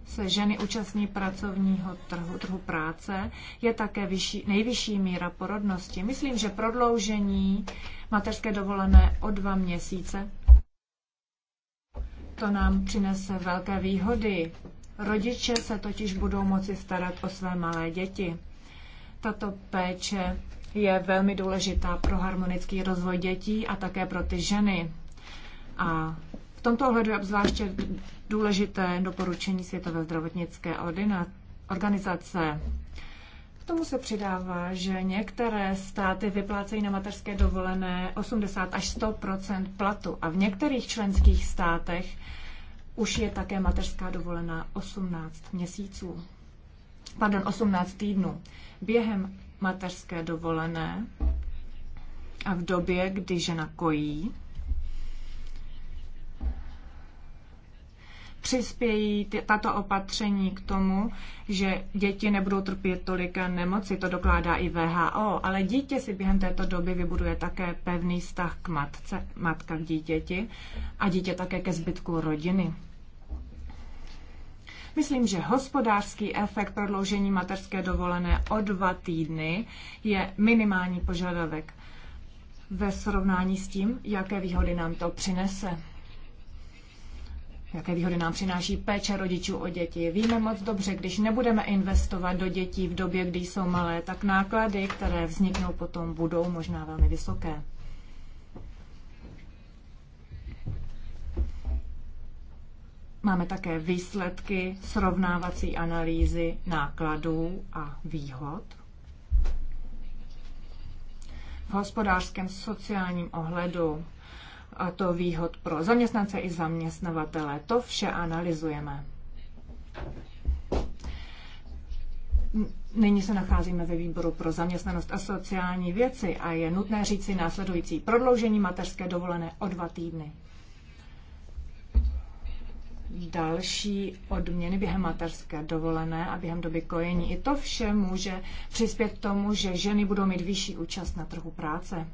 se ženy účastní pracovního trhu, trhu práce, je také vyšší, nejvyšší míra porodnosti. Myslím, že prodloužení mateřské dovolené o dva měsíce, to nám přinese velké výhody. Rodiče se totiž budou moci starat o své malé děti. Tato péče je velmi důležitá pro harmonický rozvoj dětí a také pro ty ženy. A tomto ohledu je obzvláště důležité doporučení Světové zdravotnické organizace. K tomu se přidává, že některé státy vyplácejí na mateřské dovolené 80 až 100 platu a v některých členských státech už je také mateřská dovolená 18 měsíců. Pardon, 18 týdnů. Během mateřské dovolené a v době, kdy žena kojí, přispějí tato opatření k tomu, že děti nebudou trpět tolik nemoci, to dokládá i VHO, ale dítě si během této doby vybuduje také pevný vztah k matce, matka k dítěti a dítě také ke zbytku rodiny. Myslím, že hospodářský efekt prodloužení materské dovolené o dva týdny je minimální požadavek ve srovnání s tím, jaké výhody nám to přinese jaké výhody nám přináší péče rodičů o děti. Víme moc dobře, když nebudeme investovat do dětí v době, kdy jsou malé, tak náklady, které vzniknou potom, budou možná velmi vysoké. Máme také výsledky srovnávací analýzy nákladů a výhod. V hospodářském sociálním ohledu a to výhod pro zaměstnance i zaměstnavatele. To vše analyzujeme. Nyní se nacházíme ve výboru pro zaměstnanost a sociální věci a je nutné říci následující prodloužení mateřské dovolené o dva týdny. Další odměny během mateřské dovolené a během doby kojení. I to vše může přispět k tomu, že ženy budou mít vyšší účast na trhu práce.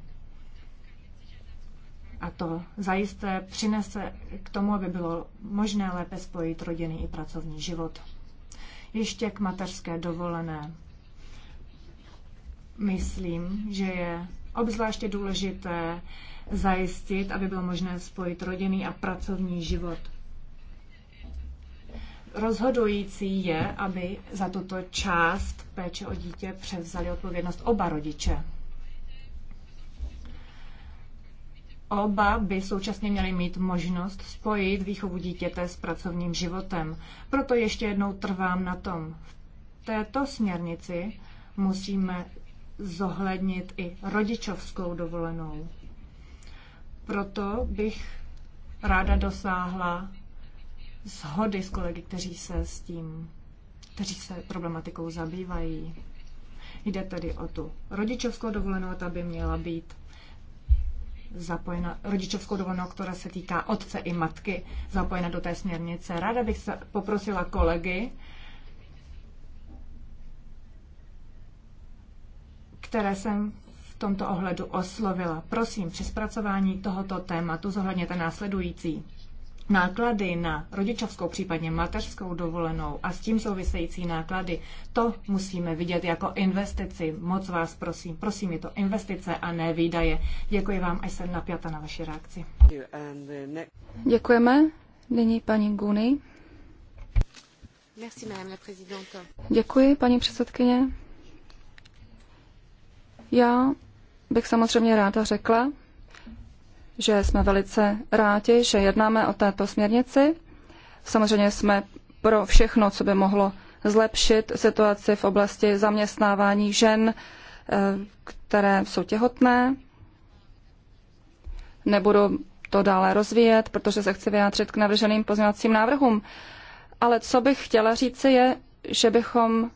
A to zajisté přinese k tomu, aby bylo možné lépe spojit rodinný i pracovní život. Ještě k mateřské dovolené. Myslím, že je obzvláště důležité zajistit, aby bylo možné spojit rodinný a pracovní život. Rozhodující je, aby za tuto část péče o dítě převzali odpovědnost oba rodiče. Oba by současně měli mít možnost spojit výchovu dítěte s pracovním životem. Proto ještě jednou trvám na tom. V této směrnici musíme zohlednit i rodičovskou dovolenou. Proto bych ráda dosáhla shody s kolegy, kteří se s tím, kteří se problematikou zabývají. Jde tedy o tu rodičovskou dovolenou, ta by měla být zapojena, rodičovskou dovolenou, která se týká otce i matky, zapojena do té směrnice. Ráda bych se poprosila kolegy, které jsem v tomto ohledu oslovila. Prosím, při zpracování tohoto tématu zohledněte následující náklady na rodičovskou, případně mateřskou dovolenou a s tím související náklady, to musíme vidět jako investici. Moc vás prosím, prosím, je to investice a ne výdaje. Děkuji vám a jsem napjata na vaši reakci. Děkujeme. Nyní paní Guny. Děkuji, paní předsedkyně. Já bych samozřejmě ráda řekla, že jsme velice rádi, že jednáme o této směrnici. Samozřejmě jsme pro všechno, co by mohlo zlepšit situaci v oblasti zaměstnávání žen, eh, které jsou těhotné. Nebudu to dále rozvíjet, protože se chci vyjádřit k navrženým pozměňovacím návrhům. Ale co bych chtěla říci je, že bychom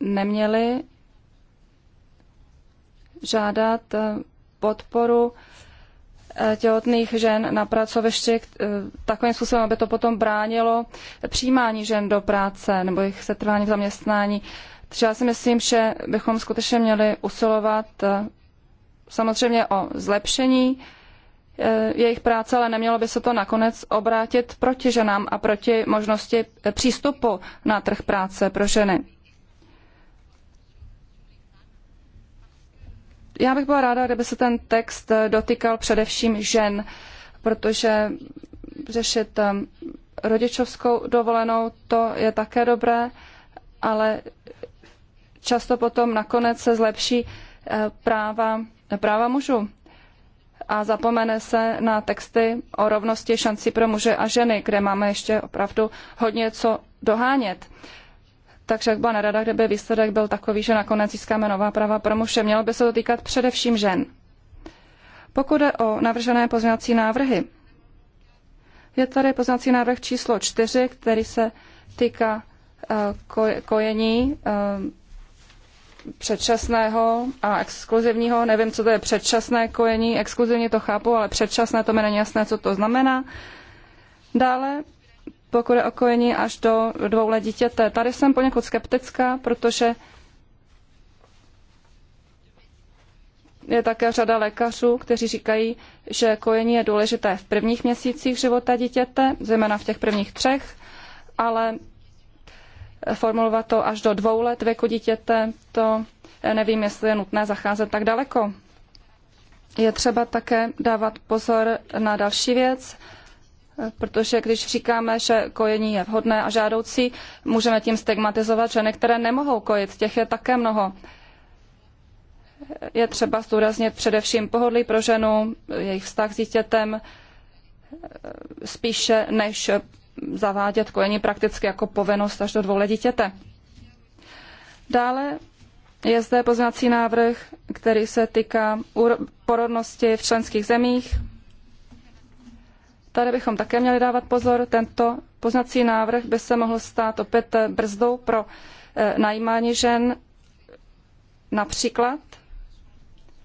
neměli žádat eh, podporu Eh, těhotných žen na pracovišti eh, takovým způsobem, aby to potom bránilo přijímání žen do práce nebo jejich setrvání v zaměstnání. Takže já si myslím, že bychom skutečně měli usilovat eh, samozřejmě o zlepšení jejich práce, ale nemělo by se to nakonec obrátit proti ženám a proti možnosti přístupu na trh práce pro ženy. Já bych byla ráda, kdyby se ten text eh, dotýkal především žen, protože řešit eh, rodičovskou dovolenou, to je také dobré, ale často potom nakonec se zlepší eh, práva, práva mužů a zapomene se na texty o rovnosti šancí pro muže a ženy, kde máme ještě opravdu hodně co dohánět takže jak byla nerada, kdyby výsledek byl takový, že nakonec získáme nová práva pro muže. Mělo by se to týkat především žen. Pokud jde o navržené pozměňovací návrhy, je tady pozměňovací návrh číslo 4, který se týká eh, kojení eh, předčasného a exkluzivního. Nevím, co to je předčasné kojení, exkluzivně to chápu, ale předčasné to mi není jasné, co to znamená. Dále pokud je okojení až do dvou let dítěte. Tady jsem poněkud skeptická, protože je také řada lékařů, kteří říkají, že kojení je důležité v prvních měsících života dítěte, zejména v těch prvních třech, ale formulovat to až do dvou let věku dítěte, to nevím, jestli je nutné zacházet tak daleko. Je třeba také dávat pozor na další věc, protože když říkáme, že kojení je vhodné a žádoucí, můžeme tím stigmatizovat ženy, které nemohou kojit. Těch je také mnoho. Je třeba zdůraznit především pohodlí pro ženu, jejich vztah s dítětem, spíše než zavádět kojení prakticky jako povinnost až do dvou let dítěte. Dále je zde poznací návrh, který se týká porodnosti v členských zemích, Tady bychom také měli dávat pozor. Tento poznací návrh by se mohl stát opět brzdou pro eh, najímání žen. Například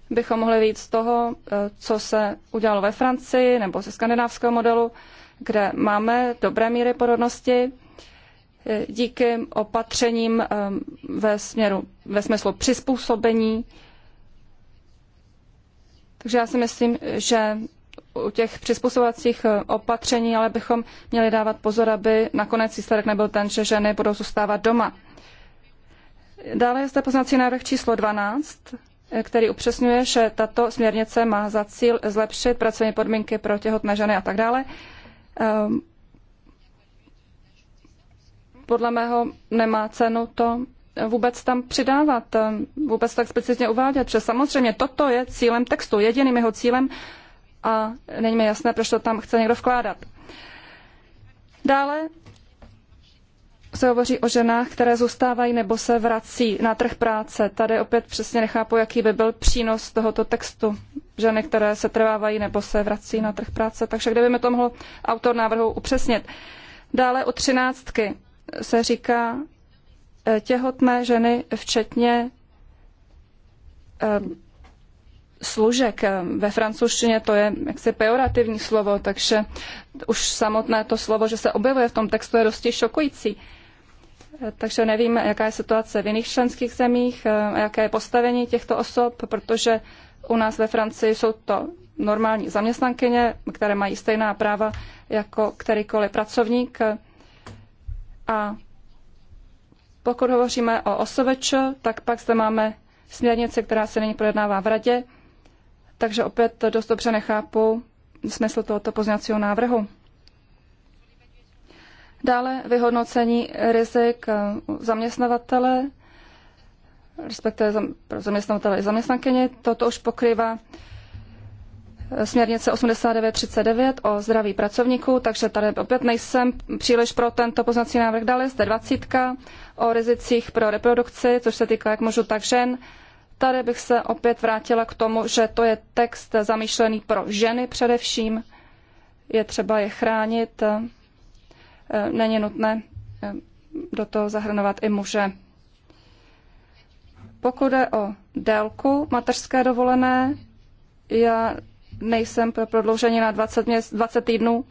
bychom mohli víc z toho, eh, co se udělalo ve Francii nebo ze skandinávského modelu, kde máme dobré míry porodnosti eh, díky opatřením ve, směru, ve smyslu přizpůsobení. Takže já si myslím, že u těch přizpůsobovacích eh, opatření, ale bychom měli dávat pozor, aby nakonec výsledek nebyl ten, že ženy budou zůstávat doma. Dále je zde poznací návrh číslo 12, eh, který upřesňuje, že tato směrnice má za cíl zlepšit pracovní podmínky pro těhotné ženy a tak dále. Ehm, podle mého nemá cenu to vůbec tam přidávat, ehm, vůbec tak explicitně uvádět, že samozřejmě toto je cílem textu, jediným jeho cílem a není mi jasné, proč to tam chce někdo vkládat. Dále se hovoří o ženách, které zůstávají nebo se vrací na trh práce. Tady opět přesně nechápu, jaký by byl přínos tohoto textu. Ženy, které se trvávají nebo se vrací na trh práce. Takže kde by mi to mohl autor návrhu upřesnit. Dále o třináctky se říká eh, těhotné ženy, včetně eh, služek. Eh, ve francouzštině to je jaksi pejorativní slovo, takže už samotné to slovo, že se objevuje v tom textu, je dosti šokující. Eh, takže nevím, jaká je situace v jiných členských zemích, eh, jaké je postavení těchto osob, protože u nás ve Francii jsou to normální zaměstnankyně, které mají stejná práva jako kterýkoliv pracovník. A pokud hovoříme o osobeč, tak pak zde máme směrnici, která se nyní projednává v Radě takže opět dost dobře nechápu smysl tohoto pozněcího návrhu. Dále vyhodnocení rizik eh, zaměstnavatele, respektive pro zaměstnavatele i zaměstnankyně. Toto už pokrývá eh, směrnice 8939 o zdraví pracovníků, takže tady opět nejsem příliš pro tento poznací návrh. Dále zde 20 o rizicích pro reprodukci, což se týká jak mužů, tak žen. Tady bych se opět vrátila k tomu, že to je text zamýšlený pro ženy především. Je třeba je chránit. Není nutné eh, do toho zahrnovat i muže. Pokud jde o délku mateřské dovolené, já nejsem pro prodloužení na 20, měs, 20 týdnů.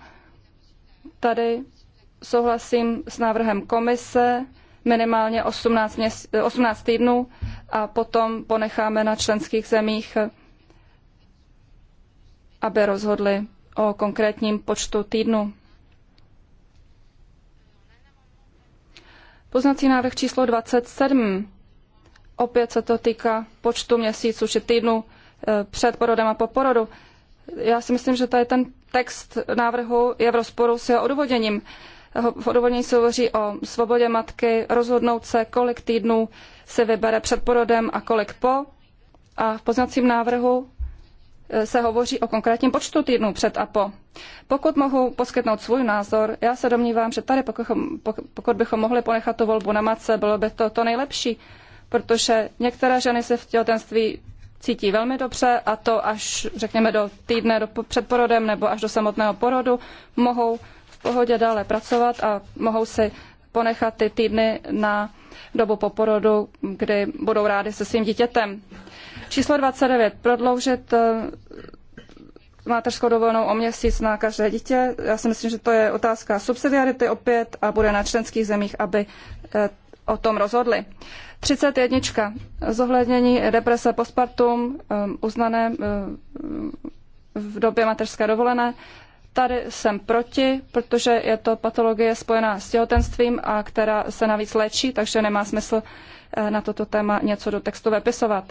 Tady souhlasím s návrhem komise minimálně 18, měs, 18 týdnů a potom ponecháme na členských zemích, aby rozhodli o konkrétním počtu týdnu. Poznací návrh číslo 27. Opět se to týká počtu měsíců či týdnů eh, před porodem a po porodu. Já si myslím, že tady ten text návrhu je v rozporu s jeho odvoděním. V Odůvodnění se hovoří o svobodě matky rozhodnout se, kolik týdnů se vybere před porodem a kolik po. A v poznacím návrhu e, se hovoří o konkrétním počtu týdnů před a po. Pokud mohu poskytnout svůj názor, já se domnívám, že tady, pokud, pokud bychom mohli ponechat tu volbu na matce, bylo by to to nejlepší, protože některé ženy se v těhotenství cítí velmi dobře a to až, řekněme, do týdne do, před porodem nebo až do samotného porodu mohou pohodě dále pracovat a mohou si ponechat ty týdny na dobu po porodu, kdy budou rádi se svým dítětem. Číslo 29. Prodloužit eh, mateřskou dovolenou o měsíc na každé dítě. Já si myslím, že to je otázka subsidiarity opět a bude na členských zemích, aby eh, o tom rozhodli. 31. Zohlednění deprese postpartum eh, uznané v době mateřské dovolené Tady jsem proti, protože je to patologie spojená s těhotenstvím a která se navíc léčí, takže nemá smysl eh, na toto téma něco do textu vepisovat.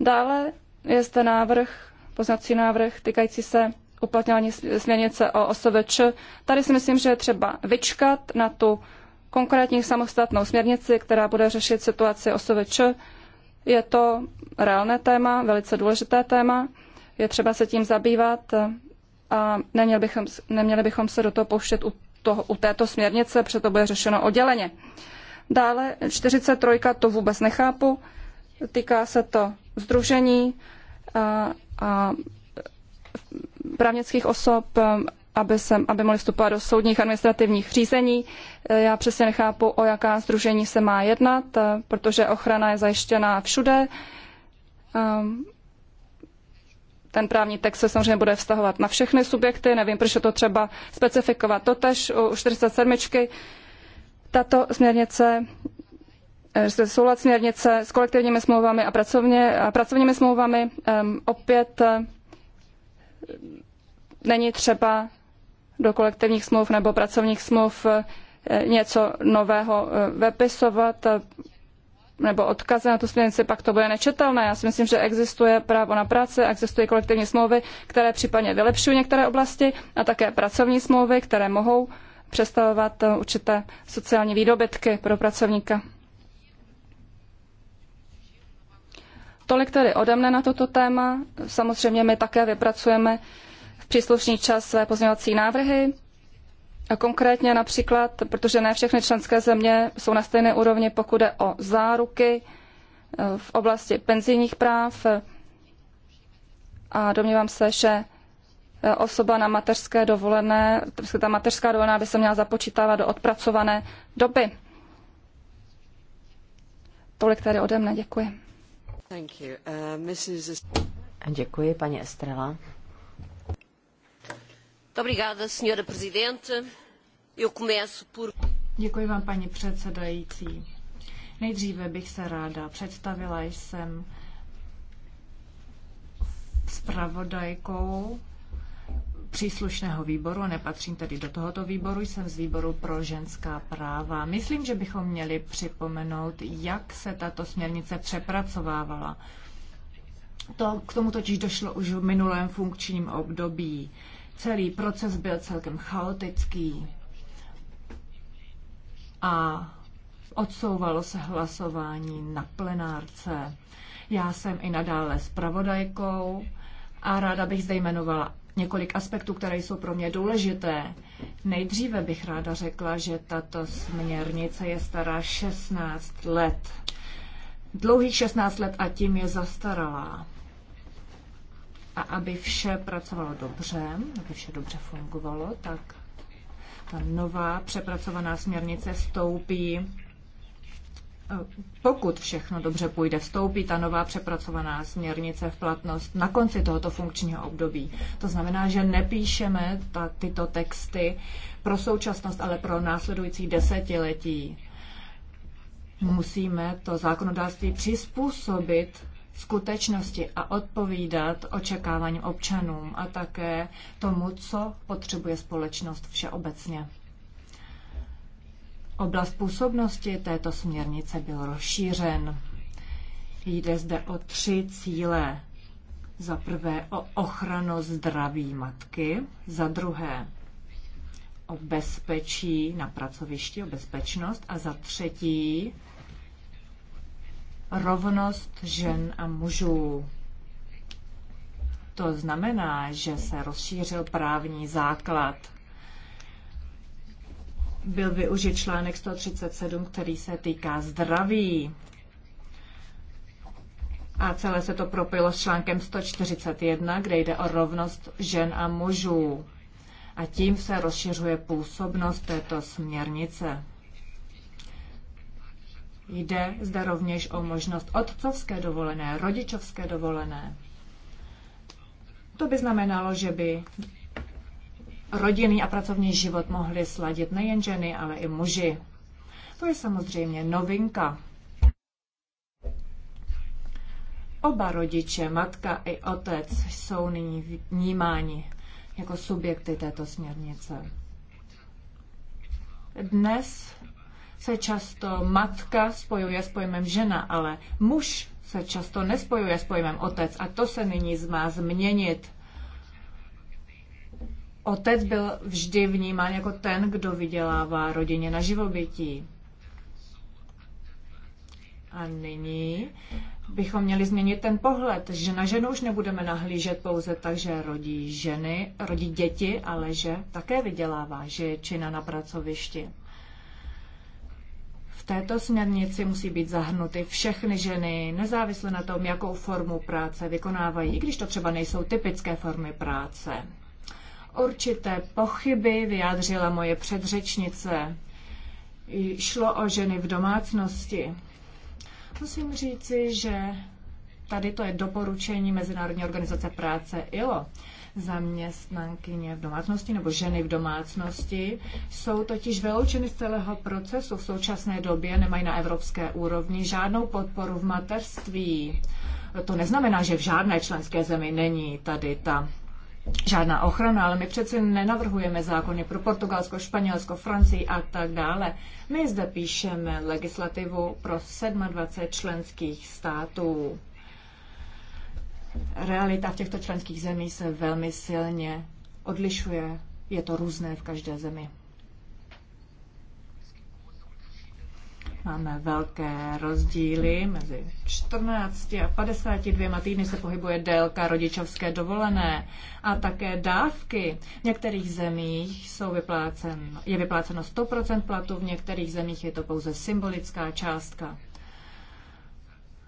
Dále je zde návrh, poznací návrh týkající se uplatňování směrnice o OSVČ. Tady si myslím, že je třeba vyčkat na tu konkrétní samostatnou směrnici, která bude řešit situaci OSVČ. Je to reálné téma, velice důležité téma. Je třeba se tím zabývat a neměli bychom, neměli bychom se do toho pouštět u, toho, u této směrnice, protože to bude řešeno odděleně. Dále 43. to vůbec nechápu. Týká se to združení a, a právnických osob, aby, se, aby mohli vstupovat do soudních administrativních řízení. Já přesně nechápu, o jaká združení se má jednat, protože ochrana je zajištěná všude. Um, ten právní text se samozřejmě bude vztahovat na všechny subjekty, nevím, proč je to třeba specifikovat. Totež u 47. tato směrnice eh, soulad směrnice s kolektivními smlouvami a, pracovně, a pracovními smlouvami um, opět um, není třeba do kolektivních smluv nebo pracovních smluv eh, něco nového vepisovat nebo odkazy na tu směrnici, pak to bude nečetelné. Já si myslím, že existuje právo na práci, existují kolektivní smlouvy, které případně vylepšují některé oblasti a také pracovní smlouvy, které mohou představovat eh, určité sociální výdobytky pro pracovníka. Tolik tedy ode mne na toto téma. Samozřejmě my také vypracujeme v příslušný čas své pozměňovací návrhy a konkrétně například, protože ne všechny členské země jsou na stejné úrovni, pokud jde o záruky eh, v oblasti penzijních práv. A domnívám se, že eh, osoba na mateřské dovolené, ta mateřská dovolená by se měla započítávat do odpracované doby. Tolik tady ode mne, děkuji. Uh, děkuji, paní Estrela. Děkuji vám, paní předsedající. Nejdříve bych se ráda představila, jsem zpravodajkou příslušného výboru, nepatřím tedy do tohoto výboru, jsem z výboru pro ženská práva. Myslím, že bychom měli připomenout, jak se tato směrnice přepracovávala. To, k tomu totiž došlo už v minulém funkčním období. Celý proces byl celkem chaotický a odsouvalo se hlasování na plenárce. Já jsem i nadále zpravodajkou a ráda bych zde jmenovala několik aspektů, které jsou pro mě důležité. Nejdříve bych ráda řekla, že tato směrnice je stará 16 let. Dlouhých 16 let a tím je zastaralá a aby vše pracovalo dobře, aby vše dobře fungovalo, tak ta nová přepracovaná směrnice vstoupí, e, pokud všechno dobře půjde, vstoupí ta nová přepracovaná směrnice v platnost na konci tohoto funkčního období. To znamená, že nepíšeme ta, tyto texty pro současnost, ale pro následující desetiletí. Musíme to zákonodárství přizpůsobit skutečnosti a odpovídat očekáváním občanům a také tomu, co potřebuje společnost všeobecně. Oblast působnosti této směrnice byl rozšířen. Jde zde o tři cíle. Za prvé o ochranu zdraví matky, za druhé o bezpečí na pracovišti, o bezpečnost a za třetí rovnost žen a mužů. To znamená, že se rozšířil právní základ. Byl využit článek 137, který se týká zdraví. A celé se to propilo s článkem 141, kde jde o rovnost žen a mužů. A tím se rozšiřuje působnost této směrnice. Jde zde rovněž o možnost otcovské dovolené, rodičovské dovolené. To by znamenalo, že by rodinný a pracovní život mohli sladit nejen ženy, ale i muži. To je samozřejmě novinka. Oba rodiče, matka i otec, jsou nyní vnímáni jako subjekty této směrnice. Dnes se často matka spojuje s pojmem žena, ale muž se často nespojuje s pojmem otec a to se nyní má změnit. Otec byl vždy vnímán jako ten, kdo vydělává rodině na živobytí. A nyní bychom měli změnit ten pohled, že na ženu už nebudeme nahlížet pouze tak, že rodí ženy, rodí děti, ale že také vydělává, že je čina na pracovišti této směrnici musí být zahrnuty všechny ženy, nezávisle na tom, jakou formu práce vykonávají, i když to třeba nejsou typické formy práce. Určité pochyby vyjádřila moje předřečnice. Šlo o ženy v domácnosti. Musím říci, že tady to je doporučení Mezinárodní organizace práce ILO zaměstnankyně v domácnosti nebo ženy v domácnosti jsou totiž vyloučeny z celého procesu. V současné době nemají na evropské úrovni žádnou podporu v mateřství. To neznamená, že v žádné členské zemi není tady ta žádná ochrana, ale my přece nenavrhujeme zákony pro Portugalsko, Španělsko, Francii a tak dále. My zde píšeme legislativu pro 27 členských států realita v těchto členských zemí se velmi silně odlišuje. Je to různé v každé zemi. Máme velké rozdíly. Mezi 14 a 52 týdny se pohybuje délka rodičovské dovolené a také dávky. V některých zemích jsou vyplácen, je vypláceno 100% platu, v některých zemích je to pouze symbolická částka.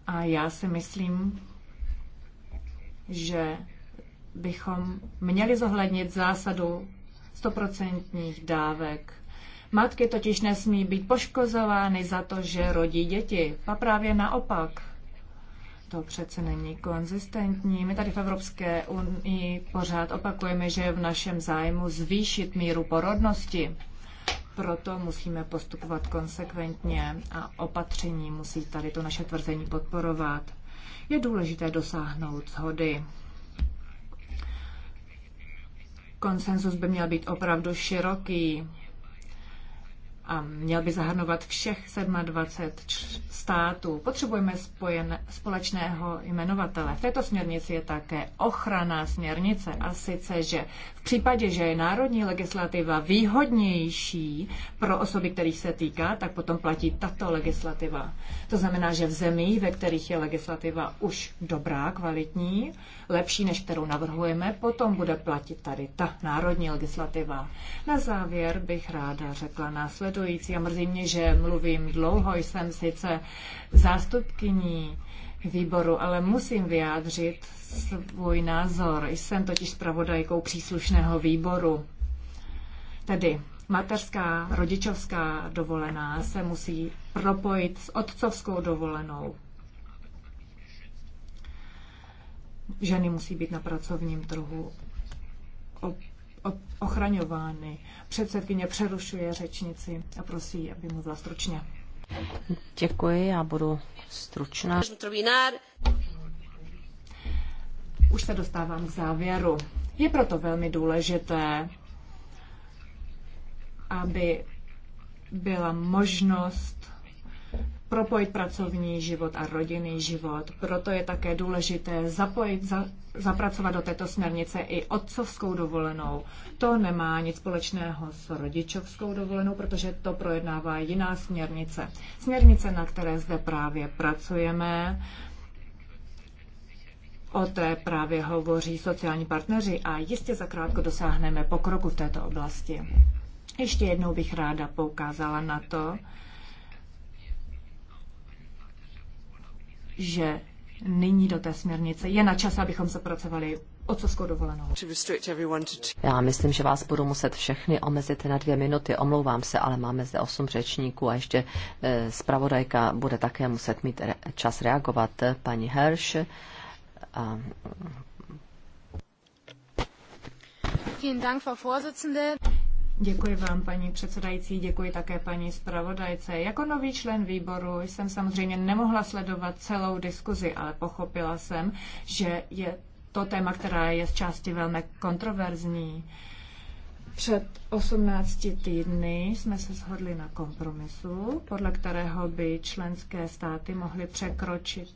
A já si myslím, že bychom měli zohlednit zásadu stoprocentních dávek. Matky totiž nesmí být poškozovány za to, že rodí děti. A právě naopak. To přece není konzistentní. My tady v Evropské unii pořád opakujeme, že je v našem zájmu zvýšit míru porodnosti. Proto musíme postupovat konsekventně a opatření musí tady to naše tvrzení podporovat je důležité dosáhnout shody. Konsenzus by měl být opravdu široký a měl by zahrnovat všech 27 států. Potřebujeme spojen, společného jmenovatele. V této směrnici je také ochrana směrnice a sice, že v případě, že je národní legislativa výhodnější pro osoby, kterých se týká, tak potom platí tato legislativa. To znamená, že v zemích, ve kterých je legislativa už dobrá, kvalitní, lepší, než kterou navrhujeme, potom bude platit tady ta národní legislativa. Na závěr bych ráda řekla následující a mrzí mě, že mluvím dlouho, jsem sice zástupkyní výboru, ale musím vyjádřit svůj názor. Jsem totiž zpravodajkou příslušného výboru. Tedy mateřská, rodičovská dovolená se musí propojit s otcovskou dovolenou. ženy musí být na pracovním trhu ochraňovány. Předsedkyně přerušuje řečnici a prosí, aby mluvila stručně. Děkuji, já budu stručná. Už se dostávám k závěru. Je proto velmi důležité, aby byla možnost propojit pracovní život a rodinný život. Proto je také důležité zapojit, za, zapracovat do této směrnice i otcovskou dovolenou. To nemá nic společného s rodičovskou dovolenou, protože to projednává jiná směrnice. Směrnice, na které zde právě pracujeme, O té právě hovoří sociální partneři a jistě zakrátko dosáhneme pokroku v této oblasti. Ještě jednou bych ráda poukázala na to, že nyní do té směrnice je na čas, abychom se pracovali otcovskou dovolenou. Já myslím, že vás budu muset všechny omezit na dvě minuty. Omlouvám se, ale máme zde osm řečníků a ještě eh, zpravodajka bude také muset mít re- čas reagovat. Eh, paní Herš. A... Děkuji vám, paní předsedající, děkuji také paní zpravodajce. Jako nový člen výboru jsem samozřejmě nemohla sledovat celou diskuzi, ale pochopila jsem, že je to téma, která je z části velmi kontroverzní. Před 18 týdny jsme se shodli na kompromisu, podle kterého by členské státy mohly překročit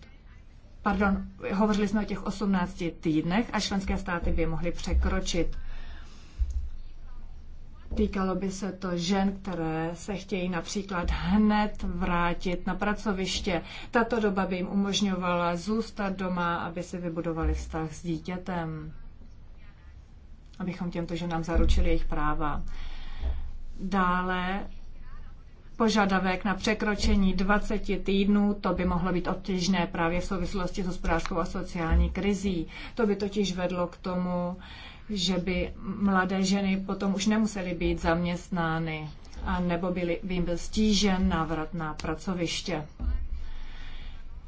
Pardon, hovořili jsme o těch 18 týdnech a členské státy by mohly překročit Týkalo by se to žen, které se chtějí například hned vrátit na pracoviště. Tato doba by jim umožňovala zůstat doma, aby si vybudovali vztah s dítětem, abychom těmto ženám zaručili jejich práva. Dále požadavek na překročení 20 týdnů, to by mohlo být obtížné právě v souvislosti s hospodářskou a sociální krizí. To by totiž vedlo k tomu, že by mladé ženy potom už nemusely být zaměstnány a nebo byly, by jim byl stížen návrat na pracoviště.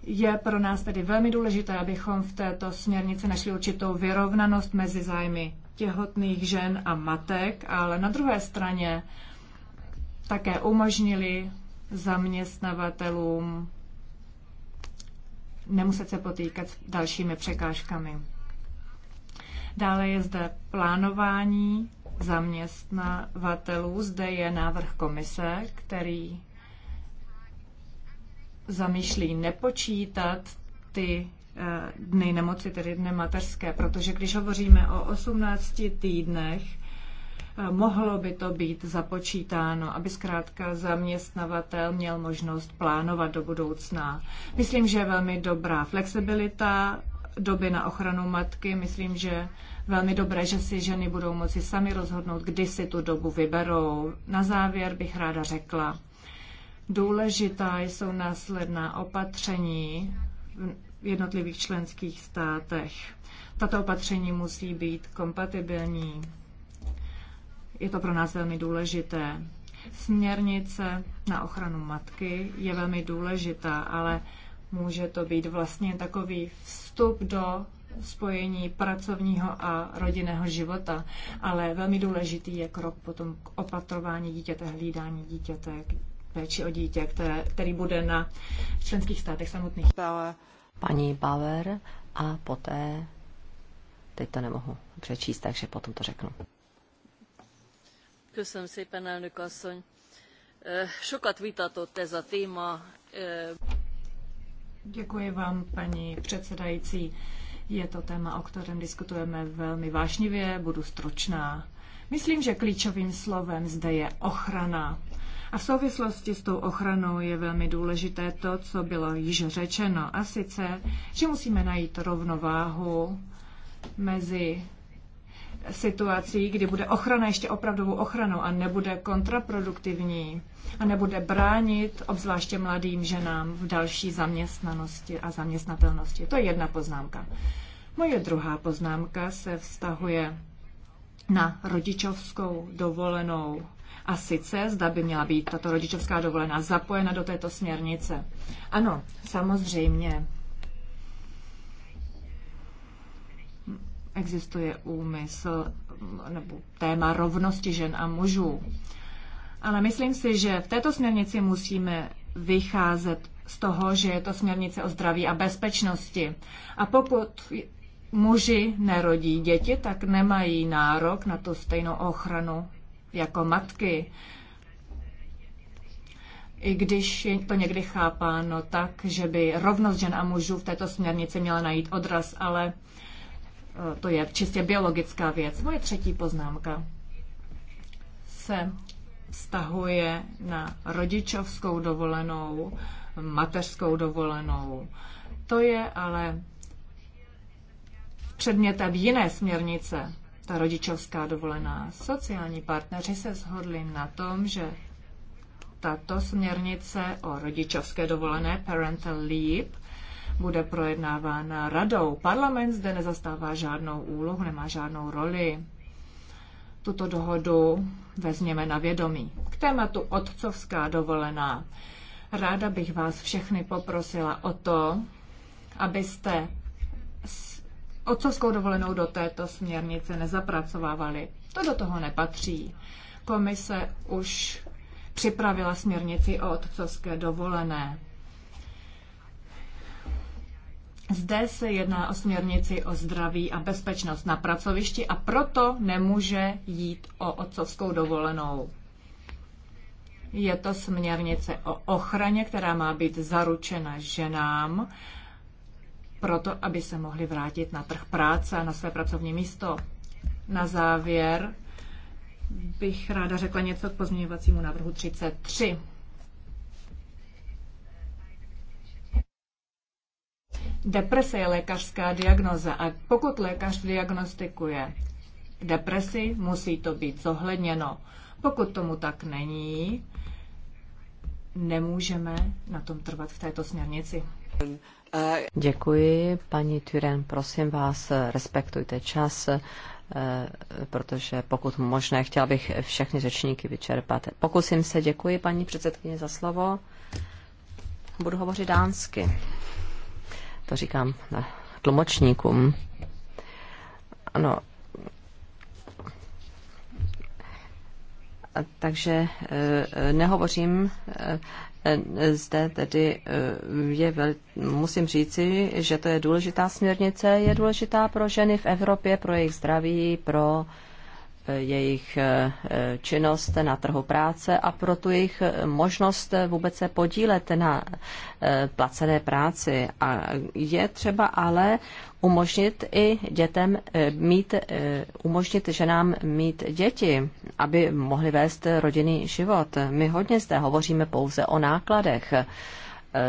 Je pro nás tedy velmi důležité, abychom v této směrnici našli určitou vyrovnanost mezi zájmy těhotných žen a matek, ale na druhé straně také umožnili zaměstnavatelům nemuset se potýkat s dalšími překážkami. Dále je zde plánování zaměstnavatelů. Zde je návrh komise, který zamýšlí nepočítat ty eh, dny nemoci, tedy dny mateřské, protože když hovoříme o 18 týdnech, eh, mohlo by to být započítáno, aby zkrátka zaměstnavatel měl možnost plánovat do budoucna. Myslím, že je velmi dobrá flexibilita doby na ochranu matky. Myslím, že velmi dobré, že si ženy budou moci sami rozhodnout, kdy si tu dobu vyberou. Na závěr bych ráda řekla, důležitá jsou následná opatření v jednotlivých členských státech. Tato opatření musí být kompatibilní. Je to pro nás velmi důležité. Směrnice na ochranu matky je velmi důležitá, ale může to být vlastně takový vstup do spojení pracovního a rodinného života, ale velmi důležitý je krok potom k opatrování dítěte, hlídání dítěte, péči o dítě, které, který bude na členských státech samotných. Paní Bauer a poté, teď to nemohu přečíst, takže potom to řeknu. Köszönöm szépen, elnök asszony. Eh, sokat vitatott ez a téma. Eh, Děkuji vám, paní předsedající. Je to téma, o kterém diskutujeme velmi vášnivě, budu stručná. Myslím, že klíčovým slovem zde je ochrana. A v souvislosti s tou ochranou je velmi důležité to, co bylo již řečeno, a sice, že musíme najít rovnováhu mezi situací, kdy bude ochrana ještě opravdovou ochranou a nebude kontraproduktivní a nebude bránit obzvláště mladým ženám v další zaměstnanosti a zaměstnatelnosti. To je jedna poznámka. Moje druhá poznámka se vztahuje na rodičovskou dovolenou. A sice, zda by měla být tato rodičovská dovolená zapojena do této směrnice. Ano, samozřejmě existuje úmysl mm, nebo téma rovnosti žen a mužů. Ale myslím si, že v této směrnici musíme vycházet z toho, že je to směrnice o zdraví a bezpečnosti. A pokud muži nerodí děti, tak nemají nárok na tu stejnou ochranu jako matky. I když je to někdy chápáno tak, že by rovnost žen a mužů v této směrnici měla najít odraz, ale to je čistě biologická věc. Moje třetí poznámka se vztahuje na rodičovskou dovolenou, mateřskou dovolenou. To je ale předmětem jiné směrnice, ta rodičovská dovolená. Sociální partneři se shodli na tom, že tato směrnice o rodičovské dovolené, parental leave, bude projednávána radou. Parlament zde nezastává žádnou úlohu, nemá žádnou roli. Tuto dohodu vezměme na vědomí. K tématu otcovská dovolená. Ráda bych vás všechny poprosila o to, abyste otcovskou dovolenou do této směrnice nezapracovávali. To do toho nepatří. Komise už připravila směrnici o otcovské dovolené. Zde se jedná o směrnici o zdraví a bezpečnost na pracovišti a proto nemůže jít o otcovskou dovolenou. Je to směrnice o ochraně, která má být zaručena ženám, proto aby se mohly vrátit na trh práce a na své pracovní místo. Na závěr bych ráda řekla něco k pozměňovacímu návrhu 33. Deprese je lékařská diagnoza a pokud lékař diagnostikuje depresi, musí to být zohledněno. Pokud tomu tak není, nemůžeme na tom trvat v této směrnici. Děkuji, paní Turen, prosím vás, respektujte čas, eh, protože pokud možné, chtěla bych všechny řečníky vyčerpat. Pokusím se, děkuji paní předsedkyně za slovo. Budu hovořit dánsky to říkám tlumočníkům. Ano. Takže e, e, nehovořím e, zde tedy je vel, musím říci, že to je důležitá směrnice, je důležitá pro ženy v Evropě, pro jejich zdraví, pro jejich eh, činnost na trhu práce a pro tu jejich možnost vůbec se podílet na eh, placené práci. A je třeba ale umožnit i dětem eh, mít, umožnit ženám mít děti, aby mohli vést rodinný život. My hodně zde hovoříme pouze o nákladech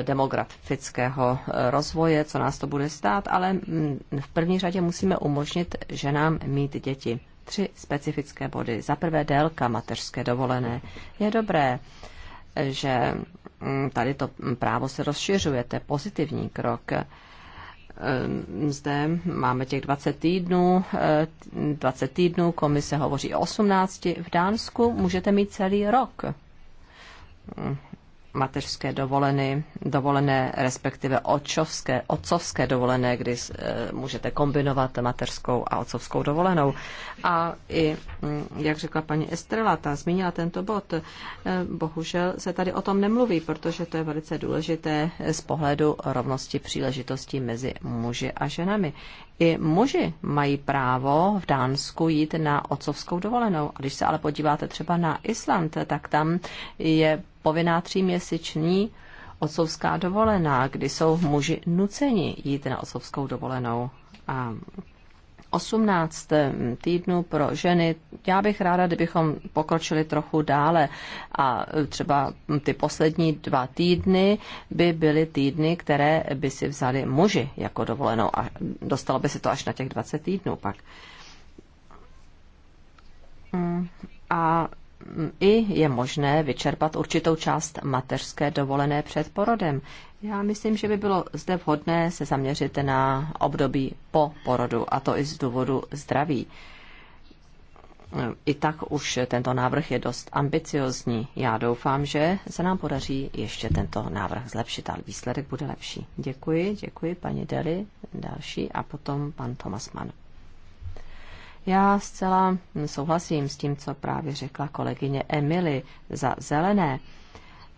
demografického rozvoje, co nás to bude stát, ale mm, v první řadě musíme umožnit ženám mít děti tři specifické body. Za prvé délka mateřské dovolené. Je dobré, že mm, tady to právo se rozšiřuje, to je pozitivní krok. Ehm, zde máme těch 20 týdnů, 20 eh, týdnů, komise hovoří o 18, v Dánsku můžete mít celý rok mm mateřské dovolené, dovolené respektive očovské, otcovské dovolené, kdy eh, můžete kombinovat mateřskou a otcovskou dovolenou. A i, mm, jak řekla paní Estrela, ta zmínila tento bod, eh, bohužel se tady o tom nemluví, protože to je velice důležité z pohledu rovnosti příležitostí mezi muži a ženami. I muži mají právo v Dánsku jít na otcovskou dovolenou. A když se ale podíváte třeba na Island, tak tam je povinná tříměsíční otcovská dovolená, kdy jsou muži nuceni jít na otcovskou dovolenou. A 18 mm, týdnů pro ženy. Já bych ráda, kdybychom pokročili trochu dále a třeba ty poslední dva týdny by byly týdny, které by si vzali muži jako dovolenou a dostalo by se to až na těch 20 týdnů pak. Mm, a i je možné vyčerpat určitou část mateřské dovolené před porodem. Já myslím, že by bylo zde vhodné se zaměřit na období po porodu, a to i z důvodu zdraví. I tak už tento návrh je dost ambiciozní. Já doufám, že se nám podaří ještě tento návrh zlepšit, ale výsledek bude lepší. Děkuji, děkuji paní Deli, další a potom pan Thomas Mann. Já zcela souhlasím s tím, co právě řekla kolegyně Emily za zelené.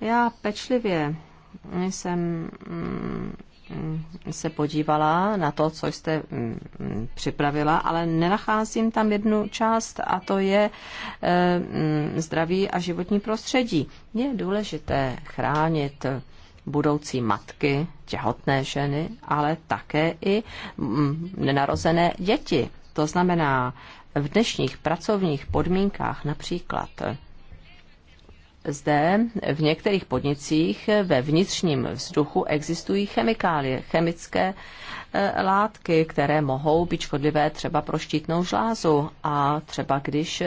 Já pečlivě jsem mm, se podívala na to, co jste mm, připravila, ale nenacházím tam jednu část a to je eh, mm, zdraví a životní prostředí. Je důležité chránit budoucí matky, těhotné ženy, ale také i nenarozené děti to znamená, v dnešních pracovních podmínkách například zde v některých podnicích ve vnitřním vzduchu existují chemikálie, chemické e, látky, které mohou být škodlivé třeba pro štítnou žlázu. A třeba když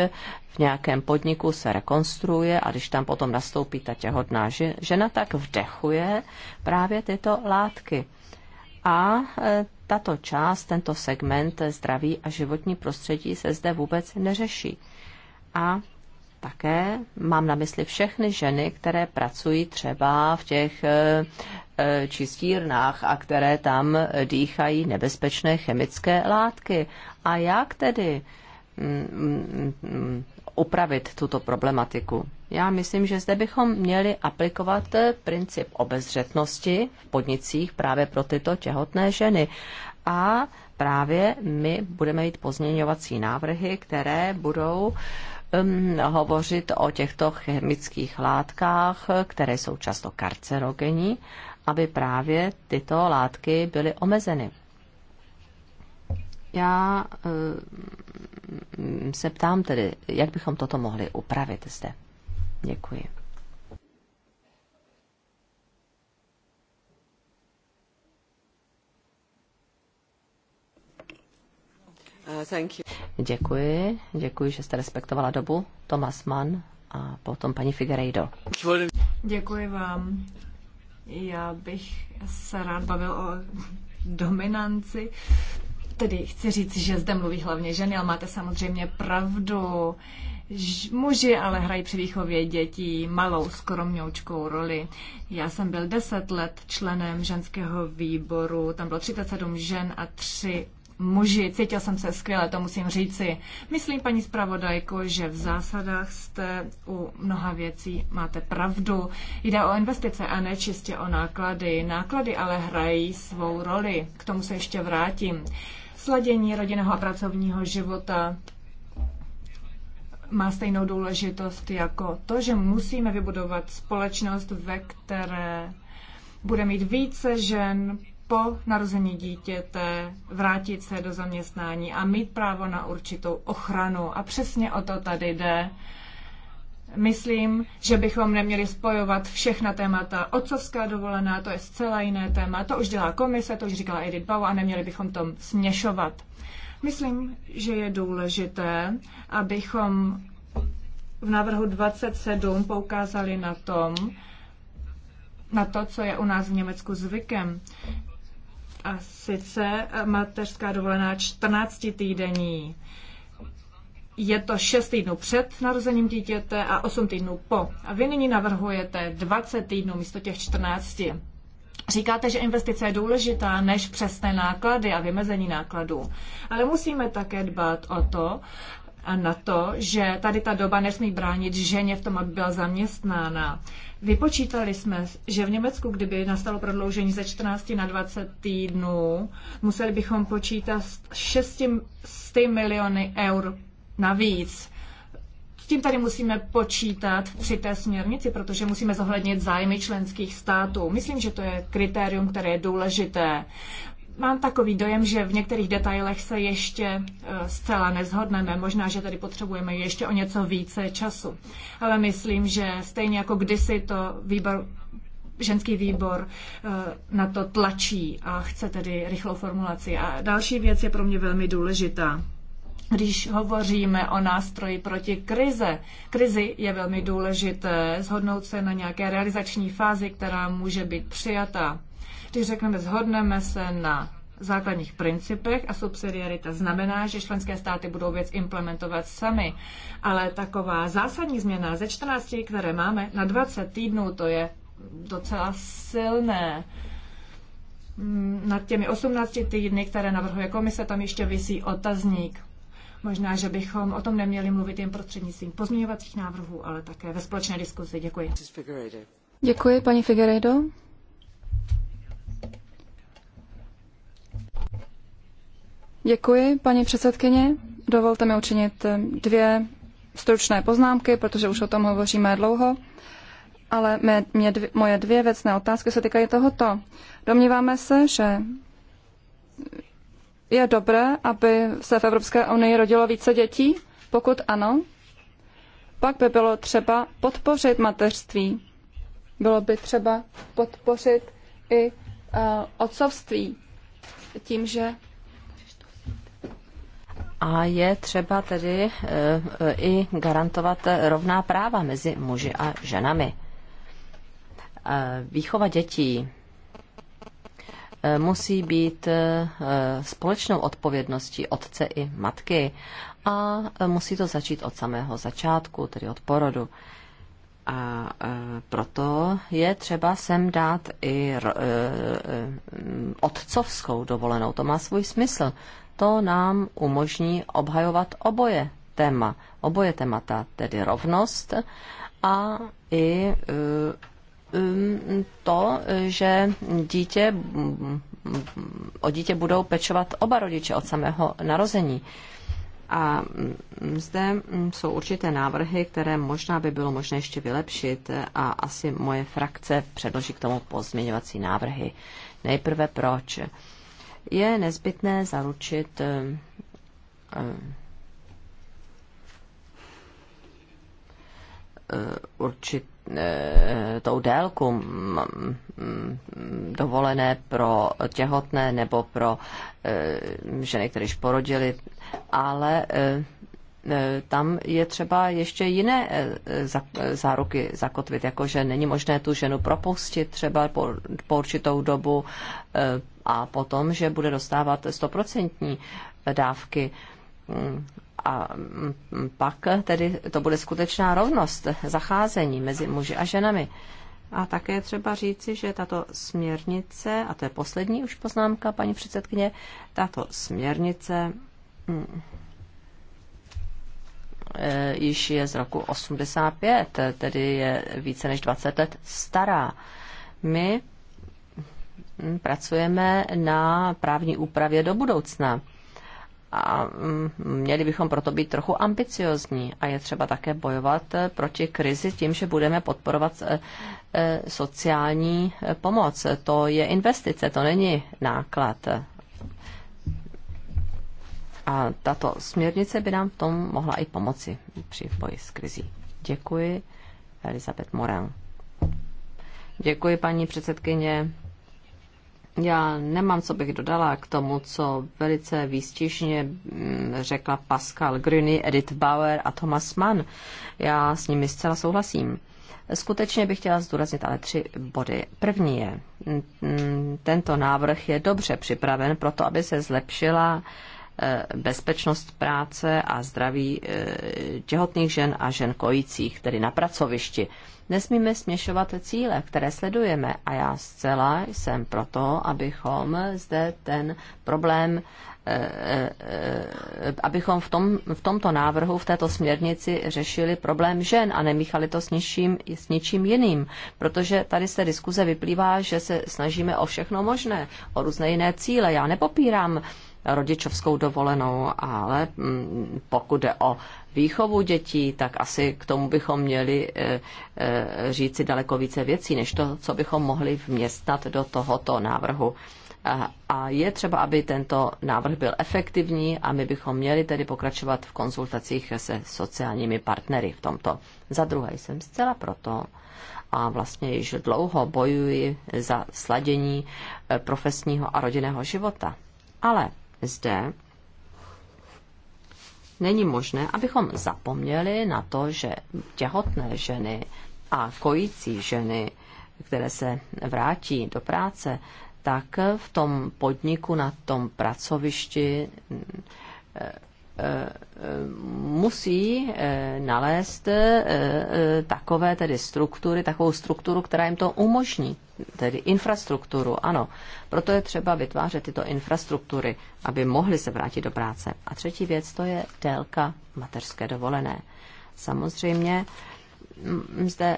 v nějakém podniku se rekonstruuje a když tam potom nastoupí ta těhotná žena, tak vdechuje právě tyto látky. A e, tato část, tento segment zdraví a životní prostředí se zde vůbec neřeší. A také mám na mysli všechny ženy, které pracují třeba v těch eh, eh, čistírnách a které tam dýchají nebezpečné chemické látky. A jak tedy mm, mm, mm, upravit tuto problematiku? já myslím, že zde bychom měli aplikovat eh, princip obezřetnosti v podnicích právě pro tyto těhotné ženy. A právě my budeme mít pozměňovací návrhy, které budou um, hovořit o těchto chemických látkách, které jsou často karcerogenní, aby právě tyto látky byly omezeny. Já um, se ptám tedy, jak bychom toto mohli upravit zde. Děkuji. Uh, děkuji, děkuji, že jste respektovala dobu. Thomas Mann a potom paní Figueiredo. Děkuji vám. Já bych se rád bavil o dominanci. Tedy chci říct, že zde mluví hlavně ženy, ale máte samozřejmě pravdu. Uh, Muži ale hrají při výchově dětí malou skromňoučkou roli. Já jsem byl deset let členem ženského výboru, tam bylo 37 žen a 3 muži. Cítil jsem se skvěle, to musím říci. Myslím, paní zpravodajko, že v zásadách jste u mnoha věcí máte pravdu. Jde o investice a ne čistě o náklady. Náklady ale hrají svou roli. K tomu se ještě vrátím. Sladění rodinného a pracovního života, má stejnou důležitost jako to, že musíme vybudovat společnost, ve které bude mít více žen po narození dítěte vrátit se do zaměstnání a mít právo na určitou ochranu. A přesně o to tady jde. Myslím, že bychom neměli spojovat všechna témata. Otcovská dovolená, to je zcela jiné téma. To už dělá komise, to už říkala Edith Bau a neměli bychom to směšovat. Myslím, že je důležité, abychom v návrhu 27 poukázali na tom, na to, co je u nás v Německu zvykem. A sice mateřská dovolená 14 týdení. Je to 6 týdnů před narozením dítěte a 8 týdnů po. A vy nyní navrhujete 20 týdnů místo těch 14. Říkáte, že investice je důležitá než přesné náklady a vymezení nákladů. Ale musíme také dbát o to, a na to, že tady ta doba nesmí bránit ženě v tom, aby byla zaměstnána. Vypočítali jsme, že v Německu, kdyby nastalo prodloužení ze 14 na 20 týdnů, museli bychom počítat 600 miliony eur navíc. S tím tady musíme počítat při té směrnici, protože musíme zohlednit zájmy členských států. Myslím, že to je kritérium, které je důležité. Mám takový dojem, že v některých detailech se ještě e, zcela nezhodneme. Možná, že tady potřebujeme ještě o něco více času. Ale myslím, že stejně jako kdysi to výbor ženský výbor e, na to tlačí a chce tedy rychlou formulaci. A další věc je pro mě velmi důležitá. Když hovoříme o nástroji proti krize, krizi je velmi důležité zhodnout se na nějaké realizační fázi, která může být přijata. Když řekneme, zhodneme se na základních principech a subsidiarita znamená, že členské státy budou věc implementovat sami. Ale taková zásadní změna ze 14, které máme, na 20 týdnů, to je docela silné nad těmi 18 týdny, které navrhuje komise, tam ještě visí otazník. Možná, že bychom o tom neměli mluvit jen prostřednictvím pozměňovacích návrhů, ale také ve společné diskuzi. Děkuji. Děkuji, paní Figueredo. Děkuji, paní předsedkyně. Dovolte mi učinit dvě stručné poznámky, protože už o tom hovoříme dlouho. Ale mě, mě dvě, moje dvě věcné otázky se týkají tohoto. Domníváme se, že je dobré, aby se v Evropské unii rodilo více dětí? Pokud ano, pak by bylo třeba podpořit mateřství. Bylo by třeba podpořit i uh, otcovství tím, že a je třeba tedy eh, i garantovat rovná práva mezi muži a ženami. Eh, výchova dětí E, musí být e, společnou odpovědností otce i matky a e, musí to začít od samého začátku, tedy od porodu. A proto je třeba sem dát i otcovskou dovolenou. To má svůj smysl. To nám umožní obhajovat oboje téma, oboje témata, tedy rovnost a i Um, to, že dítě, o dítě budou pečovat oba rodiče od samého narození. A um, zde um, jsou určité návrhy, které možná by bylo možné ještě vylepšit a asi moje frakce předloží k tomu pozměňovací návrhy. Nejprve proč? Je nezbytné zaručit určit tou délku dovolené pro těhotné nebo pro e, ženy, které již porodili, ale e, e, tam je třeba ještě jiné záruky zakotvit, jako že není možné tu ženu propustit třeba po, po určitou dobu a potom, že bude dostávat stoprocentní dávky a pak tedy to bude skutečná rovnost zacházení mezi muži a ženami. A také třeba říci, že tato směrnice, a to je poslední už poznámka, paní předsedkyně, tato směrnice eh, již je z roku 85, tedy je více než 20 let stará. My pracujeme na právní úpravě do budoucna a mm, měli bychom proto být trochu ambiciozní a je třeba také bojovat eh, proti krizi tím, že budeme podporovat eh, eh, sociální pomoc. To je investice, to není náklad. A tato směrnice by nám v tom mohla i pomoci při boji s krizí. Děkuji, Elizabeth Moran. Děkuji, paní předsedkyně. Já nemám, co bych dodala k tomu, co velice výstižně mm, řekla Pascal Gruny, Edith Bauer a Thomas Mann. Já s nimi zcela souhlasím. Skutečně bych chtěla zdůraznit ale tři body. První je, mm, mm, tento návrh je dobře připraven proto, aby se zlepšila Eh, bezpečnost práce a zdraví eh, těhotných žen a žen kojících, tedy na pracovišti. Nesmíme směšovat cíle, které sledujeme a já zcela jsem proto, abychom zde ten problém eh, abychom v, tom, v tomto návrhu, v této směrnici řešili problém žen a nemíchali to s ničím, s ničím jiným. Protože tady se diskuze vyplývá, že se snažíme o všechno možné, o různé jiné cíle. Já nepopírám rodičovskou dovolenou, ale mm, pokud jde o výchovu dětí, tak asi k tomu bychom měli e, e, říci daleko více věcí, než to, co bychom mohli vměstnat do tohoto návrhu. A je třeba, aby tento návrh byl efektivní a my bychom měli tedy pokračovat v konzultacích se sociálními partnery v tomto. Za druhé jsem zcela proto, a vlastně již dlouho bojuji za sladění e, profesního a rodinného života. Ale zde není možné, abychom zapomněli na to, že těhotné ženy a kojící ženy, které se vrátí do práce, tak v tom podniku, na tom pracovišti musí eh, nalézt eh, eh, takové tedy struktury, takovou strukturu, která jim to umožní, tedy infrastrukturu, ano. Proto je třeba vytvářet tyto infrastruktury, aby mohli se vrátit do práce. A třetí věc to je délka mateřské dovolené. Samozřejmě zde,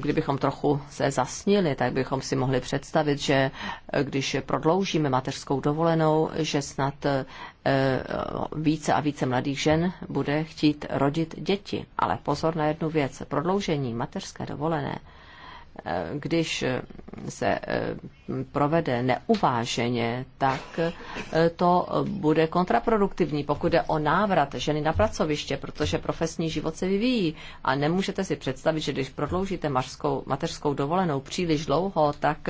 kdybychom trochu se zasnili, tak bychom si mohli představit, že eh, když prodloužíme mateřskou dovolenou, že snad eh, více a více mladých žen bude chtít rodit děti. Ale pozor na jednu věc. Prodloužení mateřské dovolené Eh, když se eh, provede neuváženě, tak eh, to bude kontraproduktivní, pokud jde o návrat ženy na pracoviště, protože profesní život se vyvíjí a nemůžete si představit, že když prodloužíte mařskou, mateřskou dovolenou příliš dlouho, tak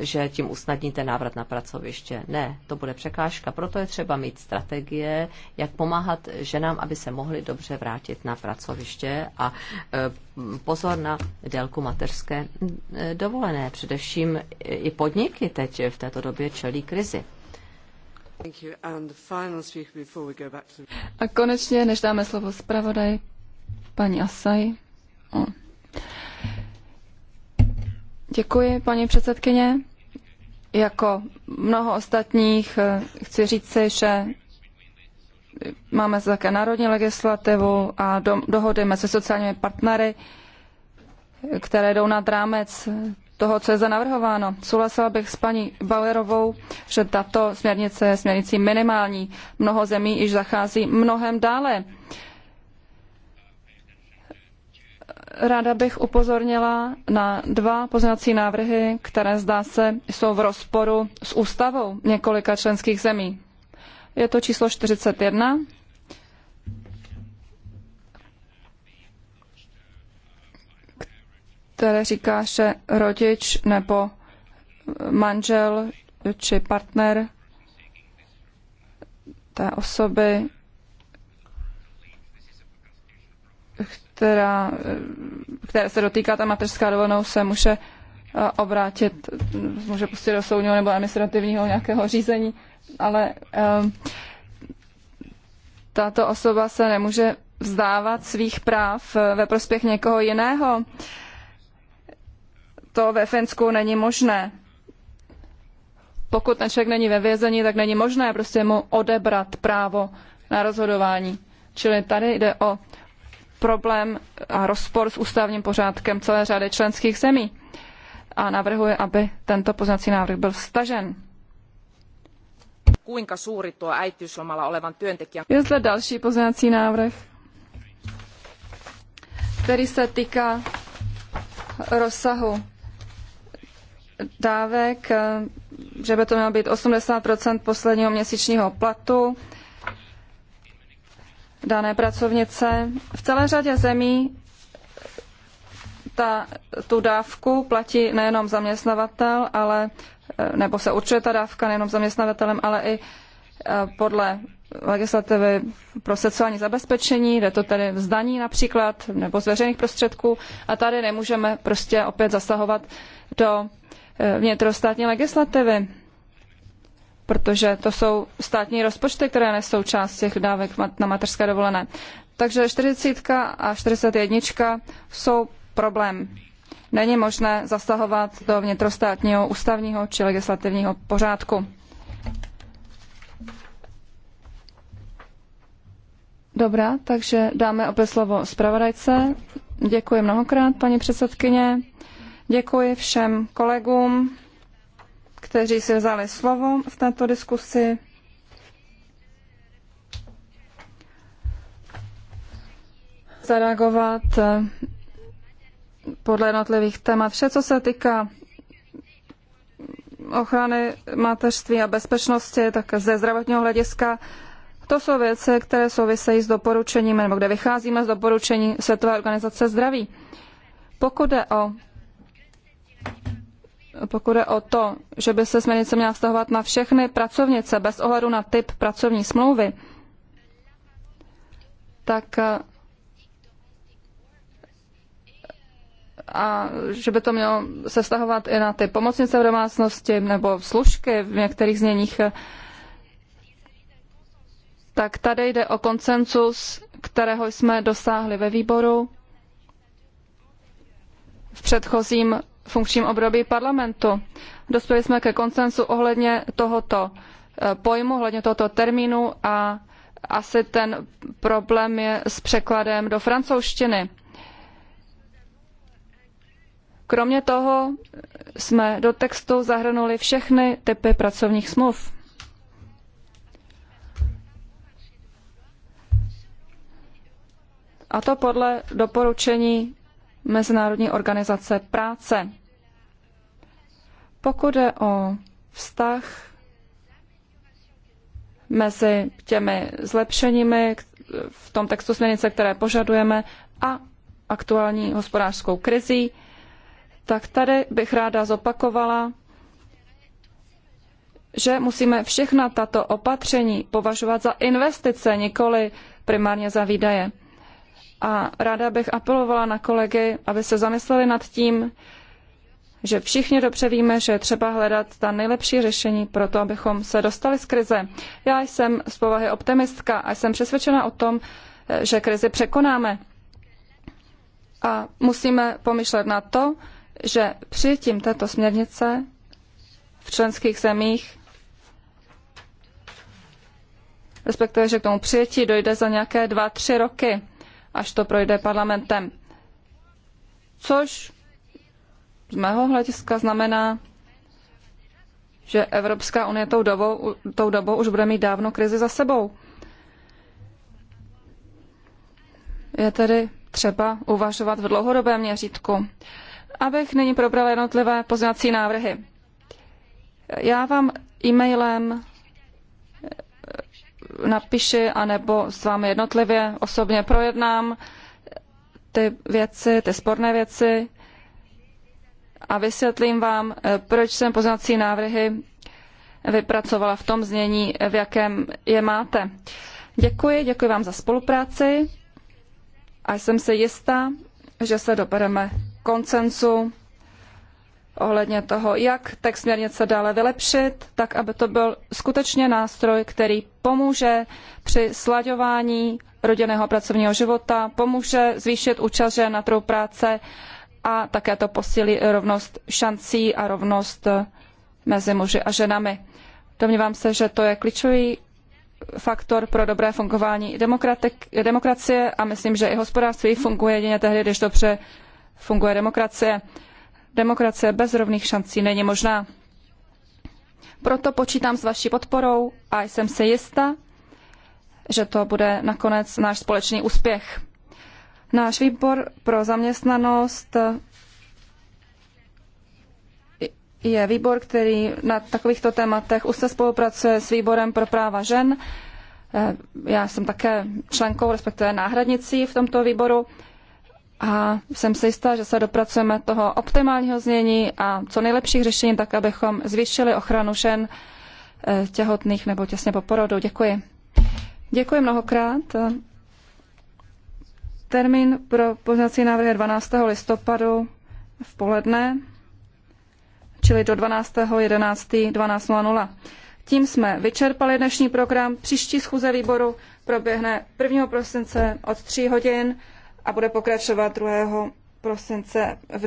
že tím usnadníte návrat na pracoviště. Ne, to bude překážka. Proto je třeba mít strategie, jak pomáhat ženám, aby se mohly dobře vrátit na pracoviště a pozor na délku mateřské eh, dovolené. Především i podniky teď v této době čelí krizi. A konečně, než dáme slovo zpravodaj, paní Asaj. O. Děkuji, paní předsedkyně. Jako mnoho ostatních eh, chci říci, že máme zde také národní legislativu a do, dohody mezi sociálními partnery, které jdou nad rámec toho, co je zde navrhováno. Souhlasila bych s paní Bauerovou, že tato směrnice je směrnicí minimální. Mnoho zemí již zachází mnohem dále. Ráda bych upozornila na dva poznací návrhy, které zdá se jsou v rozporu s ústavou několika členských zemí. Je to číslo 41. které říká, že rodič nebo manžel či partner té osoby, která, které se dotýká ta mateřská dovolenou, se může eh, obrátit, může pustit do soudního nebo administrativního nějakého řízení ale ehm, tato osoba se nemůže vzdávat svých práv eh, ve prospěch někoho jiného. To ve Finsku není možné. Pokud ten člověk není ve vězení, tak není možné prostě mu odebrat právo na rozhodování. Čili tady jde o problém a rozpor s ústavním pořádkem celé řady členských zemí. A navrhuji, aby tento poznací návrh byl stažen kuinka suuri tuo äitiyslomalla olevan työntekijän... Je další pozměňovací návrh, který se týká rozsahu dávek, že by to mělo být 80 posledního měsíčního platu dané pracovnice. V celé řadě zemí ta, tu dávku platí nejenom zaměstnavatel, ale, eh, nebo se určuje ta dávka nejenom zaměstnavatelem, ale i eh, podle legislativy pro sociální zabezpečení, jde to tedy vzdaní například, nebo z veřejných prostředků a tady nemůžeme prostě opět zasahovat do eh, vnitrostátní legislativy, protože to jsou státní rozpočty, které nesou část těch dávek na mateřské dovolené. Takže 40 a 41 jsou problém. Není možné zasahovat do vnitrostátního ústavního či legislativního pořádku. Dobrá, takže dáme opět slovo zpravodajce. Děkuji mnohokrát, paní předsedkyně. Děkuji všem kolegům, kteří si vzali slovo v této diskusi. Zareagovat podle jednotlivých témat. Vše, co se týká ochrany mateřství a bezpečnosti, tak ze zdravotního hlediska, to jsou věci, které souvisejí s doporučením, nebo kde vycházíme z doporučení Světové organizace zdraví. Pokud jde o, pokud je o to, že by se směrnice měla vztahovat na všechny pracovnice bez ohledu na typ pracovní smlouvy, tak a že by to mělo se vztahovat i na ty pomocnice v domácnosti nebo služky v některých zněních, tak tady jde o koncensus, kterého jsme dosáhli ve výboru v předchozím funkčním období parlamentu. Dospěli jsme ke koncensu ohledně tohoto eh, pojmu, ohledně tohoto termínu a asi ten problém je s překladem do francouzštiny. Kromě toho jsme do textu zahrnuli všechny typy pracovních smluv. A to podle doporučení Mezinárodní organizace práce. Pokud je o vztah mezi těmi zlepšeními v tom textu směrnice, které požadujeme, a aktuální hospodářskou krizí, tak tady bych ráda zopakovala, že musíme všechna tato opatření považovat za investice, nikoli primárně za výdaje. A ráda bych apelovala na kolegy, aby se zamysleli nad tím, že všichni dobře víme, že je třeba hledat ta nejlepší řešení pro to, abychom se dostali z krize. Já jsem z povahy optimistka a jsem přesvědčena o tom, že krizi překonáme. A musíme pomyšlet na to, že přijetím této směrnice v členských zemích, respektive, že k tomu přijetí dojde za nějaké dva, tři roky, až to projde parlamentem. Což z mého hlediska znamená, že Evropská unie tou dobou, tou dobou už bude mít dávno krizi za sebou. Je tedy třeba uvažovat v dlouhodobém měřítku abych nyní probral jednotlivé pozměňovací návrhy. Já vám e-mailem eh, napíši, anebo s vámi jednotlivě osobně projednám ty věci, ty sporné věci a vysvětlím vám, eh, proč jsem poznací návrhy vypracovala v tom znění, v jakém je máte. Děkuji, děkuji vám za spolupráci a jsem se jistá, že se dobereme koncensu ohledně toho, jak text směrnice dále vylepšit, tak aby to byl skutečně nástroj, který pomůže při slaďování rodinného a pracovního života, pomůže zvýšit účast žen na trhu práce a také to posílí rovnost šancí a rovnost mezi muži a ženami. Domnívám se, že to je klíčový faktor pro dobré fungování demokracie a myslím, že i hospodářství funguje jedině tehdy, když dobře funguje demokracie. Demokracie bez rovných šancí není možná. Proto počítám s vaší podporou a jsem si jista, že to bude nakonec náš společný úspěch. Náš výbor pro zaměstnanost je výbor, který na takovýchto tématech už se spolupracuje s výborem pro práva žen. Já jsem také členkou, respektive náhradnicí v tomto výboru a jsem si jistá, že se dopracujeme toho optimálního znění a co nejlepších řešení, tak abychom zvýšili ochranu žen eh, těhotných nebo těsně po porodu. Děkuji. Děkuji mnohokrát. Termín pro poznací návrh je 12. listopadu v poledne, čili do 12. 11. 12.00. Tím jsme vyčerpali dnešní program. Příští schůze výboru proběhne 1. prosince od 3 hodin a bude pokračovat 2. prosince v